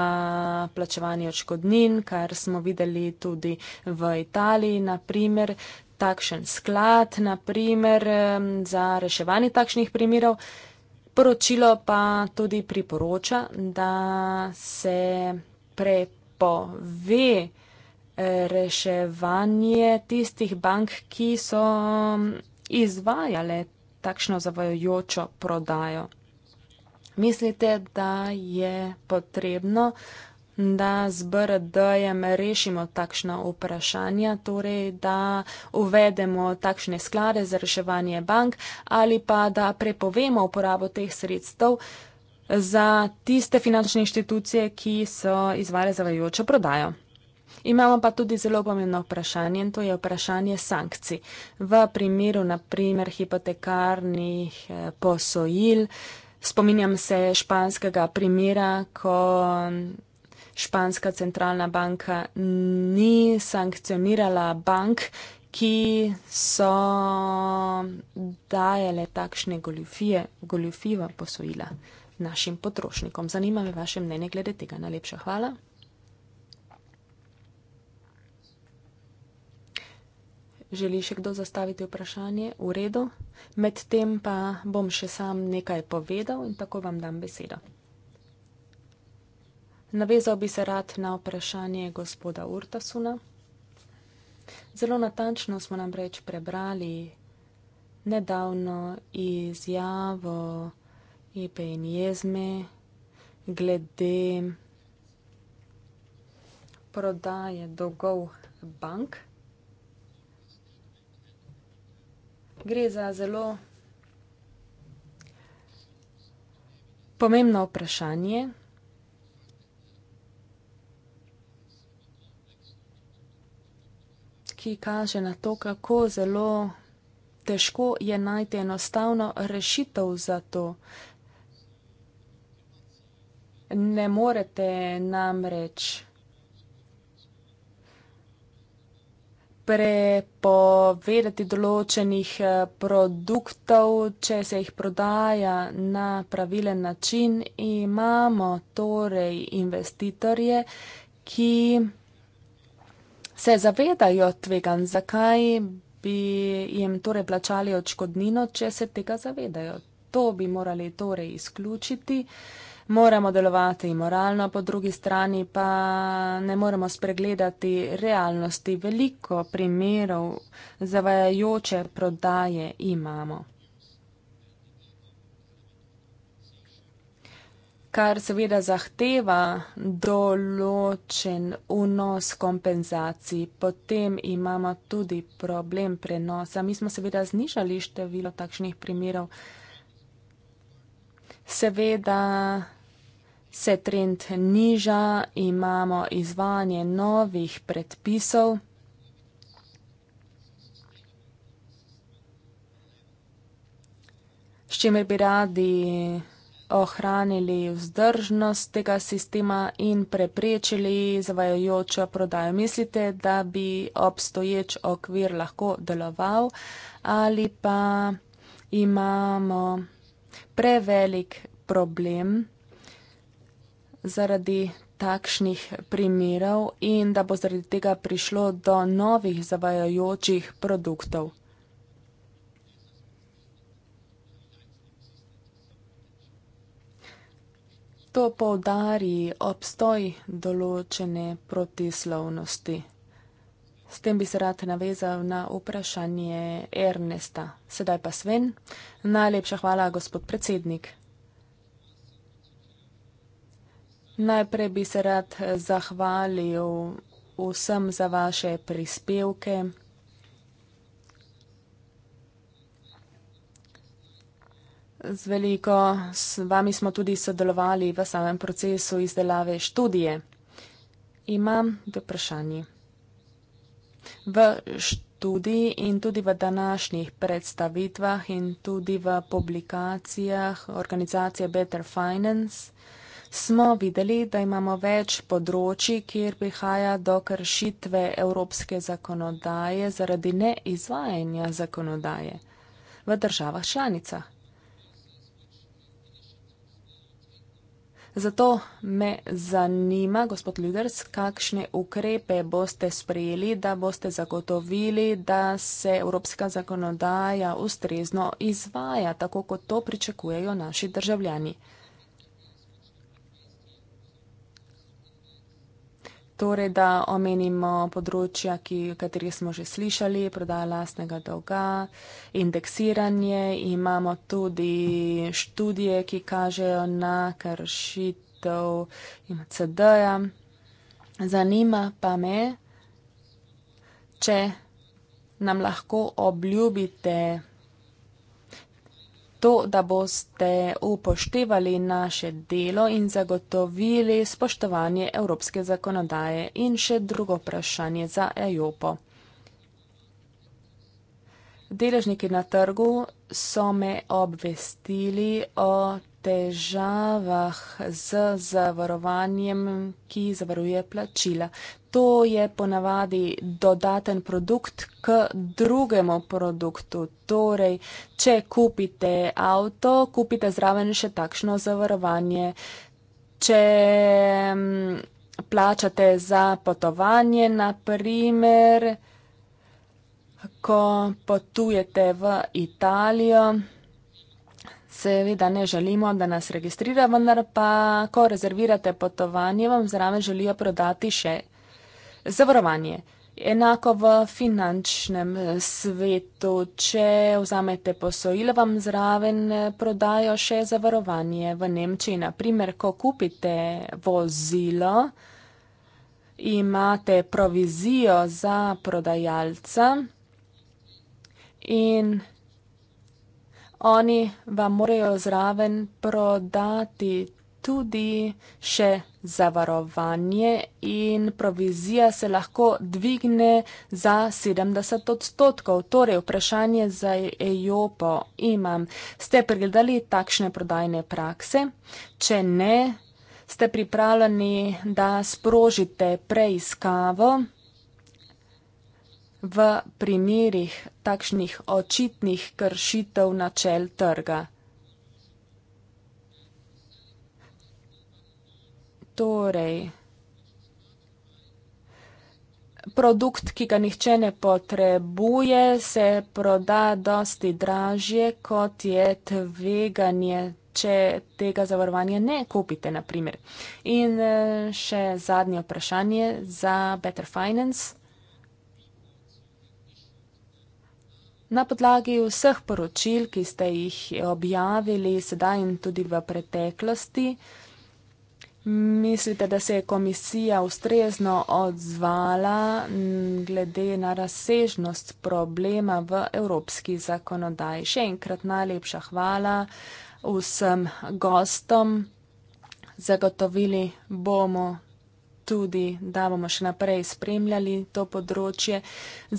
plačevanje očkodnin, kar smo videli tudi v Italiji, naprimer, takšen sklad, naprimer, za reševanje takšnih primerov. Poročilo pa tudi priporoča, da se prepove eh, reševanje tistih bank, ki so mm, izvajale takšno zavajojočo prodajo. Mislite, da je potrebno da z BRD-jem rešimo takšna vprašanja, torej da uvedemo takšne sklade za reševanje bank ali pa da prepovemo uporabo teh sredstev za tiste finančne inštitucije, ki so izvale zavajojočo prodajo. Imamo pa tudi zelo pomembno vprašanje in to je vprašanje sankcij. V primeru naprimer hipotekarnih eh, posojil, spominjam se španskega primera, ko španska centralna banka ni sankcionirala bank, ki so dajale takšne goljufije, goljufiva posojila našim potrošnikom. Zanima me vaše mnenje glede tega. Najlepša hvala. Želi še kdo zastaviti vprašanje? V redu. Medtem pa bom še sam nekaj povedal in tako vam dam besedo. Navezal bi se rad na vprašanje gospoda Urtasuna. Zelo natančno smo namreč prebrali nedavno izjavo Ipe in Jezme glede prodaje dolgov bank. Gre za zelo pomembno vprašanje. ki kaže na to, kako zelo težko je najti enostavno rešitev za to. Ne morete namreč prepovedati določenih eh, produktov, če se jih prodaja na pravilen način. Imamo torej investitorje, ki se zavedajo tvegan, zakaj bi jim torej plačali očkodnino, če se tega zavedajo. To bi morali torej izključiti. Moramo delovati moralno, po drugi strani pa ne moremo spregledati realnosti. Veliko primerov zavajajoče prodaje imamo. kar seveda zahteva določen unos kompenzacij. Potem imamo tudi problem prenosa. Mi smo seveda znižali število takšnih primerov. Seveda se trend niža, imamo izvanje novih predpisov. S čimer bi radi ohranili vzdržnost tega sistema in preprečili zavajajočo prodajo. Mislite, da bi obstoječ okvir lahko deloval ali pa imamo prevelik problem zaradi takšnih primerov in da bo zaradi tega prišlo do novih zavajajočih produktov? to poudari obstoj določene protislovnosti. S tem bi se rad navezal na vprašanje Ernesta. Sedaj pa Sven. Najlepša hvala, gospod predsednik. Najprej bi se rad zahvalil vsem za vaše prispevke. Z veliko s vami smo tudi sodelovali v samem procesu izdelave študije. Imam dve vprašanji. V študiji in tudi v današnjih predstavitvah in tudi v publikacijah organizacije Better Finance smo videli, da imamo več področji, kjer prihaja do kršitve evropske zakonodaje zaradi neizvajanja zakonodaje v državah članicah. Zato me zanima, gospod Ljuders, kakšne ukrepe boste sprejeli, da boste zagotovili, da se evropska zakonodaja ustrezno izvaja, tako kot to pričakujejo naši državljani. Torej, da omenimo področja, ki, kateri smo že slišali, prodaja lastnega dolga, indeksiranje, imamo tudi študije, ki kažejo na kršitev CD-ja. Zanima pa me, če nam lahko obljubite to, da boste upoštevali naše delo in zagotovili spoštovanje evropske zakonodaje. In še drugo vprašanje za EJOPO. Deležniki na trgu so me obvestili o težavah z zavarovanjem, ki zavaruje plačila to je ponavadi dodaten produkt k drugemu produktu. Torej, če kupite avto, kupite zraven še takšno zavarovanje. Če mm, plačate za potovanje, naprimer, ko potujete v Italijo, seveda ne želimo, da nas registrira, vendar pa, ko rezervirate potovanje, vam zraven želijo prodati še Zavarovanje. Enako v finančnem eh, svetu, če vzamete posojilo, vam zraven eh, prodajo še zavarovanje v Nemčiji. Naprimer, ko kupite vozilo, imate provizijo za prodajalca in oni vam morajo zraven prodati tudi še zavarovanje in provizija se lahko dvigne za 70 odstotkov. Torej, vprašanje za EJOPO imam. Ste pregledali takšne prodajne prakse? Če ne, ste pripravljeni, da sprožite preiskavo v primerih takšnih očitnih kršitev načel trga? Torej, produkt, ki ga nihče ne potrebuje, se proda dosti dražje, kot je tveganje, če tega zavarovanja ne kupite, na primer. In eh, še zadnje vprašanje za Better Finance. Na podlagi vseh poročil, ki ste jih objavili sedaj in tudi v preteklosti, Mislite, da se je komisija ustrezno odzvala glede na razsežnost problema v evropski zakonodaji? Še enkrat najlepša hvala vsem gostom. Zagotovili bomo tudi, da bomo še naprej spremljali to področje.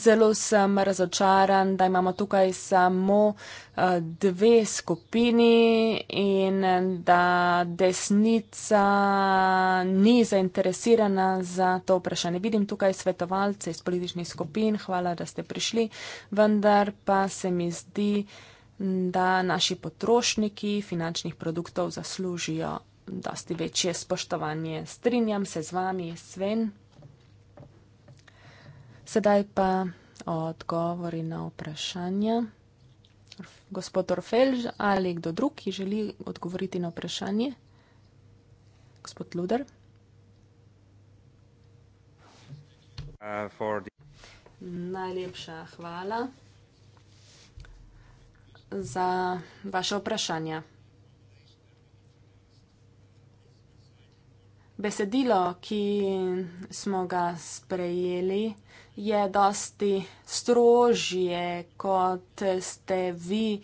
Zelo sem razočaran, da imamo tukaj samo eh, dve skupini in eh, da desnica ni zainteresirana za to vprašanje. Vidim tukaj svetovalce iz političnih skupin, hvala, da ste prišli, vendar pa se mi zdi, da naši potrošniki finančnih produktov zaslužijo dosti večje spoštovanje. Strinjam se z vami, Sven. Sedaj pa odgovori na vprašanja. Gospod Orfelž ali kdo drug, ki želi odgovoriti na vprašanje? Gospod Luder. Uh, the... Najlepša hvala za vaše vprašanje. besedilo, ki smo ga sprejeli, je dosti strožje, kot ste vi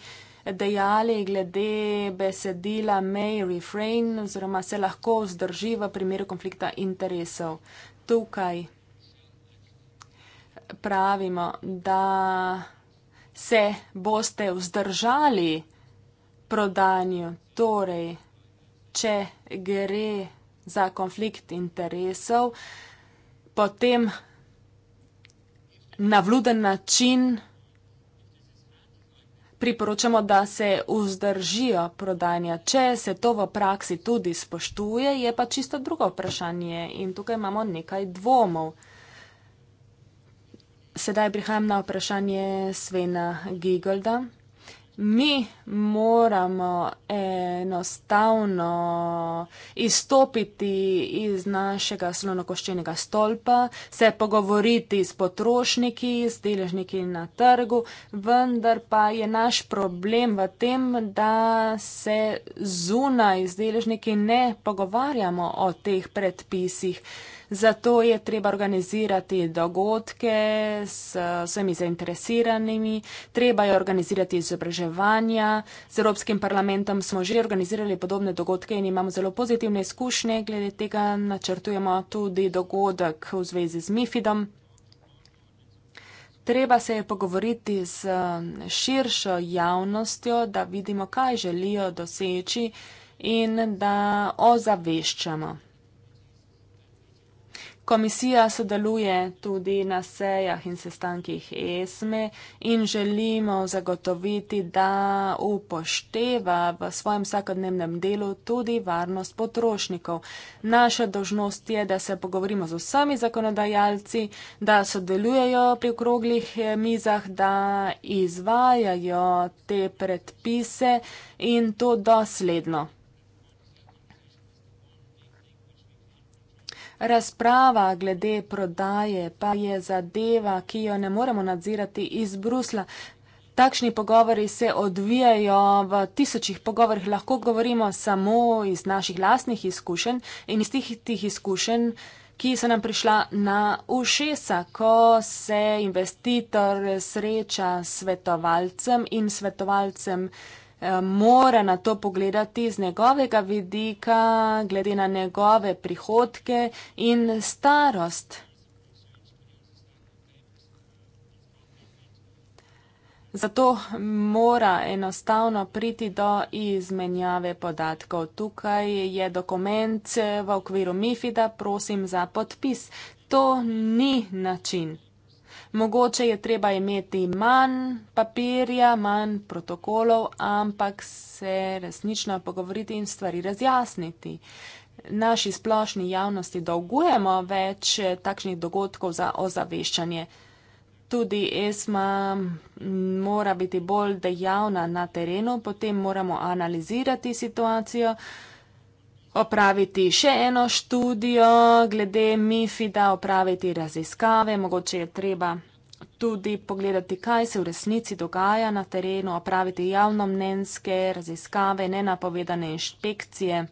dejali glede besedila may refrain oziroma se lahko vzdrži v primeru konflikta interesov. Tukaj pravimo, da se boste vzdržali prodanju, torej, če gre za konflikt interesov, potem na vluden način priporočamo, da se vzdržijo prodanja. Če se to v praksi tudi spoštuje, je pa čisto drugo vprašanje in tukaj imamo nekaj dvomov. Sedaj prihajam na vprašanje Svena Gigolda mi moramo enostavno izstopiti iz našega slonokoščenega stolpa, se pogovoriti s potrošniki, s deležniki na trgu, vendar pa je naš problem v tem, da se zunaj z deležniki ne pogovarjamo o teh predpisih. Zato je treba organizirati dogodke s vsemi zainteresiranimi, treba je organizirati izobraževanja. Z Evropskim parlamentom smo že organizirali podobne dogodke in imamo zelo pozitivne izkušnje. Glede tega načrtujemo tudi dogodek v zvezi z MIFIDom. Treba se je pogovoriti z širšo javnostjo, da vidimo, kaj želijo doseči in da ozaveščamo. Komisija sodeluje tudi na sejah in sestankih ESME in želimo zagotoviti, da upošteva v svojem vsakodnevnem delu tudi varnost potrošnikov. Naša dožnost je, da se pogovorimo z vsemi zakonodajalci, da sodelujejo pri okroglih eh, mizah, da izvajajo te predpise in to dosledno. Razprava glede prodaje pa je zadeva, ki jo ne moremo nadzirati iz Brusla. Takšni pogovori se odvijajo v tisočih pogovorih, lahko govorimo samo iz naših lastnih izkušenj in iz tih, tih izkušenj, ki so nam prišla na ušesa, ko se investitor sreča s svetovalcem in svetovalcem. Eh, mora na to pogledati z njegovega vidika, glede na njegove prihodke in starost. Zato mora enostavno priti do izmenjave podatkov. Tukaj je dokument v okviru MIFID-a, prosim za podpis. To ni način. Mogoče je treba imeti manj papirja, manj protokolov, ampak se resnično pogovoriti in stvari razjasniti. Naši splošni javnosti dolgujemo več eh, takšnih dogodkov za ozaveščanje. Tudi ESMA mora biti bolj dejavna na terenu, potem moramo analizirati situacijo opraviti še eno študijo glede Mifida, opraviti raziskave, mogoče je treba tudi pogledati, kaj se v resnici dogaja na terenu, opraviti javnomnenske raziskave, nenapovedane inšpekcije.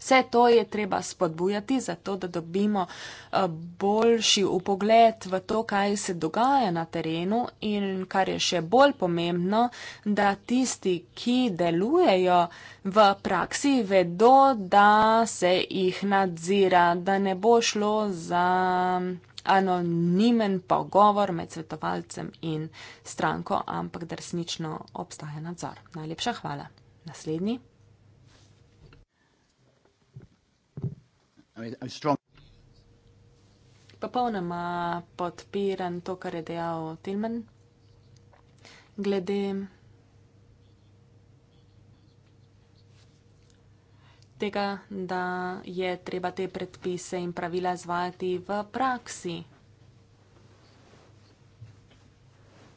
Vse to je treba spodbujati, zato da dobimo eh, boljši upogled v to, kaj se dogaja na terenu in kar je še bolj pomembno, da tisti, ki delujejo v praksi, vedo, da se jih nadzira, da ne bo šlo za anonimen pogovor med svetovalcem in stranko, ampak da resnično obstaja nadzor. Najlepša hvala. Naslednji. Popolnoma podpiram to, kar je dejal Tilman. Glede tega, da je treba te predpise in pravila izvajati v praksi.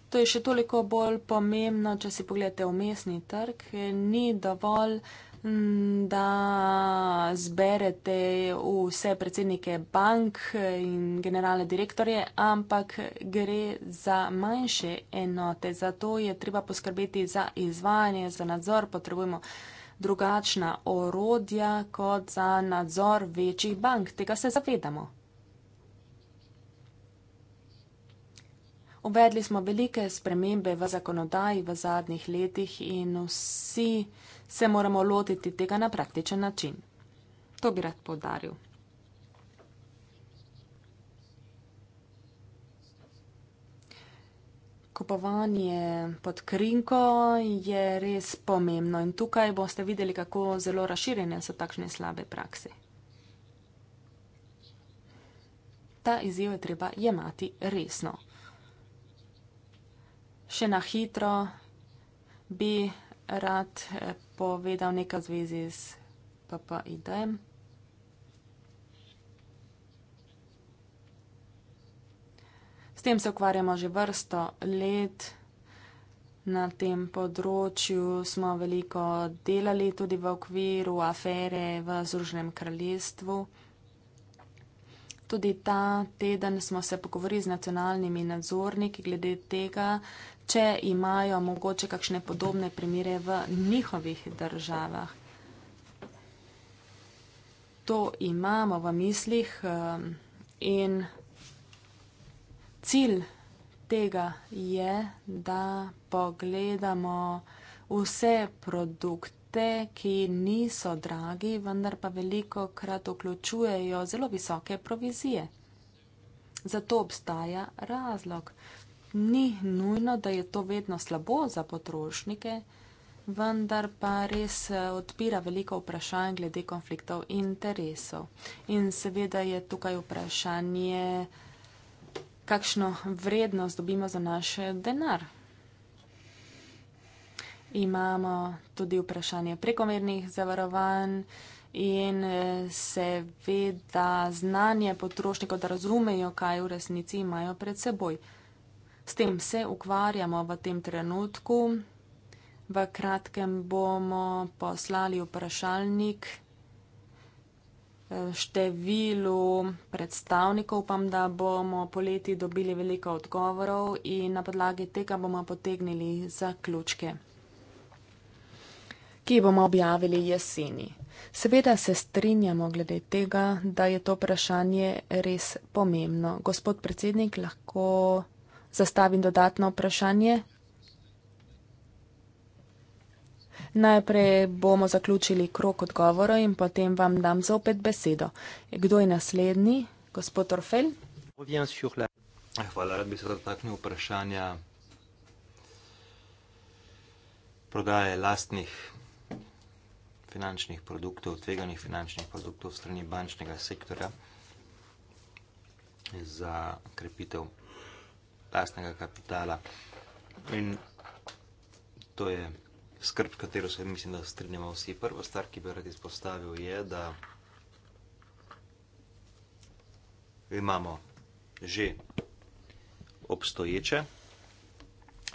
To je še toliko bolj pomembno, če si pogledate omestni trg, ni dovolj da zberete vse predsednike bank in generalne direktorje, ampak gre za manjše enote. Zato je treba poskrbeti za izvajanje, za nadzor. Potrebujemo drugačna orodja kot za nadzor večjih bank. Tega se zavedamo. Uvedli smo velike spremembe v zakonodaji v zadnjih letih in vsi se moramo lotiti tega na praktičen način. To bi rad povdaril. Kupovanje pod krinko je res pomembno in tukaj boste videli, kako zelo razširjene so takšne slabe prakse. Ta izjiv je treba jemati resno še na hitro bi rad eh, povedal nekaj zvezi z PPID. S tem se ukvarjamo že vrsto let. Na tem področju smo veliko delali tudi v okviru afere v Združenem kraljestvu. Tudi ta teden smo se pogovorili z nacionalnimi nadzorniki glede tega, če imajo mogoče kakšne podobne primere v njihovih državah. To imamo v mislih um, in cilj tega je, da pogledamo vse produkte. Te, ki niso dragi, vendar pa veliko krat vključujejo zelo visoke provizije. Zato obstaja razlog ni nujno, da je to vedno slabo za potrošnike, vendar pa res eh, odpira veliko vprašanj glede konfliktov interesov. In seveda je tukaj vprašanje, kakšno vrednost dobimo za naš denar. Imamo tudi vprašanje prekomernih zavarovanj in eh, seveda znanje potrošnikov, da razumejo, kaj v resnici imajo pred seboj. S tem se ukvarjamo v tem trenutku. V kratkem bomo poslali vprašalnik eh, številu predstavnikov. Upam, da bomo poleti dobili veliko odgovorov in na podlagi tega bomo potegnili zaključke, ki bomo objavili jeseni. Seveda se strinjamo glede tega, da je to vprašanje res pomembno. Gospod predsednik, lahko zastavim dodatno vprašanje? Najprej bomo zaključili krok odgovora in potem vam dam zopet besedo. Kdo je naslednji? Gospod Orfel? Hvala, rad bi se dotaknil vprašanja prodaje lastnih finančnih produktov, tveganih finančnih produktov strani bančnega sektora za krepitev lastnega kapitala. In to je skrb, katero se mislim, da strinjamo vsi. Prva stvar, ki bi rad izpostavil, je, da imamo že obstoječe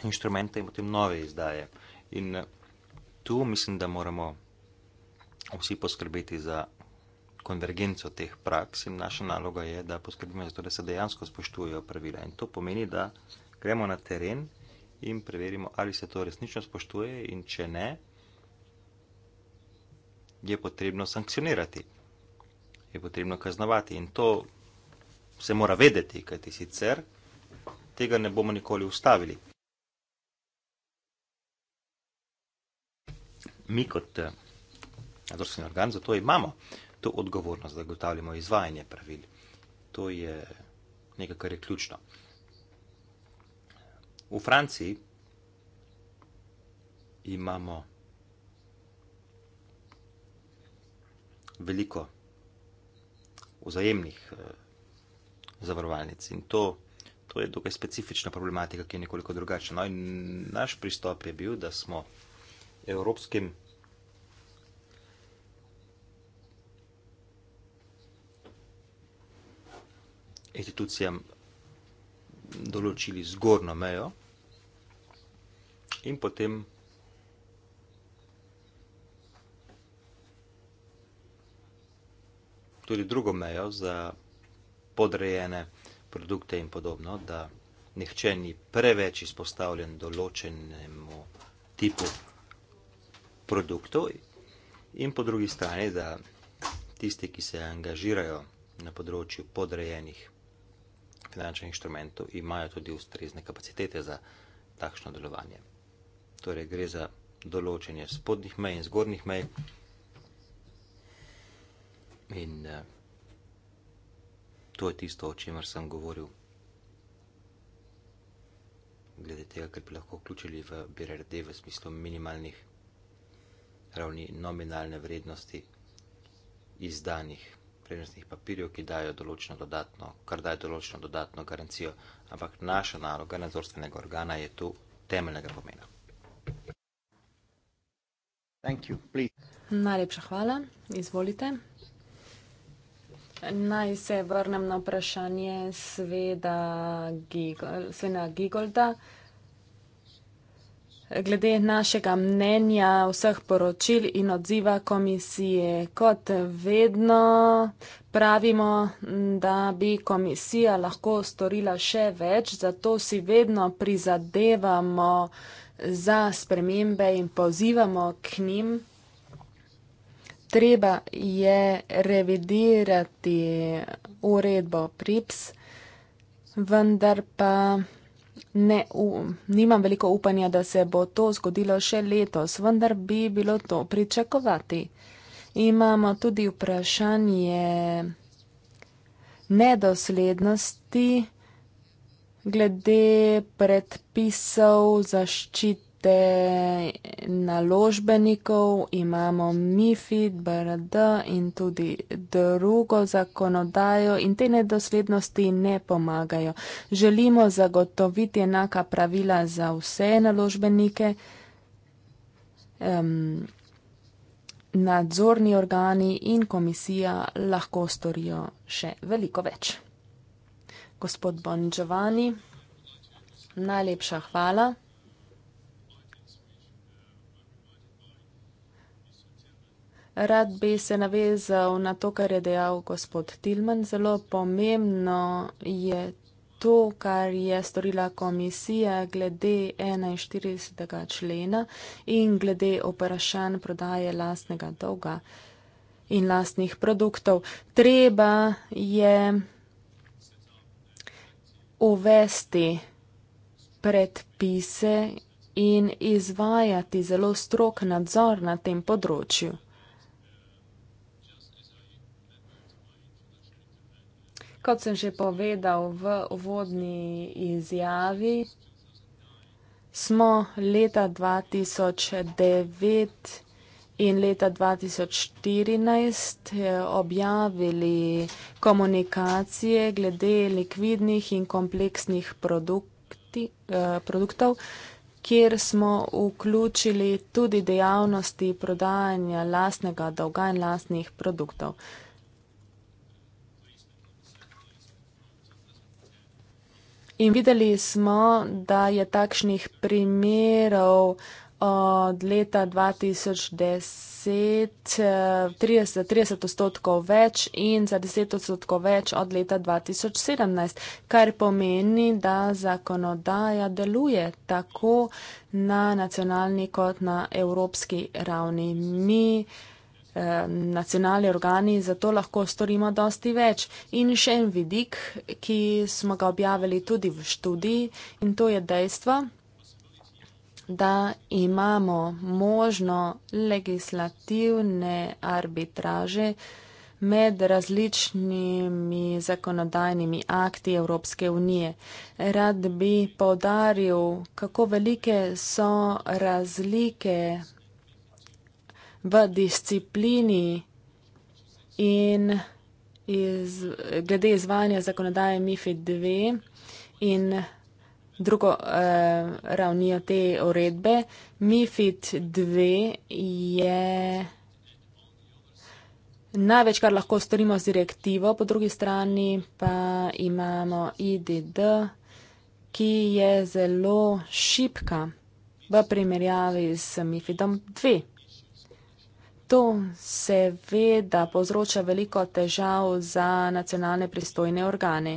inštrumente in potem nove izdaje. In tu mislim, da moramo vsi poskrbeti za konvergenco teh praks in naša naloga je, da poskrbimo za to, da se dejansko spoštujejo pravila. In to pomeni, da gremo na teren in preverimo, ali se to resnično spoštuje in če ne, je potrebno sankcionirati, je potrebno kaznovati in to se mora vedeti, kajti sicer tega ne bomo nikoli ustavili. Mi kot eh, nadzorstveni organ za to imamo. Uh, to odgovornost, da zagotavljamo izvajanje pravil. To je nekaj, kar je ključno. V Franciji imamo veliko vzajemnih eh, zavarovalnic in to, to je dokaj specifična problematika, ki je nekoliko drugačna. No naš pristop je bil, da smo evropskim. institucijam določili zgornjo mejo in potem. Tudi drugo mejo za podrejene produkte, in podobno, da nihče ni preveč izpostavljen določenemu tipu produktov, in po drugi strani, da tisti, ki se angažirajo na področju podrejenih finančnih inštrumentov imajo tudi ustrezne kapacitete za takšno delovanje. Torej gre za določenje spodnjih mej in zgornjih mej. In eh, to je tisto, o čemer sem govoril, glede tega, kar bi lahko vključili v BRD v smislu minimalnih ravni nominalne vrednosti izdanih prednostnih papirjev, ki dajo določeno dodatno, kar daje določeno dodatno garancijo, ampak naša naloga nadzorstvenega organa je tu temeljnega pomena. You, Najlepša hvala, izvolite. Naj se vrnem na vprašanje Sveda Gigolda. Giegold, glede našega mnenja, vseh poročil in odziva komisije. Kot vedno pravimo, da bi komisija lahko storila še več, zato si vedno prizadevamo za spremembe in pozivamo k njim. Treba je revidirati uredbo PRIPS, vendar pa ne, u, nimam veliko upanja, da se bo to zgodilo še letos, vendar bi bilo to pričakovati. Imamo tudi vprašanje nedoslednosti glede predpisov zaščite te naložbenikov imamo MIFID, BRD in tudi drugo zakonodajo in te nedoslednosti ne pomagajo. Želimo zagotoviti enaka pravila za vse naložbenike. Um, nadzorni organi in komisija lahko storijo še veliko več. Gospod Bon Giovanni, najlepša hvala. Rad bi se navezal na to, kar je dejal gospod Tilman. Zelo pomembno je to, kar je storila komisija glede 41. člena in glede vprašanj prodaje lastnega dolga in lastnih produktov. Treba je uvesti predpise in izvajati zelo strok nadzor na tem področju. Kot sem že povedal v uvodni izjavi, smo leta 2009 in leta 2014 eh, objavili komunikacije glede likvidnih in kompleksnih produkti, eh, produktov, kjer smo vključili tudi dejavnosti prodajanja lastnega dolga in lastnih produktov. In videli smo, da je takšnih primerov eh, od leta 2010 30, 30 odstotkov več in za 10 odstotkov več od leta 2017, kar pomeni, da zakonodaja deluje tako na nacionalni kot na evropski ravni. Mi uh, Eh, nacionalni organi zato lahko storimo dosti več. In še en vidik, ki smo ga objavili tudi v študiji, in to je dejstvo, da imamo možno legislativne arbitraže med različnimi zakonodajnimi akti Evropske unije. Rad bi povdaril, kako velike so razlike v disciplini in iz, glede izvanja zakonodaje MIFID 2 in drugo eh, ravnijo te uredbe. MIFID 2 je največ, kar lahko storimo z direktivo, po drugi strani pa imamo IDD, ki je zelo šipka v primerjavi s MIFIDom 2. To seveda povzroča veliko težav za nacionalne pristojne organe.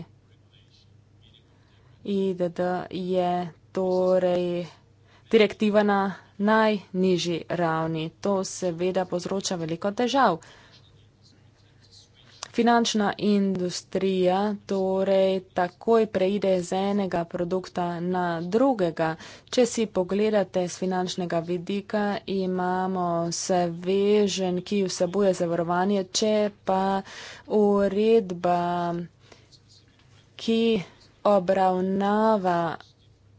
IDD je torej direktiva na najnižji ravni. To seveda povzroča veliko težav. Finančna industrija torej takoj preide z enega produkta na drugega. Če si pogledate z finančnega vidika, imamo svežen, ki vsebuje zavarovanje, če pa uredba, ki obravnava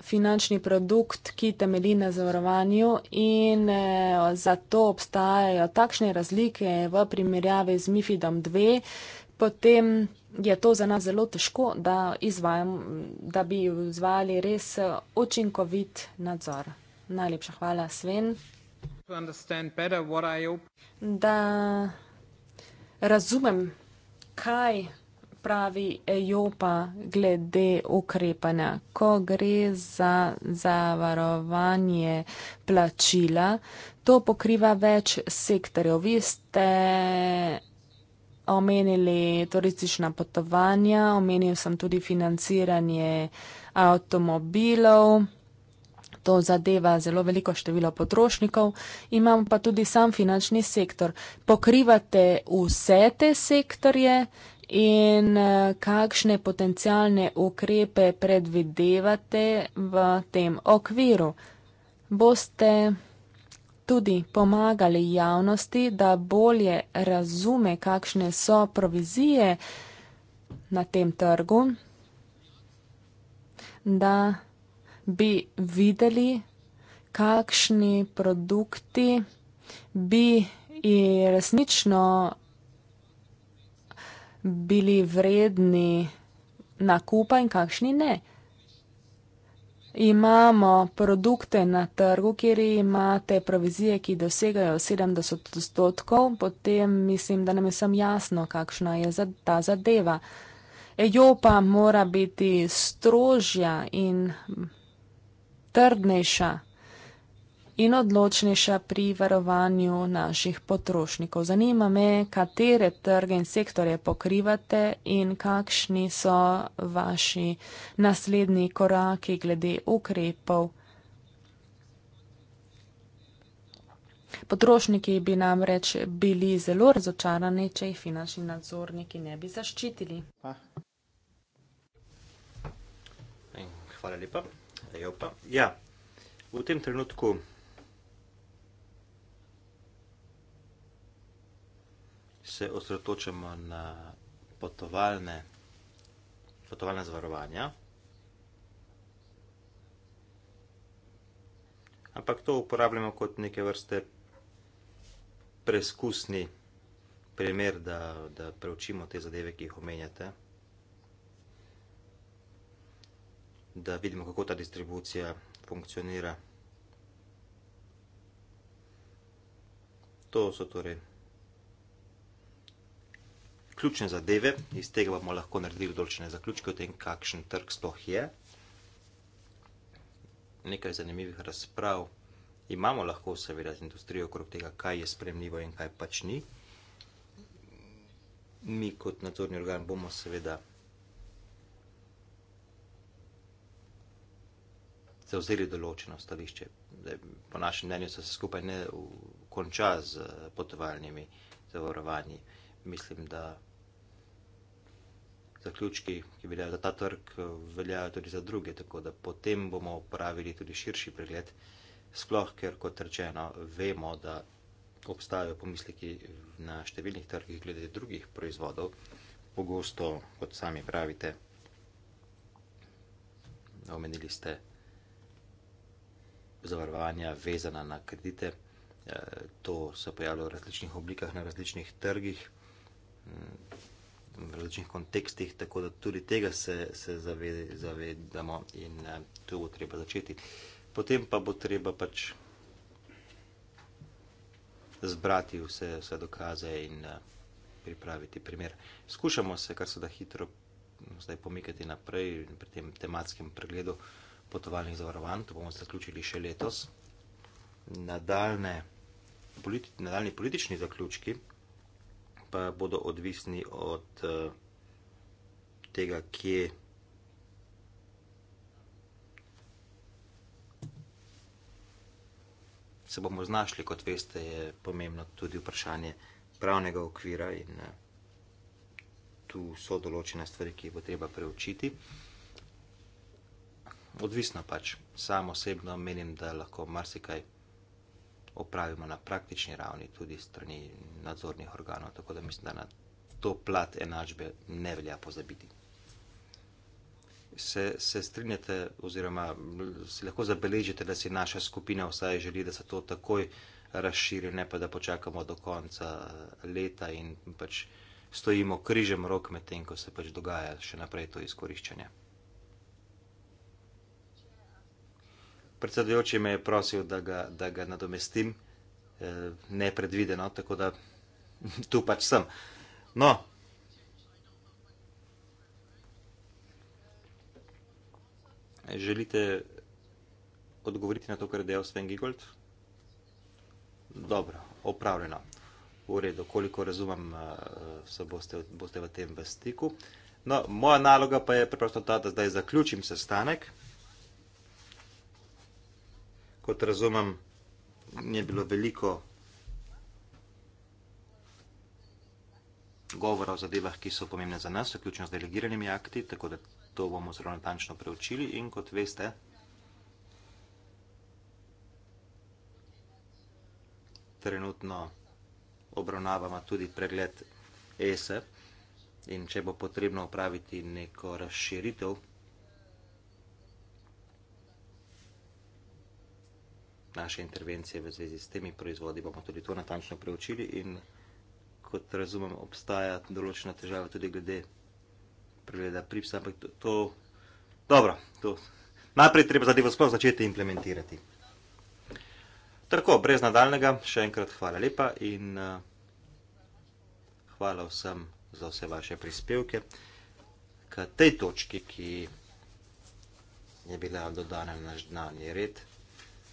finančni produkt, ki temelji na zavarovanju in eh, zato obstajajo takšne razlike v primerjavi z MIFIDom 2, potem je to za nas zelo težko, da, izvajam, da bi izvajali res očinkovit eh, nadzor. Najlepša hvala, Sven. Da razumem, kaj pravi Jopa glede ukrepanja. Ko gre za zavarovanje plačila, to pokriva več sektorjev. Vi ste omenili turistična potovanja, omenil sem tudi financiranje avtomobilov. To zadeva zelo veliko število potrošnikov, imam pa tudi sam finančni sektor. Pokrivate vse te sektorje, in eh, kakšne potencialne ukrepe predvidevate v tem okviru? Boste tudi pomagali javnosti, da bolje razume, kakšne so provizije na tem trgu, da bi videli, kakšni produkti bi resnično bili vredni nakupa in kakšni ne. Imamo produkte na trgu, kjer imate provizije, ki dosegajo 70 odstotkov, potem mislim, da nam je sem jasno, kakšna je ta zadeva. Ejo pa mora biti strožja in trdnejša in odločnejša pri varovanju naših potrošnikov. Zanima me, katere trge in sektorje pokrivate in kakšni so vaši naslednji koraki glede ukrepov. Potrošniki bi namreč bili zelo razočarani, če jih finančni nadzorniki ne bi zaščitili. Hvala lepa. Ja, v tem trenutku se osredotočamo na potovalne, potovalne zavarovanja. Ampak to uporabljamo kot neke vrste preizkusni primer, da, da preučimo te zadeve, ki jih omenjate, da vidimo, kako ta distribucija funkcionira. To so torej ključne zadeve, iz tega bomo lahko naredili določene zaključke o tem, kakšen trg sploh je. Nekaj zanimivih razprav imamo lahko seveda z industrijo okrog tega, kaj je spremljivo in kaj pač ni. Mi kot nadzorni organ bomo seveda se vzeli določeno stališče. Po našem mnenju se skupaj ne konča z eh, potovalnimi zavarovanji. Mislim, da zaključki, ki veljajo za ta trg, veljajo tudi za druge, tako da potem bomo upravili tudi širši pregled, sploh ker, kot rečeno, vemo, da obstajajo pomisleki na številnih trgih glede drugih proizvodov, pogosto, kot sami pravite, omenili ste zavarovanja vezana na kredite, eh, to se pojavlja v različnih oblikah na različnih trgih v različnih kontekstih, tako da tudi tega se, se zavedi, zavedamo in uh, eh, tu bo treba začeti. Potem pa bo treba pač zbrati vse, vse dokaze in uh, pripraviti primer. Skušamo se kar se da hitro zdaj pomikati naprej pri tem tematskem pregledu potovalnih zavarovanj. To bomo zaključili še letos. Nadaljne, politi, nadaljni politični zaključki pa bodo odvisni od eh, tega, kje se bomo znašli. Kot veste, je pomembno tudi vprašanje pravnega okvira in eh, tu so določene stvari, ki jih bo treba preučiti. Odvisno pač, samo osebno menim, da lahko marsikaj preučiti opravimo na praktični ravni, tudi strani nadzornih organov. Tako da mislim, da na to plat enačbe ne velja pozabiti. Se, se strinjate, oziroma si lahko zabeležite, da si naša skupina vsaj želi, da se to takoj razširi, ne pa da počakamo do konca leta in pač stojimo križem rok med tem, ko se pač dogaja še naprej to izkoriščanje. predsedujoči me je prosil, da ga, da ga nadomestim, e, nepredvideno, tako da tu pač sem. No. Želite odgovoriti na to, kar je dejal Sven Gigold? Dobro, opravljeno. V redu, koliko razumem, eh, se boste, boste v tem v stiku. No, moja naloga pa je preprosto ta, da zdaj zaključim sestanek kot razumem, je bilo veliko govora o zadevah, ki so pomembne za nas, vključno z delegiranimi akti, tako da to bomo zelo natančno preučili in kot veste, trenutno obravnavamo tudi pregled ESE e in če bo potrebno upraviti neko razširitev, naše intervencije v zvezi s temi proizvodi, bomo tudi to natančno preučili in kot razumem, obstaja določena težava tudi glede pregleda pripsa, ampak to, to dobro, to najprej treba zadevo sploh začeti implementirati. Tako, brez nadaljnega, še enkrat hvala lepa in uh, hvala vsem za vse vaše prispevke k tej točki, ki je bila dodana na naš dnanji red.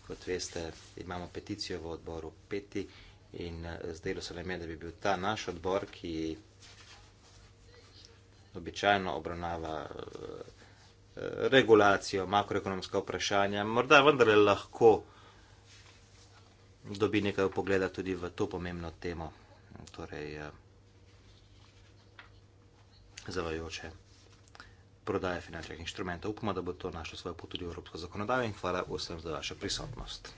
Kot veste, imamo peticijo v odboru peti in eh, zdelo se nam je, da bi bil ta naš odbor, ki običajno obravnava eh, regulacijo, makroekonomska vprašanja, morda vendar lahko dobi nekaj upogleda tudi v to pomembno temo, torej eh, zavajoče prodaje finančnih inštrumentov. Upamo, da bo to našlo svojo pot tudi v evropsko zakonodajo in hvala vsem za vašo prisotnost.